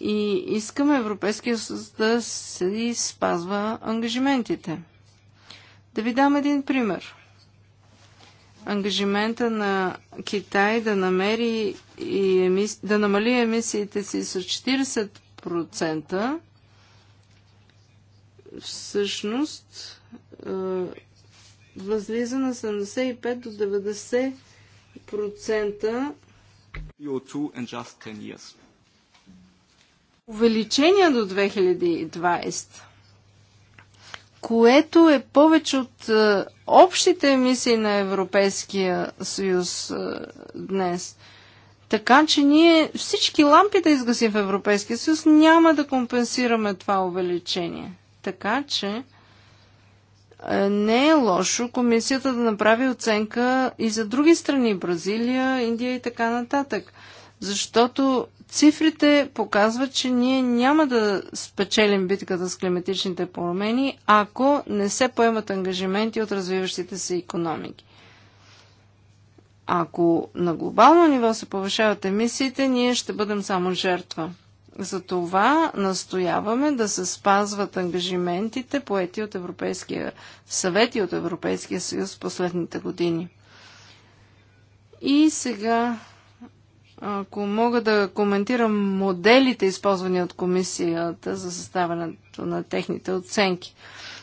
И искаме Европейския съюз да си спазва ангажиментите. Да ви дам един пример. Ангажимента на Китай да намери и емис... да намали емисиите си с 40% всъщност е, възлиза на 75 до 90 10% увеличение до 2020, което е повече от е, общите емисии на Европейския съюз е, днес. Така че ние всички лампи да изгасим в Европейския съюз, няма да компенсираме това увеличение. Така че е, не е лошо комисията да направи оценка и за други страни Бразилия, Индия и така нататък. Защото цифрите показват, че ние няма да спечелим битката с климатичните промени, ако не се поемат ангажименти от развиващите се економики. Ако на глобално ниво се повишават емисиите, ние ще бъдем само жертва. Затова настояваме да се спазват ангажиментите, поети от Европейския съвет и от Европейския съюз в последните години. И сега, ако мога да коментирам моделите, използвани от комисията за съставянето на техните оценки.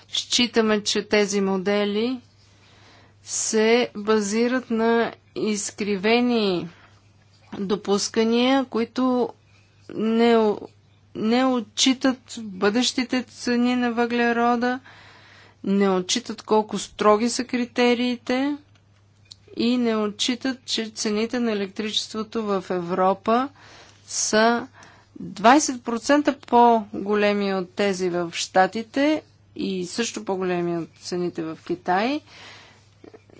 Считаме, че тези модели се базират на изкривени допускания, които не, не отчитат бъдещите цени на въглерода, не отчитат колко строги са критериите и не отчитат, че цените на електричеството в Европа са 20% по-големи от тези в Штатите и също по-големи от цените в Китай.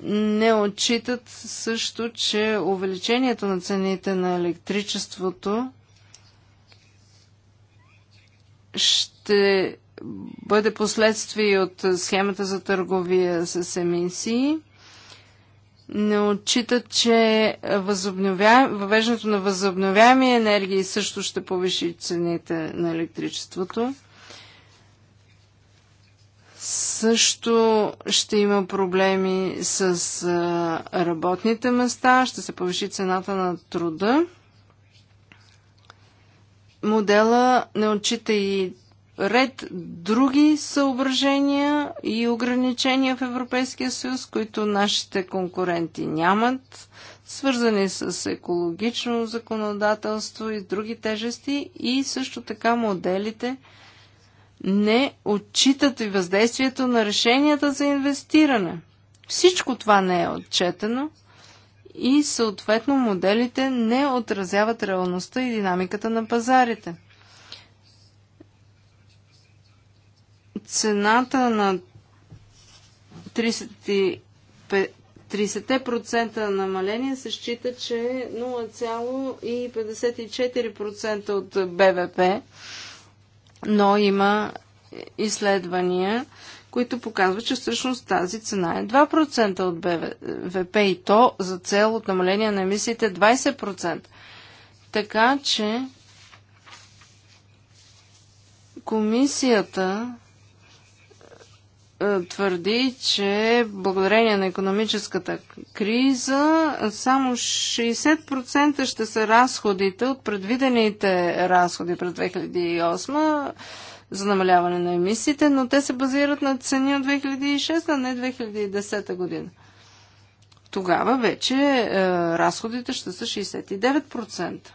Не отчитат също, че увеличението на цените на електричеството ще бъде последствие от схемата за търговия с емисии. Не отчитат, че въвеждането на възобновяеми енергии също ще повиши цените на електричеството. Също ще има проблеми с работните места, ще се повиши цената на труда модела не отчита и ред други съображения и ограничения в Европейския съюз, които нашите конкуренти нямат, свързани с екологично законодателство и други тежести и също така моделите не отчитат и въздействието на решенията за инвестиране. Всичко това не е отчетено – и съответно моделите не отразяват реалността и динамиката на пазарите. Цената на 30%, намаление се счита, че е 0,54% от БВП, но има изследвания, които показват, че всъщност тази цена е 2% от БВП и то за цел от намаление на емисиите 20%. Така че комисията е, твърди, че благодарение на економическата криза само 60% ще са разходите от предвидените разходи през 2008 за намаляване на емисиите, но те се базират на цени от 2006, а не 2010 година. Тогава вече е, разходите ще са 69%.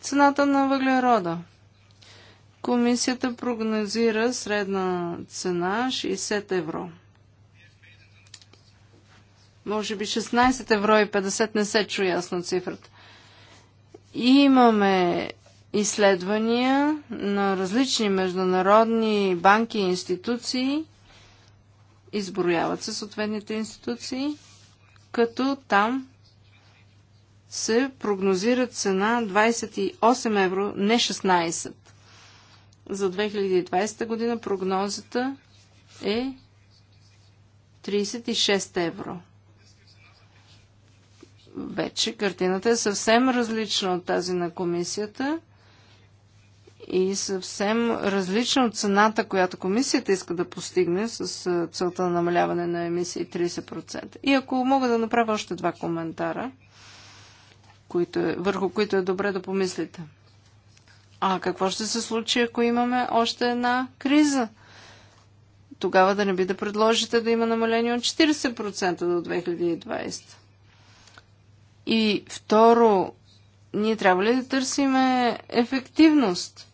Цената на въглерода. Комисията прогнозира средна цена 60 евро. Може би 16 евро и 50 не се чу ясно цифрата. И имаме изследвания на различни международни банки и институции, изброяват се съответните институции, като там се прогнозира цена 28 евро, не 16. За 2020 година прогнозата е 36 евро. Вече картината е съвсем различна от тази на комисията и съвсем различна от цената, която комисията иска да постигне с целта на намаляване на емисии 30%. И ако мога да направя още два коментара, които е, върху които е добре да помислите. А какво ще се случи, ако имаме още една криза? Тогава да не би да предложите да има намаление от 40% до 2020. И второ, ние трябва ли да търсиме ефективност?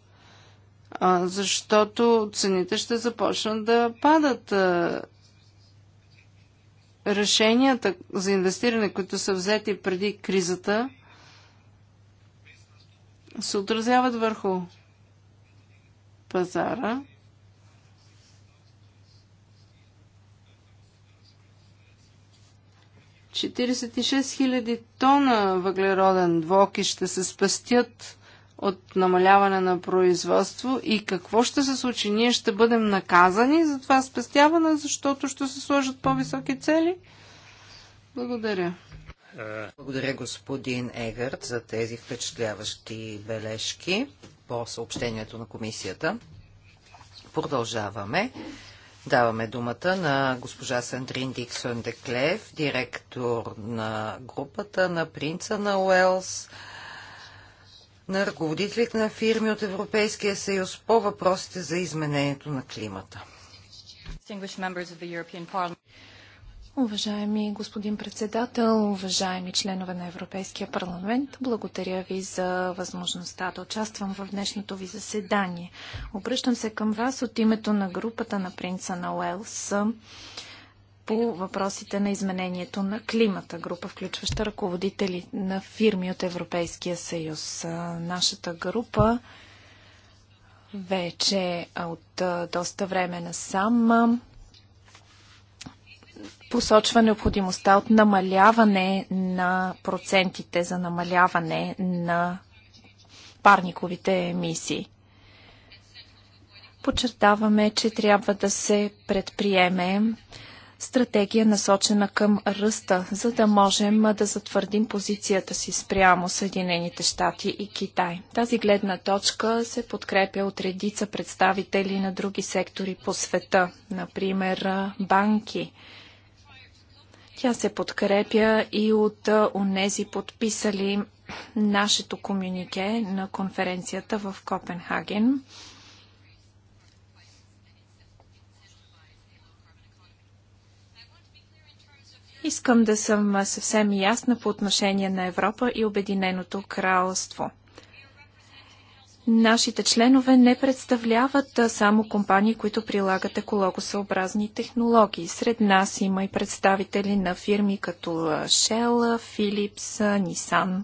защото цените ще започнат да падат. Решенията за инвестиране, които са взети преди кризата, се отразяват върху пазара. Четиридесет хиляди тона въглероден двоки ще се спастят от намаляване на производство и какво ще се случи? Ние ще бъдем наказани за това спестяване, защото ще се сложат по-високи цели? Благодаря. Благодаря господин Егърт за тези впечатляващи бележки по съобщението на комисията. Продължаваме. Даваме думата на госпожа Сандрин Диксон Деклев, директор на групата на принца на Уелс – на ръководителите на фирми от Европейския съюз по въпросите за изменението на климата. Уважаеми господин председател, уважаеми членове на Европейския парламент, благодаря ви за възможността да участвам в днешното ви заседание. Обръщам се към вас от името на групата на принца на Уелс по въпросите на изменението на климата, група, включваща ръководители на фирми от Европейския съюз. Нашата група вече от доста време насам посочва необходимостта от намаляване на процентите за намаляване на парниковите емисии. Подчертаваме, че трябва да се предприеме стратегия насочена към ръста, за да можем да затвърдим позицията си спрямо Съединените щати и Китай. Тази гледна точка се подкрепя от редица представители на други сектори по света, например банки. Тя се подкрепя и от онези подписали нашето комюнике на конференцията в Копенхаген. Искам да съм съвсем ясна по отношение на Европа и Обединеното кралство. Нашите членове не представляват само компании, които прилагат екологосъобразни технологии. Сред нас има и представители на фирми като Shell, Philips, Nissan.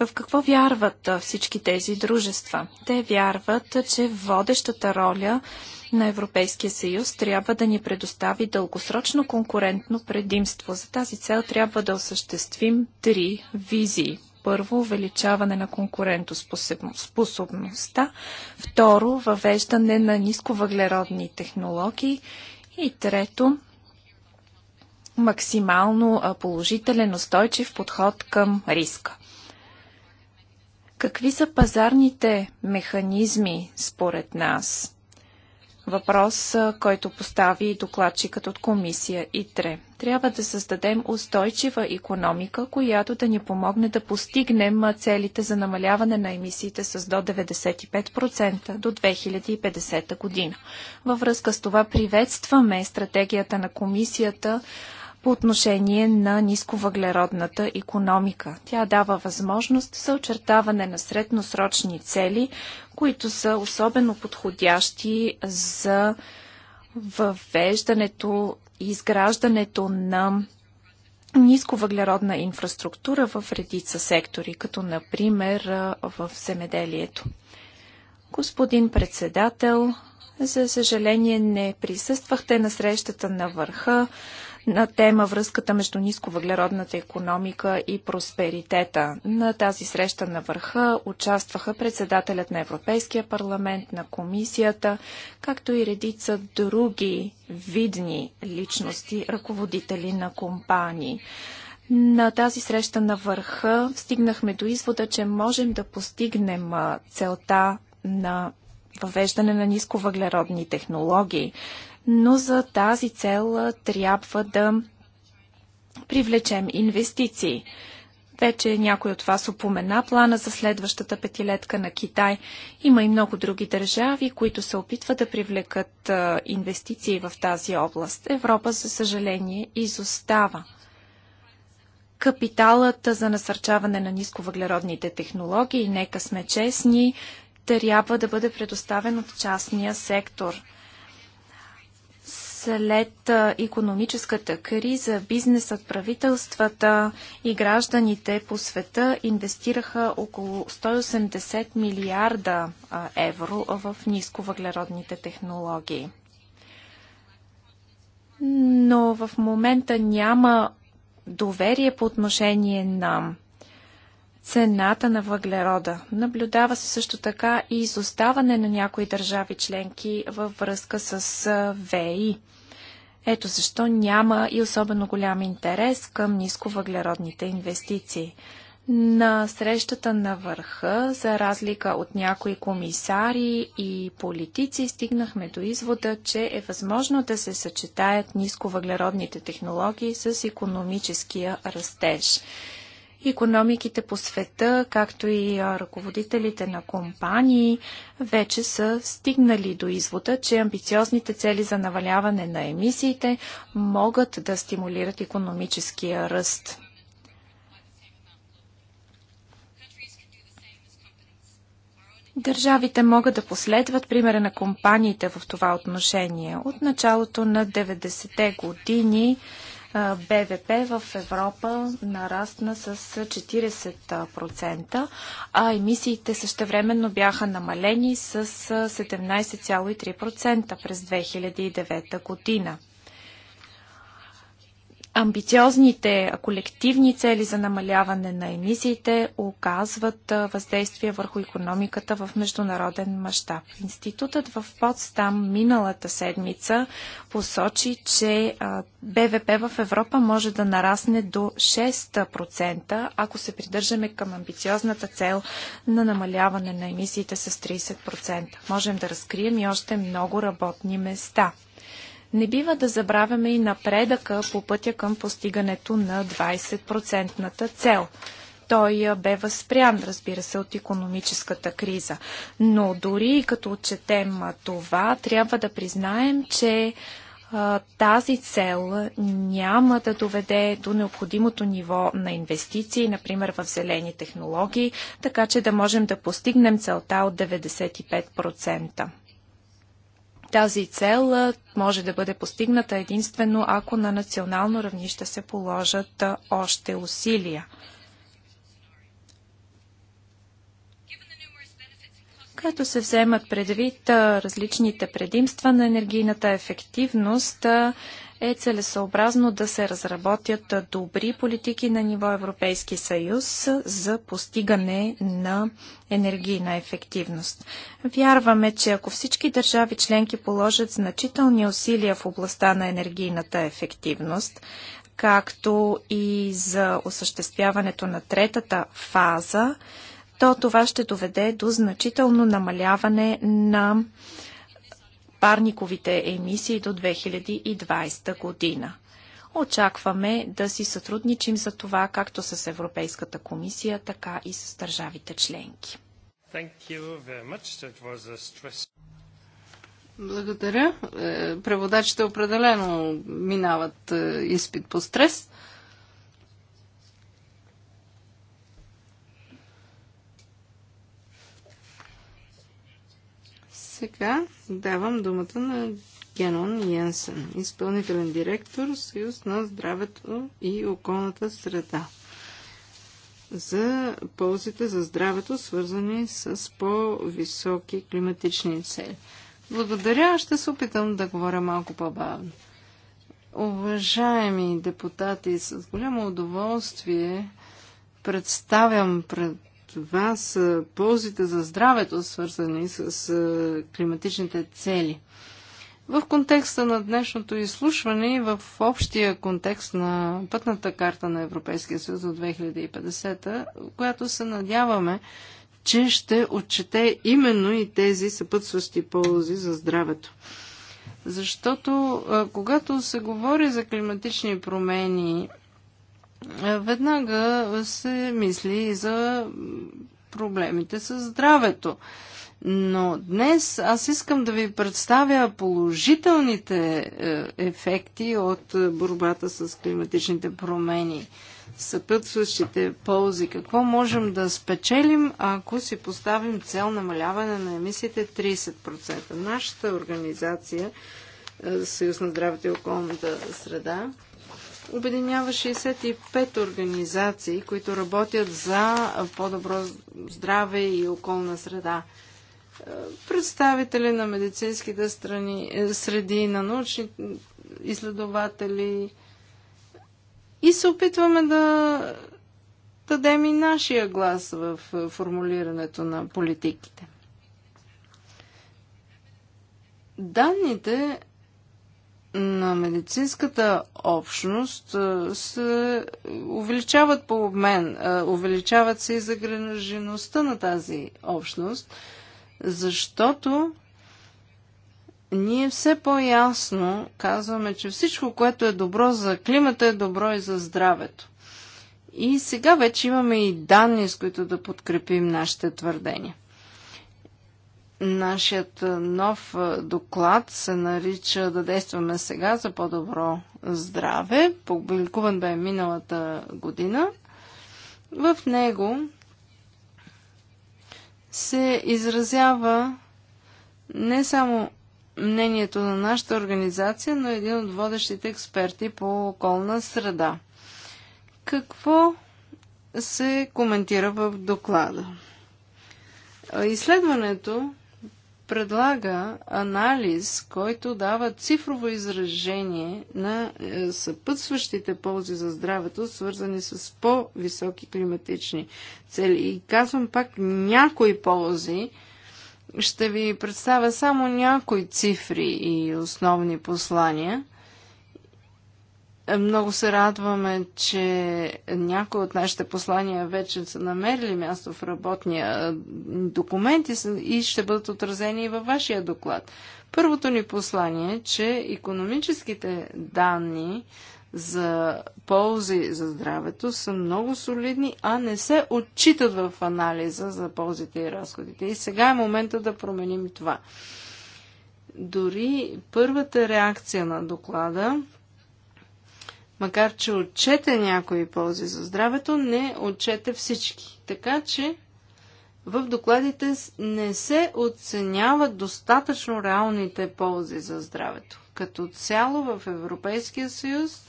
В какво вярват всички тези дружества? Те вярват, че водещата роля на Европейския съюз трябва да ни предостави дългосрочно конкурентно предимство. За тази цел трябва да осъществим три визии. Първо, увеличаване на конкурентоспособността. Второ, въвеждане на нисковъглеродни технологии. И трето, максимално положителен, устойчив подход към риска. Какви са пазарните механизми според нас? Въпрос, който постави докладчикът от комисия ИТРЕ. Трябва да създадем устойчива економика, която да ни помогне да постигнем целите за намаляване на емисиите с до 95% до 2050 година. Във връзка с това приветстваме стратегията на комисията по отношение на нисковъглеродната економика. Тя дава възможност за очертаване на средносрочни цели, които са особено подходящи за въвеждането и изграждането на нисковъглеродна инфраструктура в редица сектори, като например в земеделието. Господин председател, за съжаление не присъствахте на срещата на върха на тема връзката между нисковъглеродната економика и просперитета. На тази среща на върха участваха председателят на Европейския парламент, на комисията, както и редица други видни личности, ръководители на компании. На тази среща на върха стигнахме до извода, че можем да постигнем целта на въвеждане на нисковъглеродни технологии но за тази цел трябва да привлечем инвестиции. Вече някой от вас упомена плана за следващата петилетка на Китай. Има и много други държави, които се опитват да привлекат инвестиции в тази област. Европа, за съжаление, изостава. Капиталът за насърчаване на нисковъглеродните технологии, нека сме честни, трябва да бъде предоставен от частния сектор – след економическата криза, бизнесът, правителствата и гражданите по света инвестираха около 180 милиарда евро в нисковъглеродните технологии. Но в момента няма доверие по отношение на цената на въглерода. Наблюдава се също така и изоставане на някои държави членки във връзка с ВЕИ. Ето защо няма и особено голям интерес към нисковъглеродните инвестиции. На срещата на върха, за разлика от някои комисари и политици, стигнахме до извода, че е възможно да се съчетаят нисковъглеродните технологии с економическия растеж економиките по света, както и ръководителите на компании, вече са стигнали до извода, че амбициозните цели за наваляване на емисиите могат да стимулират економическия ръст. Държавите могат да последват примера на компаниите в това отношение. От началото на 90-те години БВП в Европа нарасна с 40%, а емисиите същевременно бяха намалени с 17,3% през 2009 година. Амбициозните колективни цели за намаляване на емисиите оказват въздействие върху економиката в международен мащаб. Институтът в Потсдам миналата седмица посочи, че БВП в Европа може да нарасне до 6%, ако се придържаме към амбициозната цел на намаляване на емисиите с 30%. Можем да разкрием и още много работни места. Не бива да забравяме и напредъка по пътя към постигането на 20 цел той бе възпрян, разбира се, от економическата криза. Но дори като отчетем това, трябва да признаем, че тази цел няма да доведе до необходимото ниво на инвестиции, например в зелени технологии, така че да можем да постигнем целта от 95%. Тази цел може да бъде постигната единствено ако на национално равнище се положат още усилия. като се вземат предвид различните предимства на енергийната ефективност, е целесообразно да се разработят добри политики на ниво Европейски съюз за постигане на енергийна ефективност. Вярваме, че ако всички държави членки положат значителни усилия в областта на енергийната ефективност, както и за осъществяването на третата фаза, то това ще доведе до значително намаляване на парниковите емисии до 2020 година. Очакваме да си сътрудничим за това както с Европейската комисия, така и с държавите членки. Благодаря. Е, преводачите определено минават е, изпит по стрес. Сега давам думата на Генон Йенсен, изпълнителен директор Съюз на здравето и околната среда за ползите за здравето, свързани с по-високи климатични цели. Благодаря, ще се опитам да говоря малко по-бавно. Уважаеми депутати, с голямо удоволствие представям пред това са ползите за здравето, свързани с е, климатичните цели. В контекста на днешното изслушване и в общия контекст на пътната карта на Европейския съюз до 2050, която се надяваме, че ще отчете именно и тези съпътстващи ползи за здравето. Защото е, когато се говори за климатични промени веднага се мисли и за проблемите с здравето. Но днес аз искам да ви представя положителните е, ефекти от борбата с климатичните промени, съпътстващите ползи. Какво можем да спечелим, ако си поставим цел намаляване на емисиите 30%? Нашата организация е, Съюз на здравето и околната среда обединява 65 организации, които работят за по-добро здраве и околна среда. Е, представители на медицинските страни, е, среди, на научни изследователи. И се опитваме да дадем и нашия глас в е, формулирането на политиките. Данните на медицинската общност се увеличават по обмен, увеличават се и загрежеността на тази общност, защото ние все по-ясно казваме, че всичко, което е добро за климата, е добро и за здравето. И сега вече имаме и данни, с които да подкрепим нашите твърдения. Нашият нов доклад се нарича Да действаме сега за по-добро здраве. Публикуван бе миналата година. В него се изразява не само мнението на нашата организация, но един от водещите експерти по околна среда. Какво се коментира в доклада? Изследването предлага анализ, който дава цифрово изражение на е, съпътстващите ползи за здравето, свързани с по-високи климатични цели. И казвам пак някои ползи. Ще ви представя само някои цифри и основни послания. Много се радваме, че някои от нашите послания вече са намерили място в работния документ и ще бъдат отразени и във вашия доклад. Първото ни послание е, че економическите данни за ползи за здравето са много солидни, а не се отчитат в анализа за ползите и разходите. И сега е момента да променим това. Дори първата реакция на доклада макар че отчете някои ползи за здравето, не отчете всички. Така че в докладите не се оценяват достатъчно реалните ползи за здравето. Като цяло в Европейския съюз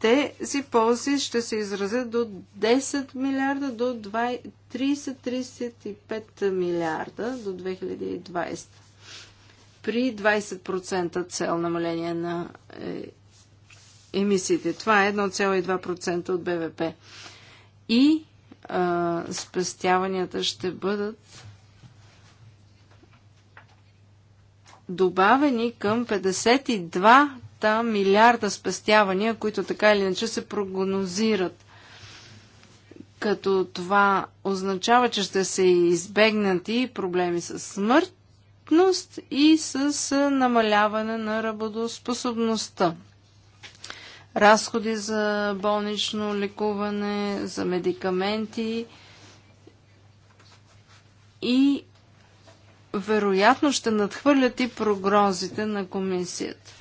тези ползи ще се изразят до 10 милиарда до 30-35 милиарда до 2020. При 20% цел намаление на е, емисиите. Това е 1,2% от БВП. И а, спестяванията ще бъдат добавени към 52 та милиарда спестявания, които така или иначе се прогнозират. Като това означава, че ще се избегнат и проблеми с смъртност и с намаляване на работоспособността разходи за болнично лекуване, за медикаменти и вероятно ще надхвърлят и прогнозите на комисията.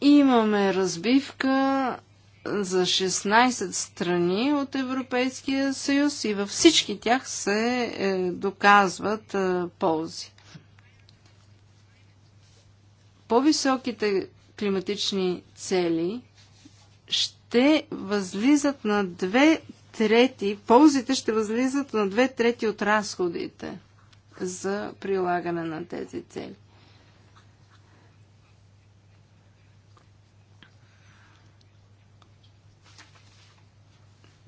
Имаме разбивка за 16 страни от Европейския съюз и във всички тях се е, доказват е, ползи по-високите климатични цели ще възлизат на две трети, ползите ще възлизат на две трети от разходите за прилагане на тези цели.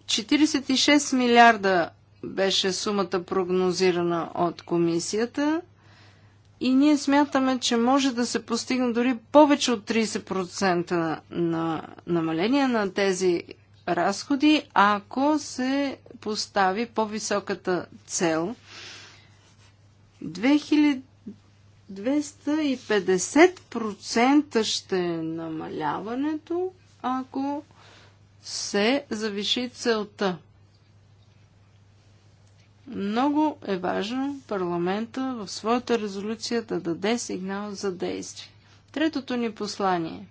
Четиридесет милиарда беше сумата прогнозирана от комисията – и ние смятаме, че може да се постигне дори повече от 30% на намаление на тези разходи, ако се постави по-високата цел 250% ще е намаляването, ако се завиши целта. Много е важно парламента в своята резолюция да даде сигнал за действие. Третото ни послание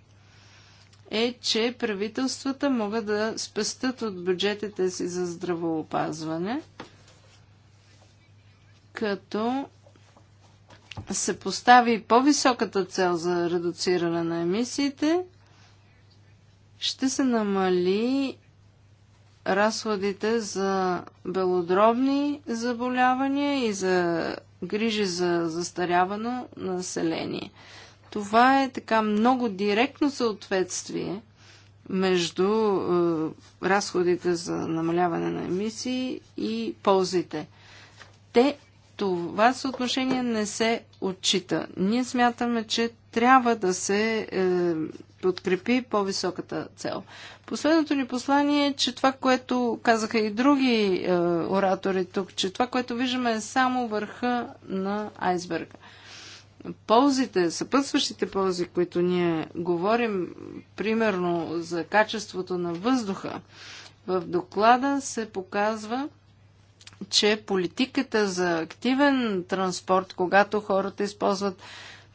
е, че правителствата могат да спестят от бюджетите си за здравоопазване, като се постави по-високата цел за редуциране на емисиите, ще се намали разходите за белодробни заболявания и за грижи за застарявано население. Това е така много директно съответствие между е, разходите за намаляване на емисии и ползите. Те, това съотношение не се отчита. Ние смятаме, че трябва да се е, подкрепи по-високата цел. Последното ни послание е, че това, което казаха и други е, оратори тук, че това, което виждаме е само върха на айсберга. Ползите, съпътстващите ползи, които ние говорим, примерно за качеството на въздуха, в доклада се показва, че политиката за активен транспорт, когато хората използват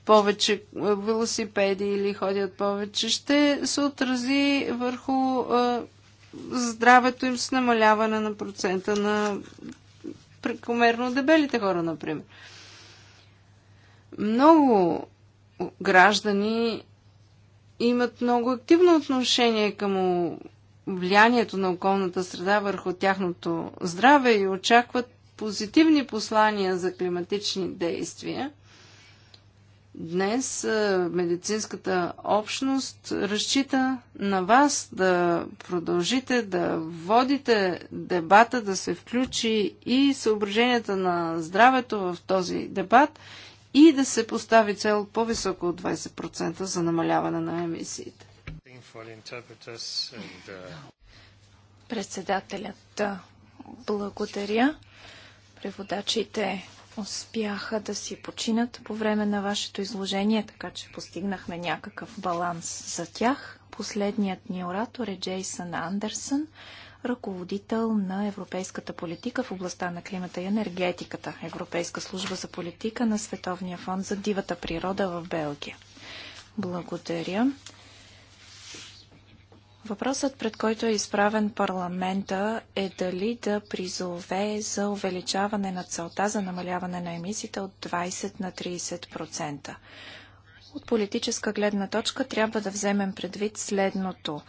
повече е, велосипеди или ходят повече, ще се отрази върху е, здравето им с намаляване на процента на прекомерно дебелите хора, например. Много граждани имат много активно отношение към влиянието на околната среда върху тяхното здраве и очакват позитивни послания за климатични действия. Днес е, медицинската общност разчита на вас да продължите да водите дебата, да се включи и съображенията на здравето в този дебат и да се постави цел по-високо от 20% за намаляване на емисиите. Председателят, благодаря. Преводачите успяха да си починат по време на вашето изложение, така че постигнахме някакъв баланс за тях. Последният ни оратор е Джейсън Андерсън, ръководител на европейската политика в областта на климата и енергетиката, Европейска служба за политика на Световния фонд за дивата природа в Белгия. Благодаря. Въпросът, пред който е изправен парламента, е дали да призове за увеличаване на целта за намаляване на емисиите от 20 на 30%. От политическа гледна точка трябва да вземем предвид следното.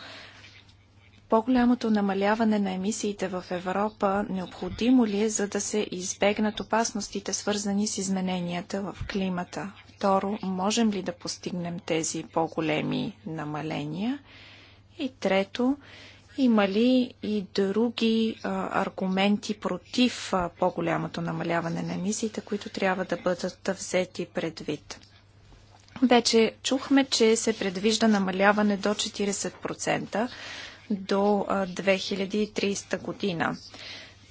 По-голямото намаляване на емисиите в Европа необходимо ли е, за да се избегнат опасностите, свързани с измененията в климата? Второ, можем ли да постигнем тези по-големи намаления? И трето, има ли и други а, аргументи против по-голямото намаляване на емисиите, които трябва да бъдат взети предвид? Вече чухме, че се предвижда намаляване до 40% до 2030 година.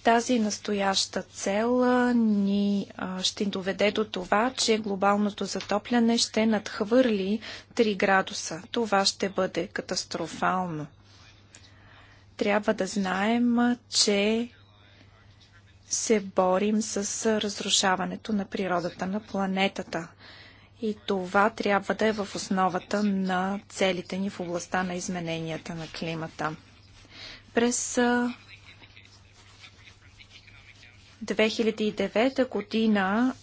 Тази настояща цел ни ще доведе до това, че глобалното затопляне ще надхвърли 3 градуса. Това ще бъде катастрофално. Трябва да знаем, че се борим с разрушаването на природата на планетата. И това трябва да е в основата на целите ни в областта на измененията на климата. През 2009 година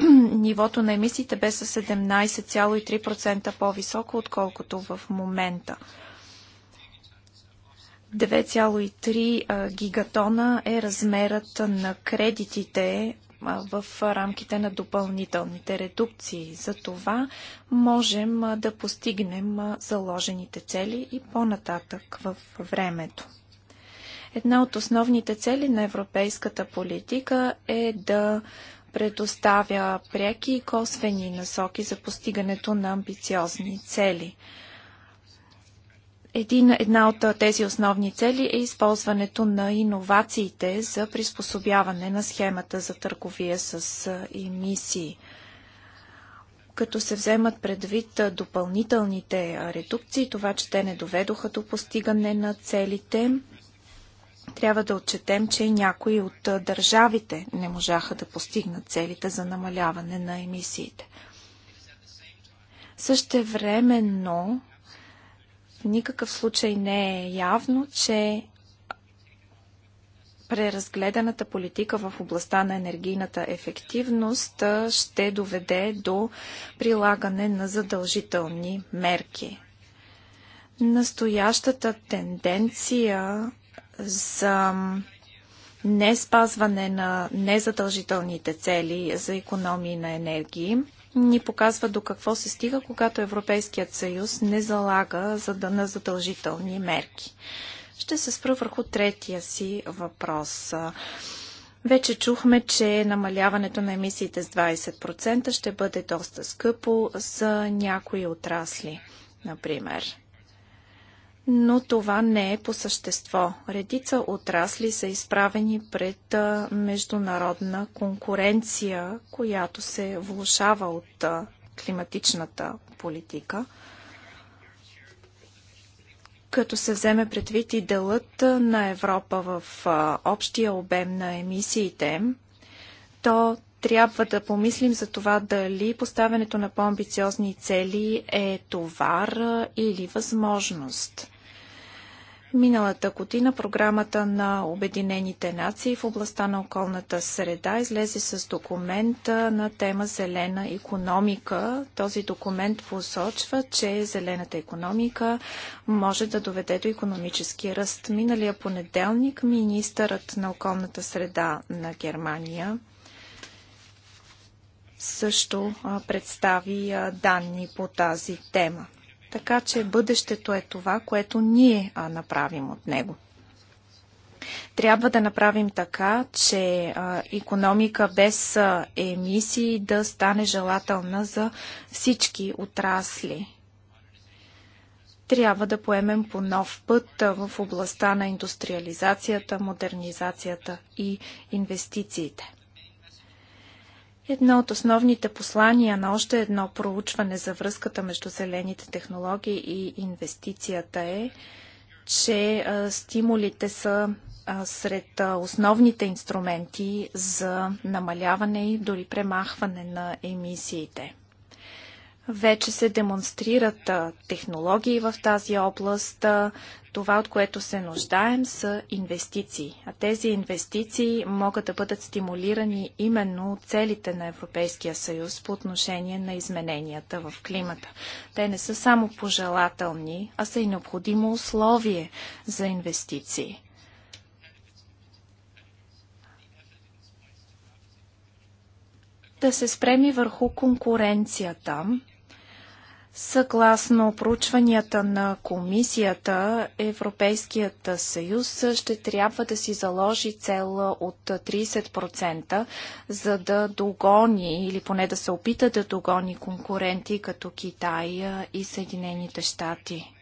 нивото на емисиите бе с 17,3% по-високо, отколкото в момента. 2,3 гигатона е размерът на кредитите в рамките на допълнителните редукции. За това можем да постигнем заложените цели и по-нататък в времето. Една от основните цели на европейската политика е да предоставя преки и косвени насоки за постигането на амбициозни цели. Един, една от тези основни цели е използването на иновациите за приспособяване на схемата за търговия с емисии. Като се вземат предвид допълнителните редукции, това, че те не доведоха до постигане на целите, трябва да отчетем, че някои от държавите не можаха да постигнат целите за намаляване на емисиите. Същевременно, в никакъв случай не е явно, че преразгледаната политика в областта на енергийната ефективност ще доведе до прилагане на задължителни мерки. Настоящата тенденция за не спазване на незадължителните цели за економии на енергии ни показва до какво се стига, когато Европейският съюз не залага за да на задължителни мерки. Ще се спра върху третия си въпрос. Вече чухме, че намаляването на емисиите с 20% ще бъде доста скъпо за някои отрасли, например но това не е по същество. Редица отрасли са изправени пред международна конкуренция, която се влушава от климатичната политика. Като се вземе предвид и делът на Европа в общия обем на емисиите, то трябва да помислим за това дали поставянето на по-амбициозни цели е товар или възможност. Миналата година програмата на Обединените нации в областта на околната среда излезе с документа на тема Зелена економика. Този документ посочва, че зелената економика може да доведе до економически ръст. Миналия понеделник министърът на околната среда на Германия също представи данни по тази тема. Така че бъдещето е това, което ние направим от него. Трябва да направим така, че економика без емисии да стане желателна за всички отрасли трябва да поемем по нов път в областта на индустриализацията, модернизацията и инвестициите. Едно от основните послания на още едно проучване за връзката между зелените технологии и инвестицията е, че стимулите са сред основните инструменти за намаляване и дори премахване на емисиите. Вече се демонстрират технологии в тази област. Това, от което се нуждаем, са инвестиции. А тези инвестиции могат да бъдат стимулирани именно от целите на Европейския съюз по отношение на измененията в климата. Те не са само пожелателни, а са и необходимо условие за инвестиции. да се спреми върху конкуренцията Съгласно проучванията на комисията, Европейският съюз ще трябва да си заложи цел от 30%, за да догони или поне да се опита да догони конкуренти като Китай и Съединените щати.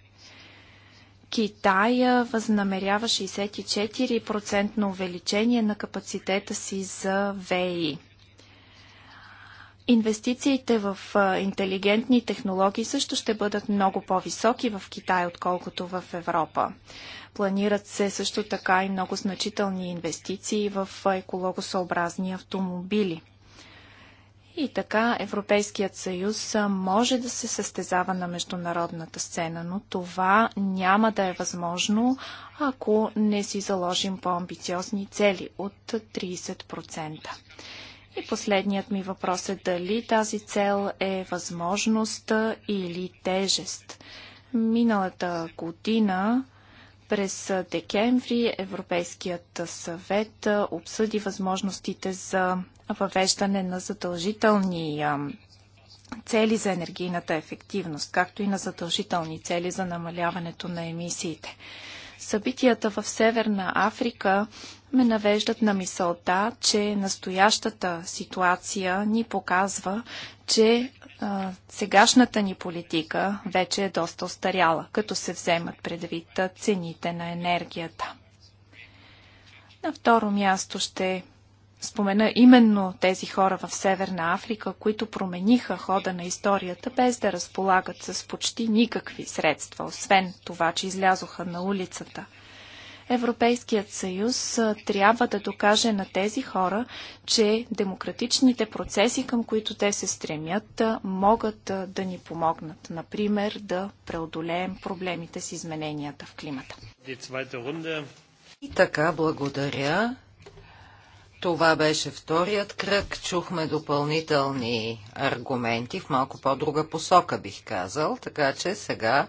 Китай възнамерява 64% увеличение на капацитета си за ВЕИ. Инвестициите в интелигентни технологии също ще бъдат много по-високи в Китай, отколкото в Европа. Планират се също така и много значителни инвестиции в екологосъобразни автомобили. И така Европейският съюз може да се състезава на международната сцена, но това няма да е възможно, ако не си заложим по-амбициозни цели от 30%. И последният ми въпрос е дали тази цел е възможност или тежест. Миналата година през декември Европейският съвет обсъди възможностите за въвеждане на задължителни цели за енергийната ефективност, както и на задължителни цели за намаляването на емисиите. Събитията в Северна Африка ме навеждат на мисълта, че настоящата ситуация ни показва, че а, сегашната ни политика вече е доста остаряла, като се вземат предвид цените на енергията. На второ място ще спомена именно тези хора в Северна Африка, които промениха хода на историята без да разполагат с почти никакви средства, освен това, че излязоха на улицата. Европейският съюз трябва да докаже на тези хора, че демократичните процеси, към които те се стремят, могат да ни помогнат. Например, да преодолеем проблемите с измененията в климата. И така, благодаря. Това беше вторият кръг. Чухме допълнителни аргументи в малко по-друга посока, бих казал. Така че сега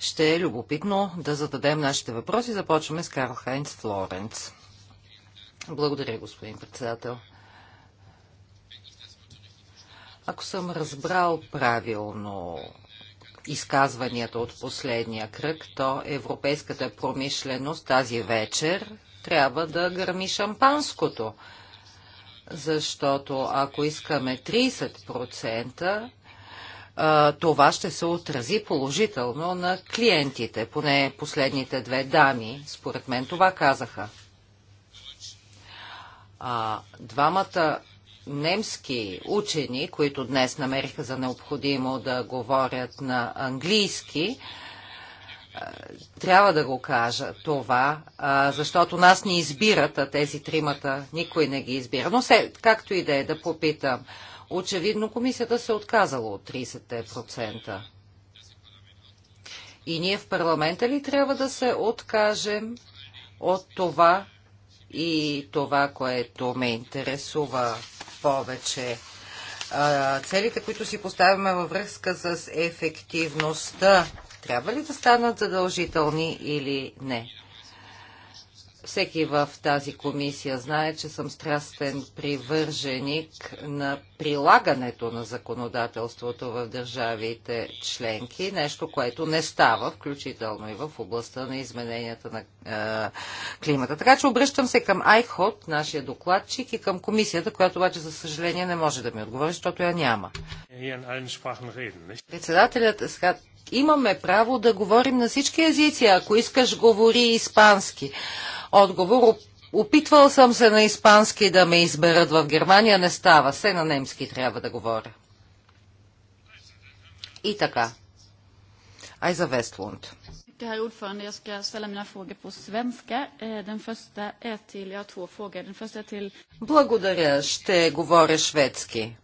ще е любопитно да зададем нашите въпроси. Започваме с Карл Хайнц Флоренц. Благодаря, господин председател. Ако съм разбрал правилно изказванията от последния кръг, то европейската промишленост тази вечер трябва да гърми шампанското. Защото ако искаме 30%, това ще се отрази положително на клиентите, поне последните две дами, според мен това казаха. А, двамата немски учени, които днес намериха за необходимо да говорят на английски, трябва да го кажа това, защото нас ни избират, а тези тримата никой не ги избира. Но се, както и да е, да попитам. Очевидно комисията се е отказала от 30%. И ние в парламента ли трябва да се откажем от това и това, което ме интересува повече? Целите, които си поставяме във връзка с ефективността, трябва ли да станат задължителни или не? Всеки в тази комисия знае, че съм страстен привърженик на прилагането на законодателството в държавите членки, нещо, което не става, включително и в областта на измененията на е, климата. Така че обръщам се към Айхот, нашия докладчик, и към комисията, която обаче, за съжаление, не може да ми отговори, защото я няма. Председателят сега имаме право да говорим на всички езици. Ако искаш, говори испански отговор. Опитвал съм се на испански да ме изберат в Германия, не става. Се на немски трябва да говоря. И така. Айза Вестлунд. Herr ordförande, jag ska ställa mina frågor på svenska. Eh, den första är till, jag har två frågor. Den första är till... Благодаря, ще говоря шведски.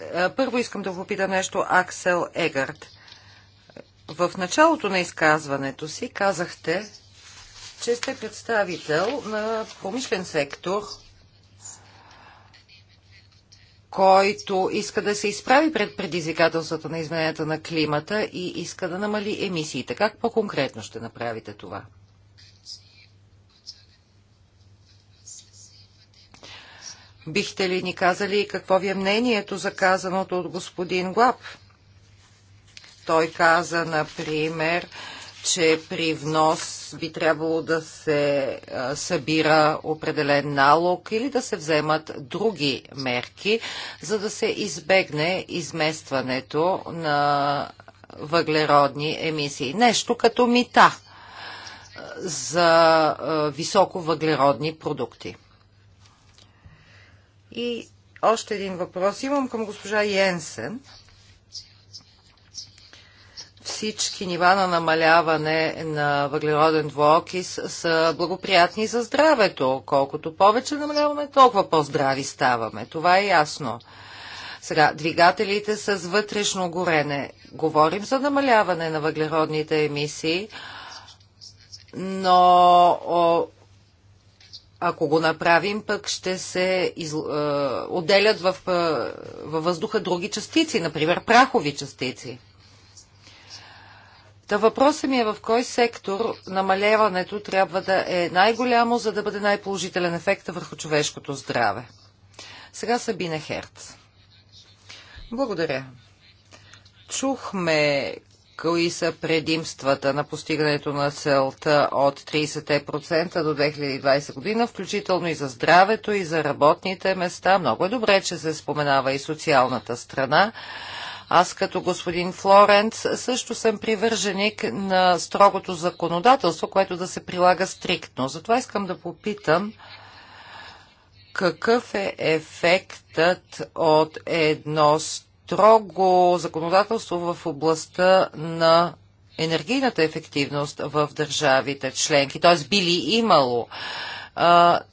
Е, първо искам да попита нещо Аксел Егард. В началото на изказването си казахте, че сте представител на промишлен сектор, който иска да се изправи пред предизвикателствата на измененията на климата и иска да намали емисиите. Как по-конкретно ще направите това? Бихте ли ни казали какво ви е мнението за казаното от господин Глаб? Той каза, например, че при внос би трябвало да се събира определен налог или да се вземат други мерки, за да се избегне изместването на въглеродни емисии. Нещо като мита за високо въглеродни продукти. И още един въпрос имам към госпожа Йенсен всички нива на намаляване на въглероден двуокис са благоприятни за здравето. Колкото повече намаляваме, толкова по-здрави ставаме. Това е ясно. Сега, двигателите с вътрешно горене. Говорим за намаляване на въглеродните емисии, но о, ако го направим, пък ще се из, е, отделят в, е, във въздуха други частици, например прахови частици. Та въпросът ми е в кой сектор намаляването трябва да е най-голямо, за да бъде най-положителен ефект върху човешкото здраве. Сега Сабина Херц. Благодаря. Чухме кои са предимствата на постигането на целта от 30% до 2020 година, включително и за здравето, и за работните места. Много е добре, че се споменава и социалната страна. Аз като господин Флоренц също съм привърженик на строгото законодателство, което да се прилага стриктно. Затова искам да попитам какъв е ефектът от едно строго законодателство в областта на енергийната ефективност в държавите членки, т.е. били имало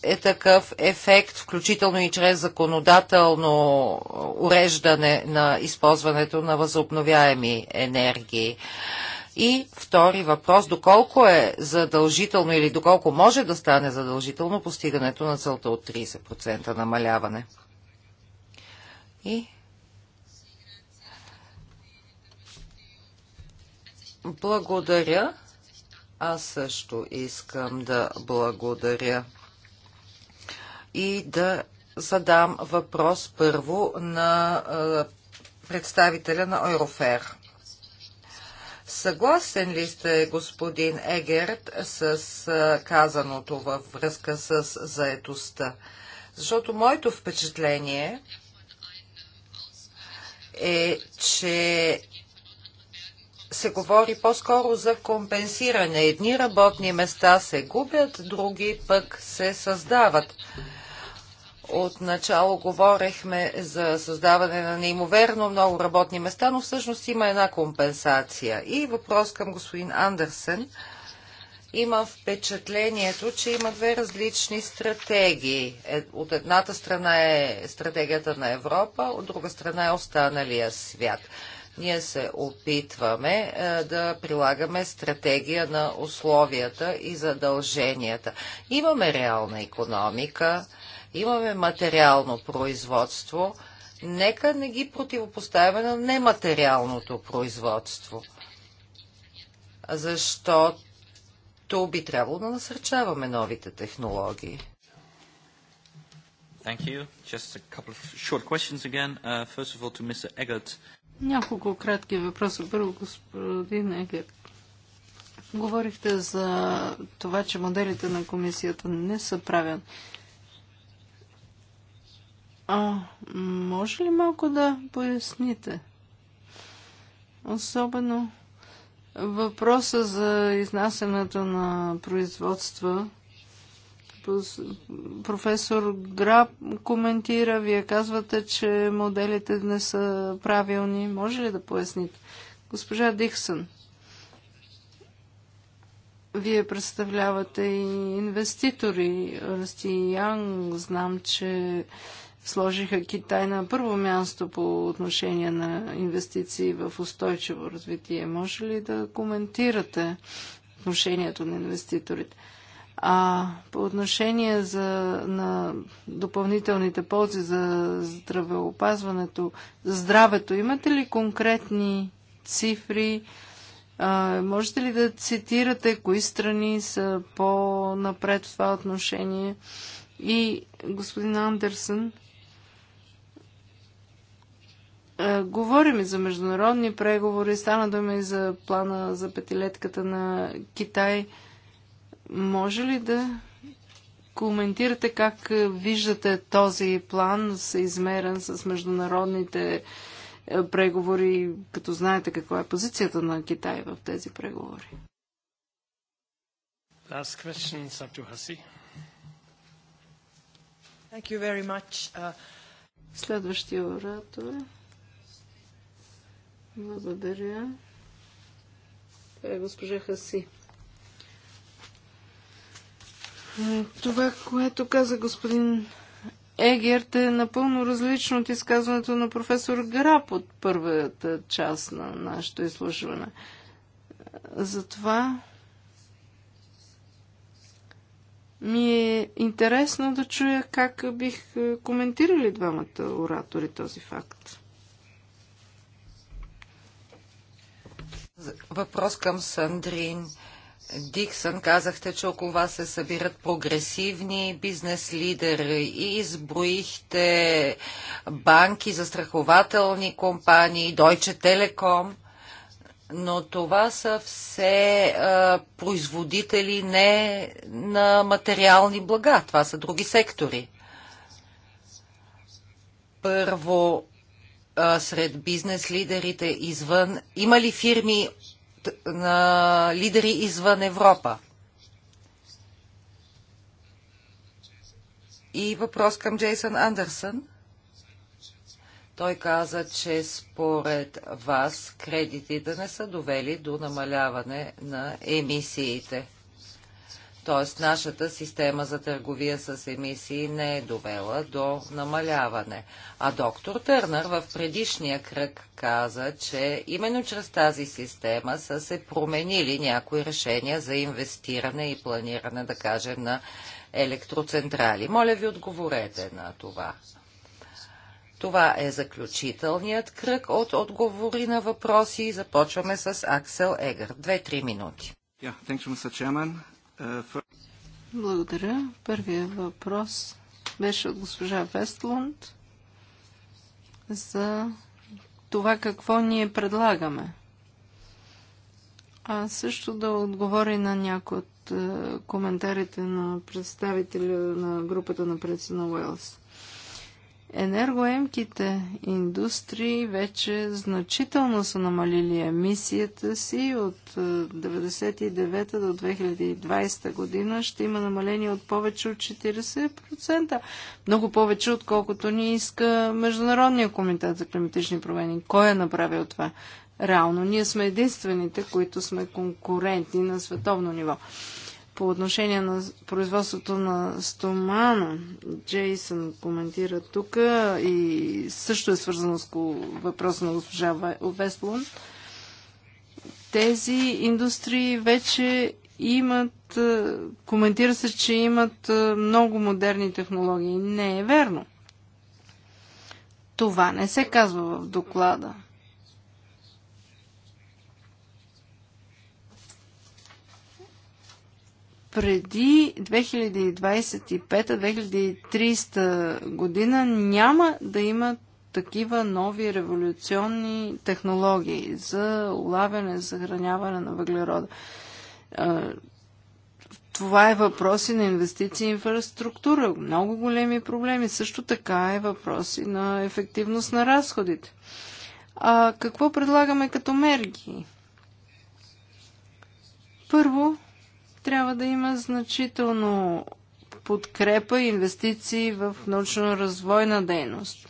е такъв ефект, включително и чрез законодателно уреждане на използването на възобновяеми енергии. И втори въпрос, доколко е задължително или доколко може да стане задължително постигането на целта от 30% намаляване? И благодаря. Аз също искам да благодаря и да задам въпрос първо на представителя на Eurofair. Съгласен ли сте, господин Егерт, с казаното във връзка с заетостта? Защото моето впечатление е, че се говори по-скоро за компенсиране. Едни работни места се губят, други пък се създават. Отначало говорехме за създаване на неимоверно много работни места, но всъщност има една компенсация. И въпрос към господин Андерсен. има впечатлението, че има две различни стратегии. Е, от едната страна е стратегията на Европа, от друга страна е останалия свят. Ние се опитваме е, да прилагаме стратегия на условията и задълженията. Имаме реална економика, имаме материално производство, нека не ги противопоставяме на нематериалното производство, защото би трябвало да насърчаваме новите технологии. Thank you. Just a couple of short questions again. Uh, first of all, to Mr. Eggert. Няколко кратки въпроса. Първо, господин Егер. Говорихте за това, че моделите на комисията не са правен. А може ли малко да поясните? Особено въпроса за изнасянето на производства професор Граб коментира. Вие казвате, че моделите не са правилни. Може ли да поясните? Госпожа Диксън, вие представлявате и инвеститори. Расти Янг, знам, че сложиха Китай на първо място по отношение на инвестиции в устойчиво развитие. Може ли да коментирате отношението на инвеститорите? А по отношение за, на допълнителните ползи за здравеопазването, за здравето, имате ли конкретни цифри? А, можете ли да цитирате кои страни са по-напред в това отношение? И господин Андерсън, говорим и за международни преговори, стана дума и за плана за петилетката на Китай – може ли да коментирате как виждате този план съизмерен с международните е, преговори, като знаете каква е позицията на Китай в тези преговори? Last question, Hasi. Thank you very much. Uh, Следващия оратор. Благодаря. Това е госпожа Хаси. Това, което каза господин Егерт е напълно различно от изказването на професор Граб от първата част на нашето изслушване. Затова ми е интересно да чуя как бих е, коментирали двамата оратори този факт. Въпрос към Сандрин. Диксън, казахте, че около вас се събират прогресивни бизнес лидери и изброихте банки, застрахователни компании, Deutsche Telekom, но това са все а, производители не на материални блага, това са други сектори. Първо, сред бизнес лидерите извън? Има ли фирми на лидери извън Европа. И въпрос към Джейсън Андерсън. Той каза, че според вас кредитите не са довели до намаляване на емисиите т.е. нашата система за търговия с емисии не е довела до намаляване. А доктор Търнър в предишния кръг каза, че именно чрез тази система са се променили някои решения за инвестиране и планиране, да кажем, на електроцентрали. Моля ви, отговорете на това. Това е заключителният кръг от отговори на въпроси. Започваме с Аксел Егър. Две-три минути. Yeah, благодаря. Първият въпрос беше от госпожа Вестлунд за това какво ние предлагаме. А също да отговори на някои от е, коментарите на представителя на групата на на Уелс. Енергоемките индустрии вече значително са намалили емисията си от 1999 е, до 2020 година. Ще има намаление от повече от 40%. Много повече, отколкото ни иска Международния комитет за климатични промени. Кой е направил това? Реално, ние сме единствените, които сме конкурентни на световно ниво по отношение на производството на стомана. Джейсън коментира тук и също е свързано с въпроса на госпожа Веслон. Тези индустрии вече имат, е, коментира се, че имат е, много модерни технологии. Не е верно. Това не се казва в доклада. преди 2025-2030 година няма да има такива нови революционни технологии за улавяне, съхраняване на въглерода. Това е въпроси на инвестиции и инфраструктура. Много големи проблеми. Също така е въпроси на ефективност на разходите. А какво предлагаме като мерки? Първо, трябва да има значително подкрепа и инвестиции в научно-развойна дейност,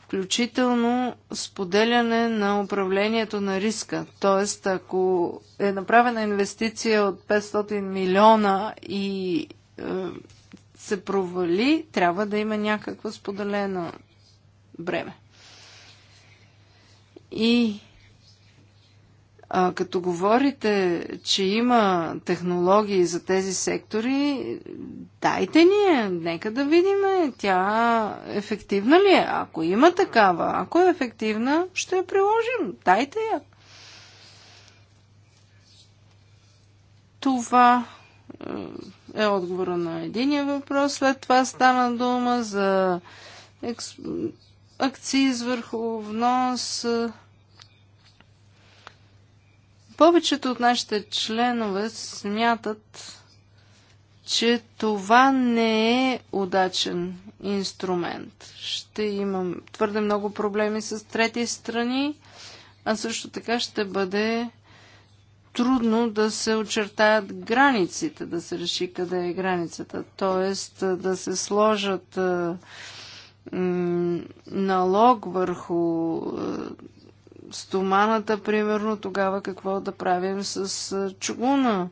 включително споделяне на управлението на риска. Тоест, ако е направена инвестиция от 500 милиона и е, се провали, трябва да има някаква споделена бреме. И а, като говорите, че има технологии за тези сектори, дайте ни е, нека да видим тя ефективна ли е. Ако има такава, ако е ефективна, ще я приложим. Дайте я. Това е, е отговора на единия въпрос. След това стана дума за акциз върху внос. Повечето от нашите членове смятат, че това не е удачен инструмент. Ще имам твърде много проблеми с трети страни, а също така ще бъде трудно да се очертаят границите, да се реши къде е границата, т.е. да се сложат налог върху стоманата, примерно, тогава какво да правим с чугуна.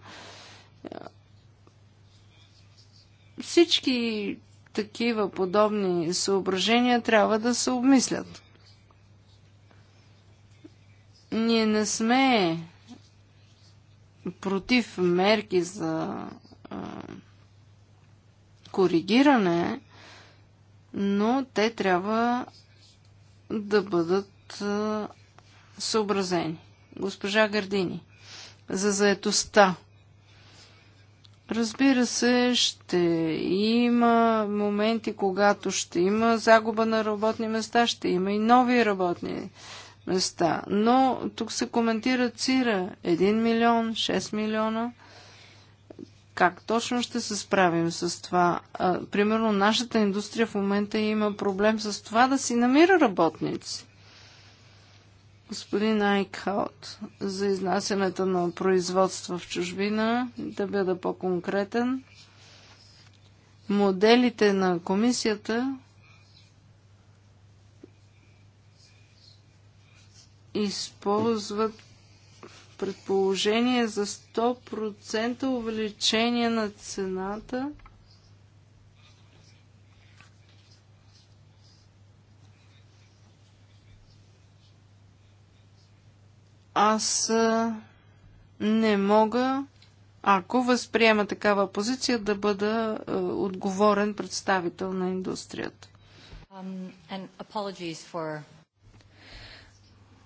Всички такива подобни съображения трябва да се обмислят. Ние не сме против мерки за а, коригиране, но те трябва да бъдат съобразени. Госпожа Гардини, за заетостта. Разбира се, ще има моменти, когато ще има загуба на работни места, ще има и нови работни места. Но тук се коментира цира 1 милион, 6 милиона. Как точно ще се справим с това? примерно, нашата индустрия в момента има проблем с това да си намира работници господин Айкхаут за изнасянето на производства в чужбина, да бъда по-конкретен. Моделите на комисията използват предположение за 100% увеличение на цената – Аз не мога, ако възприема такава позиция, да бъда отговорен представител на индустрията. Um,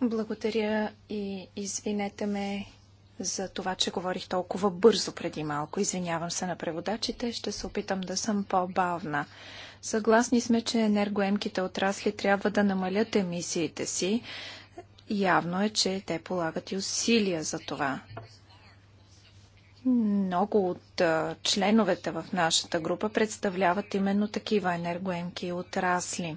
Благодаря и извинете ме за това, че говорих толкова бързо преди малко. Извинявам се на преводачите, ще се опитам да съм по-бавна. Съгласни сме, че енергоемките отрасли трябва да намалят емисиите си, Явно е, че те полагат и усилия за това. Много от членовете в нашата група представляват именно такива енергоемки отрасли.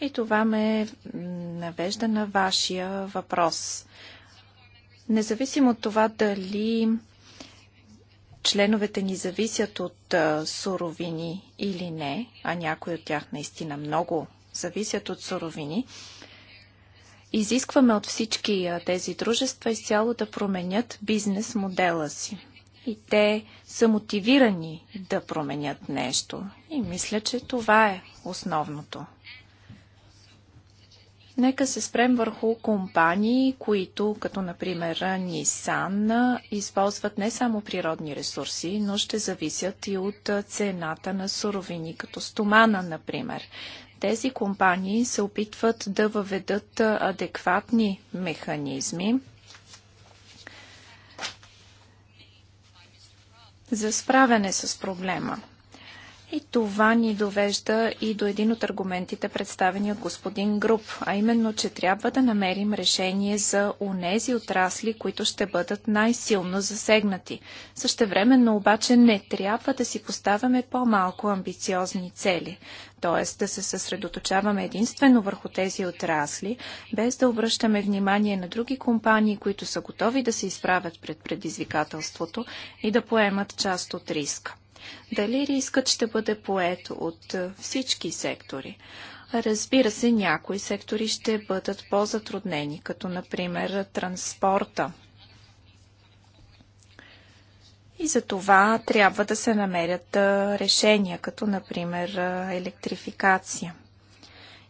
И това ме навежда на вашия въпрос. Независимо от това дали членовете ни зависят от суровини или не, а някои от тях наистина много зависят от суровини, изискваме от всички тези дружества изцяло да променят бизнес модела си. И те са мотивирани да променят нещо. И мисля, че това е основното. Нека се спрем върху компании, които, като например Nissan, използват не само природни ресурси, но ще зависят и от цената на суровини, като стомана, например. Тези компании се опитват да въведат адекватни механизми за справяне с проблема. И това ни довежда и до един от аргументите, представени от господин Груп, а именно, че трябва да намерим решение за унези отрасли, които ще бъдат най-силно засегнати. Същевременно обаче не трябва да си поставяме по-малко амбициозни цели, т.е. да се съсредоточаваме единствено върху тези отрасли, без да обръщаме внимание на други компании, които са готови да се изправят пред предизвикателството и да поемат част от риска. Дали рискът ще бъде поет от е, всички сектори? Разбира се, някои сектори ще бъдат по-затруднени, като например транспорта. И за това трябва да се намерят е, решения, като например е, електрификация.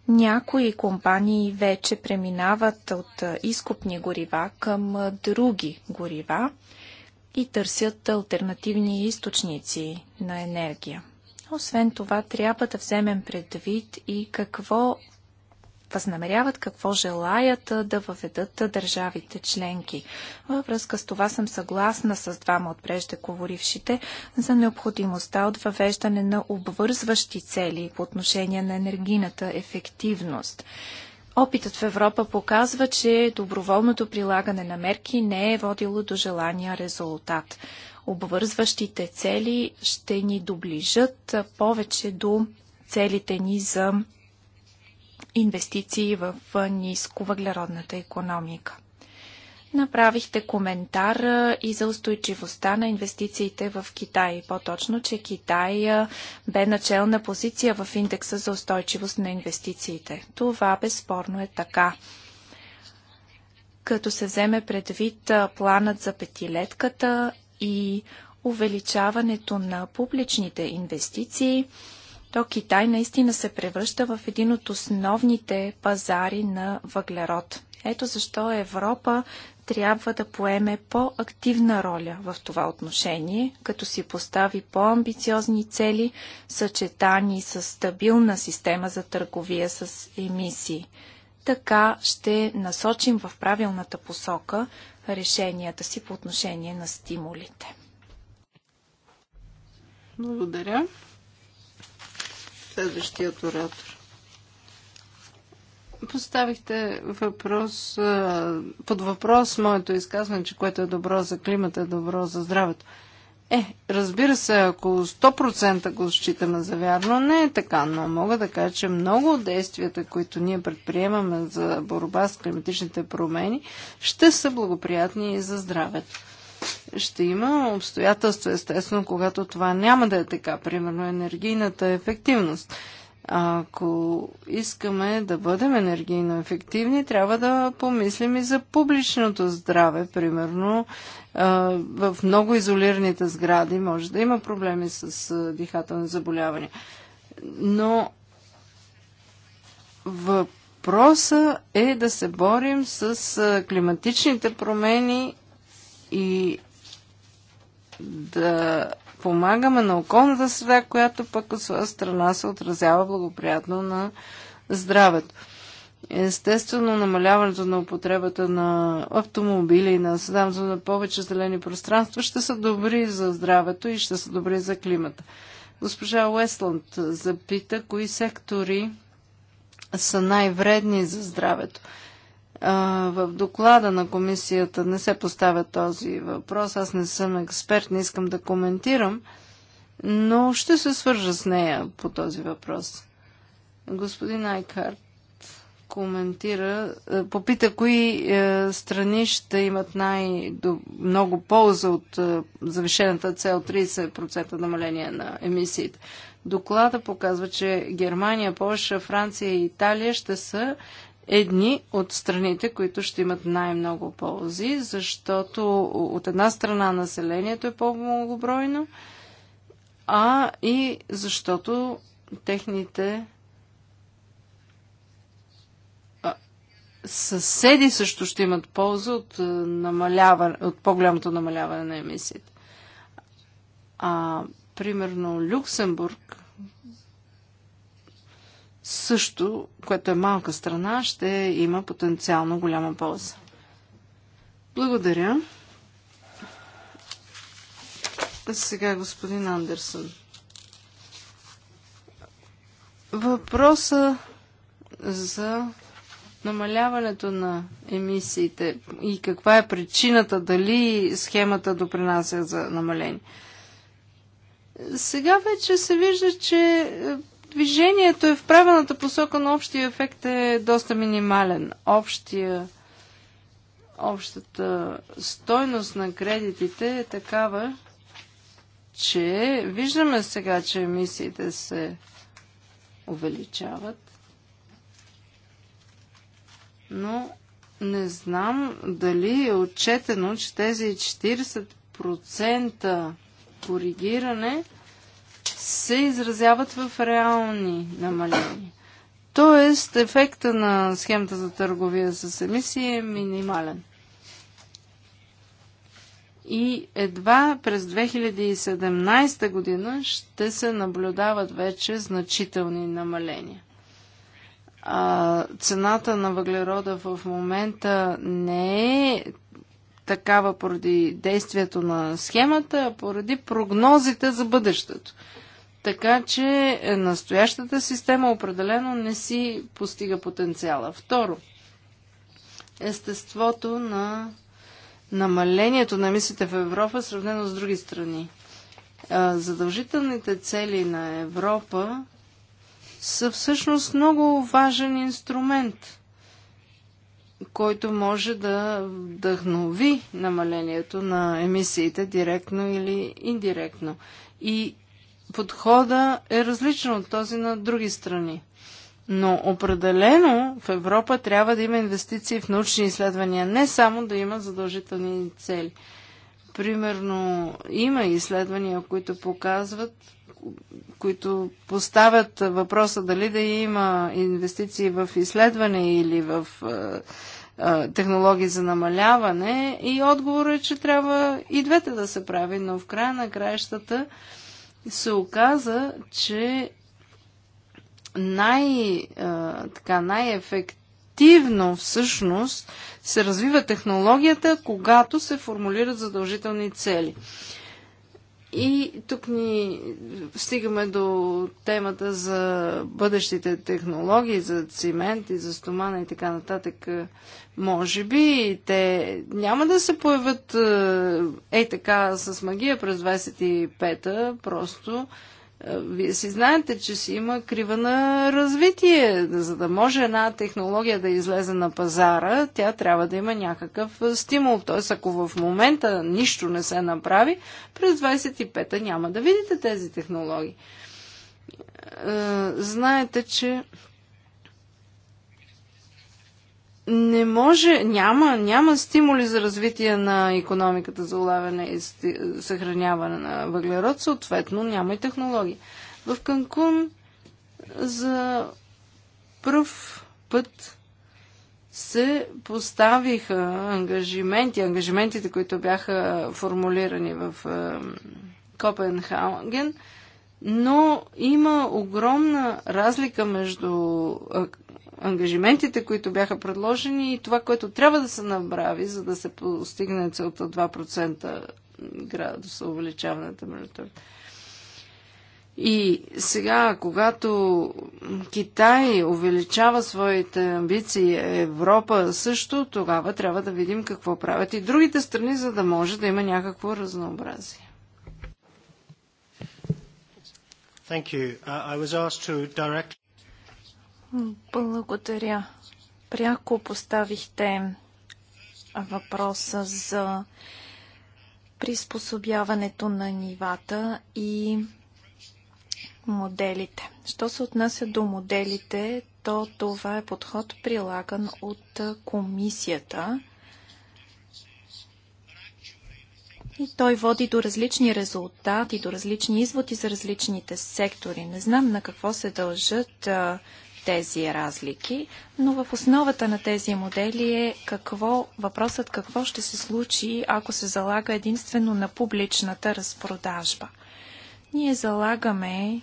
Някои компании вече преминават от изкупни горива към други горива и търсят альтернативни източници на енергия. Освен това, трябва да вземем предвид и какво възнамеряват, какво желаят да въведат държавите членки. Във връзка с това съм съгласна с двама от преждеговорившите за необходимостта от въвеждане на обвързващи цели по отношение на енергийната ефективност. Опитът в Европа показва, че доброволното прилагане на мерки не е водило до желания резултат. Обвързващите цели ще ни доближат повече до целите ни за инвестиции в нисковъглеродната економика. Направихте коментар и за устойчивостта на инвестициите в Китай. По-точно, че Китай бе начална позиция в индекса за устойчивост на инвестициите. Това безспорно е така като се вземе предвид планът за петилетката и увеличаването на публичните инвестиции, то Китай наистина се превръща в един от основните пазари на въглерод. Ето защо Европа трябва да поеме по-активна роля в това отношение, като си постави по-амбициозни цели, съчетани с стабилна система за търговия с емисии. Така ще насочим в правилната посока решенията си по отношение на стимулите. Благодаря. Следващият оратор. Поставихте въпрос, под въпрос моето изказване, че което е добро за климата, е добро за здравето. Е, разбира се, ако 100% го считаме за вярно, не е така, но мога да кажа, че много от действията, които ние предприемаме за борба с климатичните промени, ще са благоприятни и за здравето. Ще има обстоятелства, естествено, когато това няма да е така, примерно енергийната ефективност. Ако искаме да бъдем енергийно ефективни, трябва да помислим и за публичното здраве. Примерно, в много изолираните сгради може да има проблеми с дихателни заболявания. Но въпроса е да се борим с климатичните промени и да помагаме на околната среда, която пък от своя страна се отразява благоприятно на здравето. Естествено, намаляването на употребата на автомобили и на създаването на повече зелени пространства ще са добри за здравето и ще са добри за климата. Госпожа Уестланд запита кои сектори са най-вредни за здравето в доклада на комисията не се поставя този въпрос. Аз не съм експерт, не искам да коментирам, но ще се свържа с нея по този въпрос. Господин Айкарт коментира, е, попита кои е, страни ще имат най-много полза от е, завишената цел 30% намаление на емисиите. Доклада показва, че Германия, Польша, Франция и Италия ще са едни от страните, които ще имат най-много ползи, защото от една страна населението е по-многобройно, а и защото техните съседи също ще имат полза от, е, от по-голямото намаляване на емисиите. А, примерно, Люксембург, също, което е малка страна, ще има потенциално голяма полза. Благодаря. сега господин Андерсон. Въпроса за намаляването на емисиите и каква е причината, дали схемата допринася за намаление. Сега вече се вижда, че движението е в правилната посока, но общия ефект е доста минимален. Общия, общата стойност на кредитите е такава, че виждаме сега, че емисиите се увеличават, но не знам дали е отчетено, че тези 40% коригиране – се изразяват в реални намаления. Тоест, ефекта на схемата за търговия с емисии е минимален. И едва през 2017 година ще се наблюдават вече значителни намаления. А, цената на въглерода в момента не е такава поради действието на схемата, а поради прогнозите за бъдещето. Така че е, настоящата система определено не си постига потенциала. Второ, естеството на намалението на мислите в Европа, е сравнено с други страни. Задължителните цели на Европа са всъщност много важен инструмент, който може да вдъхнови намалението на емисиите директно или индиректно. И подхода е различен от този на други страни. Но определено в Европа трябва да има инвестиции в научни изследвания, не само да има задължителни цели. Примерно има изследвания, които показват, които поставят въпроса дали да има инвестиции в изследване или в технологии за намаляване и отговорът е, че трябва и двете да се прави, но в края на краищата се оказа, че най, така, най-ефективно всъщност се развива технологията, когато се формулират задължителни цели. И тук ни стигаме до темата за бъдещите технологии, за цимент и за стомана и така нататък. Може би те няма да се появят е така с магия през 25-та, просто е, вие си знаете, че си има крива на развитие. За да може една технология да излезе на пазара, тя трябва да има някакъв е, стимул. Т.е. ако в момента нищо не се направи, през 25-та няма да видите тези технологии. Е, знаете, че не може, няма, няма стимули за развитие на економиката за улавяне и съхраняване на въглерод, съответно няма и технологии. В Канкун за пръв път се поставиха ангажименти, ангажиментите, които бяха формулирани в е, Копенхаген, но има огромна разлика между ангажиментите, които бяха предложени и това, което трябва да се направи, за да се постигне целта 2% градуса увеличаване на температурата. И сега, когато Китай увеличава своите амбиции, Европа също, тогава трябва да видим какво правят и другите страни, за да може да има някакво разнообразие. Thank you. Uh, I was asked to direct... Благодаря. Пряко поставихте въпроса за приспособяването на нивата и моделите. Що се отнася до моделите, то това е подход прилаган от комисията. И той води до различни резултати, до различни изводи за различните сектори. Не знам на какво се дължат тези разлики, но в основата на тези модели е какво, въпросът какво ще се случи, ако се залага единствено на публичната разпродажба. Ние залагаме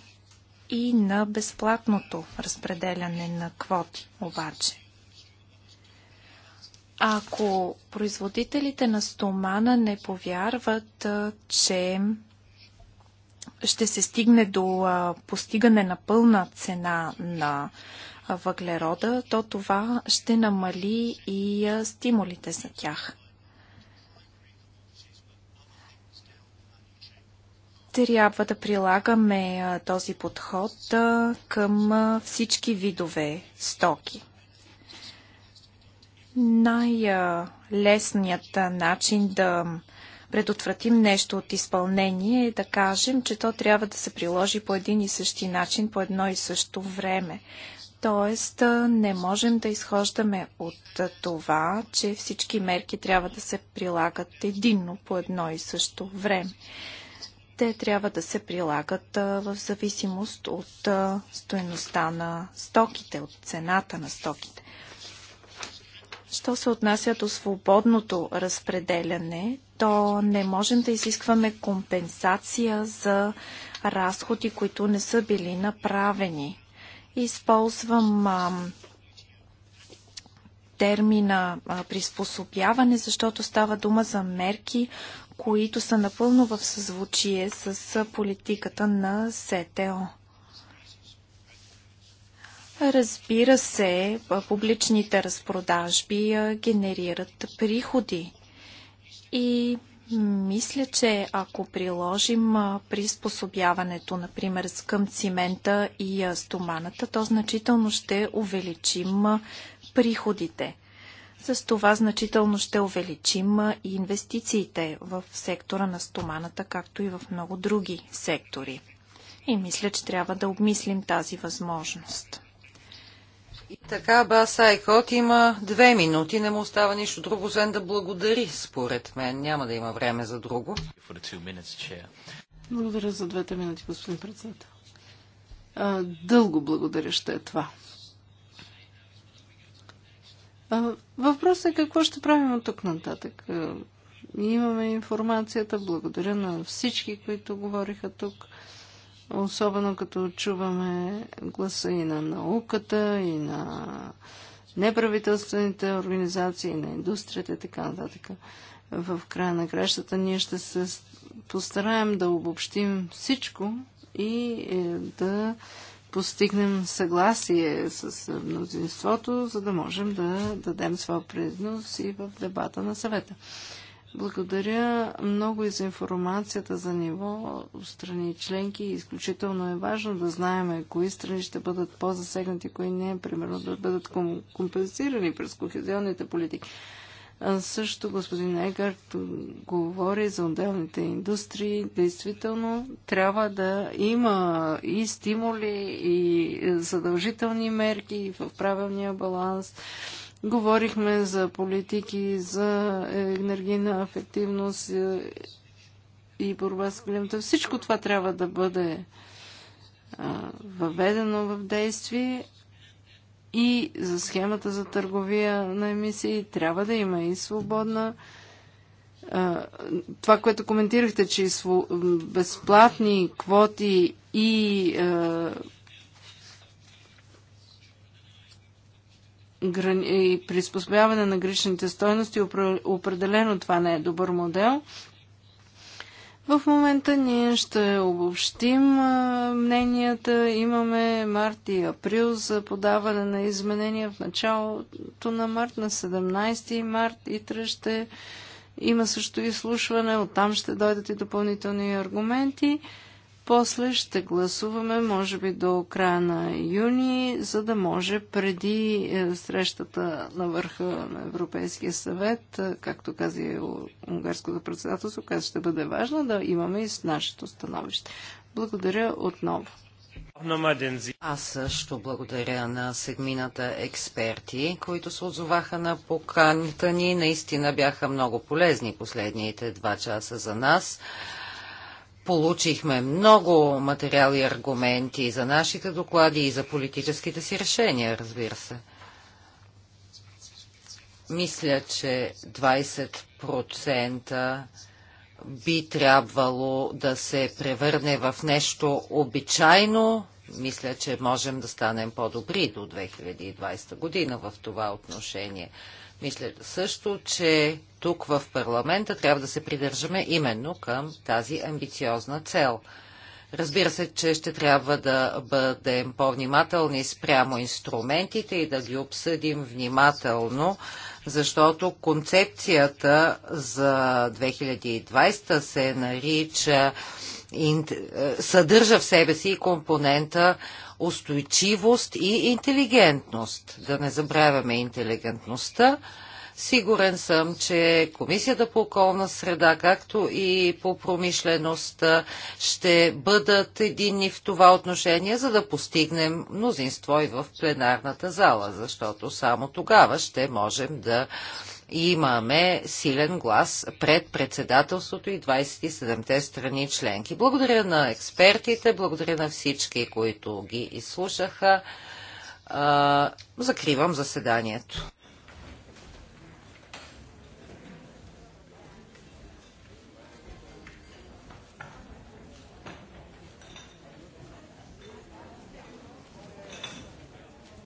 и на безплатното разпределяне на квоти, обаче. Ако производителите на стомана не повярват, че ще се стигне до постигане на пълна цена на въглерода, то това ще намали и стимулите за тях. Трябва да прилагаме този подход към всички видове стоки. Най-лесният начин да предотвратим нещо от изпълнение, е да кажем, че то трябва да се приложи по един и същи начин, по едно и също време. Тоест, не можем да изхождаме от това, че всички мерки трябва да се прилагат единно по едно и също време. Те трябва да се прилагат в зависимост от стоеността на стоките, от цената на стоките. Що се отнася до свободното разпределяне, то не можем да изискваме компенсация за разходи, които не са били направени. Използвам а, термина а, приспособяване, защото става дума за мерки, които са напълно в съзвучие с политиката на СТО. Разбира се, публичните разпродажби генерират приходи. И мисля, че ако приложим приспособяването, например, към цимента и стоманата, то значително ще увеличим приходите. С това значително ще увеличим и инвестициите в сектора на стоманата, както и в много други сектори. И мисля, че трябва да обмислим тази възможност. И така Бас Кот има две минути, не му остава нищо друго, освен да благодари, според мен. Няма да има време за друго. Благодаря за двете минути, господин председател. А, дълго благодаря ще е това. Въпросът е какво ще правим от тук нататък. Имаме информацията. Благодаря на всички, които говориха тук особено като чуваме гласа и на науката, и на неправителствените организации, и на индустрията и така нататък. В края на кращата ние ще се постараем да обобщим всичко и е, да постигнем съгласие с мнозинството, за да можем да дадем своя предност и в дебата на съвета. Благодаря много и за информацията за ниво страни и членки. Изключително е важно да знаем кои страни ще бъдат по-засегнати, кои не, примерно да бъдат компенсирани през кохезионните политики. А също господин Егард говори за отделните индустрии. Действително трябва да има и стимули, и задължителни мерки и в правилния баланс Говорихме за политики, за енергийна ефективност и борба с климата. Всичко това трябва да бъде въведено в действие и за схемата за търговия на емисии трябва да има и свободна това, което коментирахте, че безплатни квоти и и приспособяване на граничните стойности, определено това не е добър модел. В момента ние ще обобщим мненията. Имаме март и април за подаване на изменения в началото на март, на 17 март. и ще има също изслушване. Оттам ще дойдат и допълнителни аргументи. После ще гласуваме, може би, до края на юни, за да може преди е, срещата на върха на Европейския съвет, е, както каза и унгарското председателство, каза, ще бъде важна, да имаме и с нашето становище. Благодаря отново. Аз също благодаря на седмината експерти, които се отзоваха на поканата ни. Наистина бяха много полезни последните два часа за нас. Получихме много материали и аргументи за нашите доклади и за политическите си решения, разбира се. Мисля, че 20% би трябвало да се превърне в нещо обичайно. Мисля, че можем да станем по-добри до 2020 година в това отношение. Мисля също, че тук в парламента трябва да се придържаме именно към тази амбициозна цел. Разбира се, че ще трябва да бъдем по-внимателни спрямо инструментите и да ги обсъдим внимателно, защото концепцията за 2020 се нарича съдържа в себе си и компонента устойчивост и интелигентност. Да не забравяме интелигентността. Сигурен съм, че Комисията по околна среда, както и по промишленост, ще бъдат единни в това отношение, за да постигнем мнозинство и в пленарната зала, защото само тогава ще можем да имаме силен глас пред председателството и 27-те страни членки. Благодаря на експертите, благодаря на всички, които ги изслушаха. Закривам заседанието.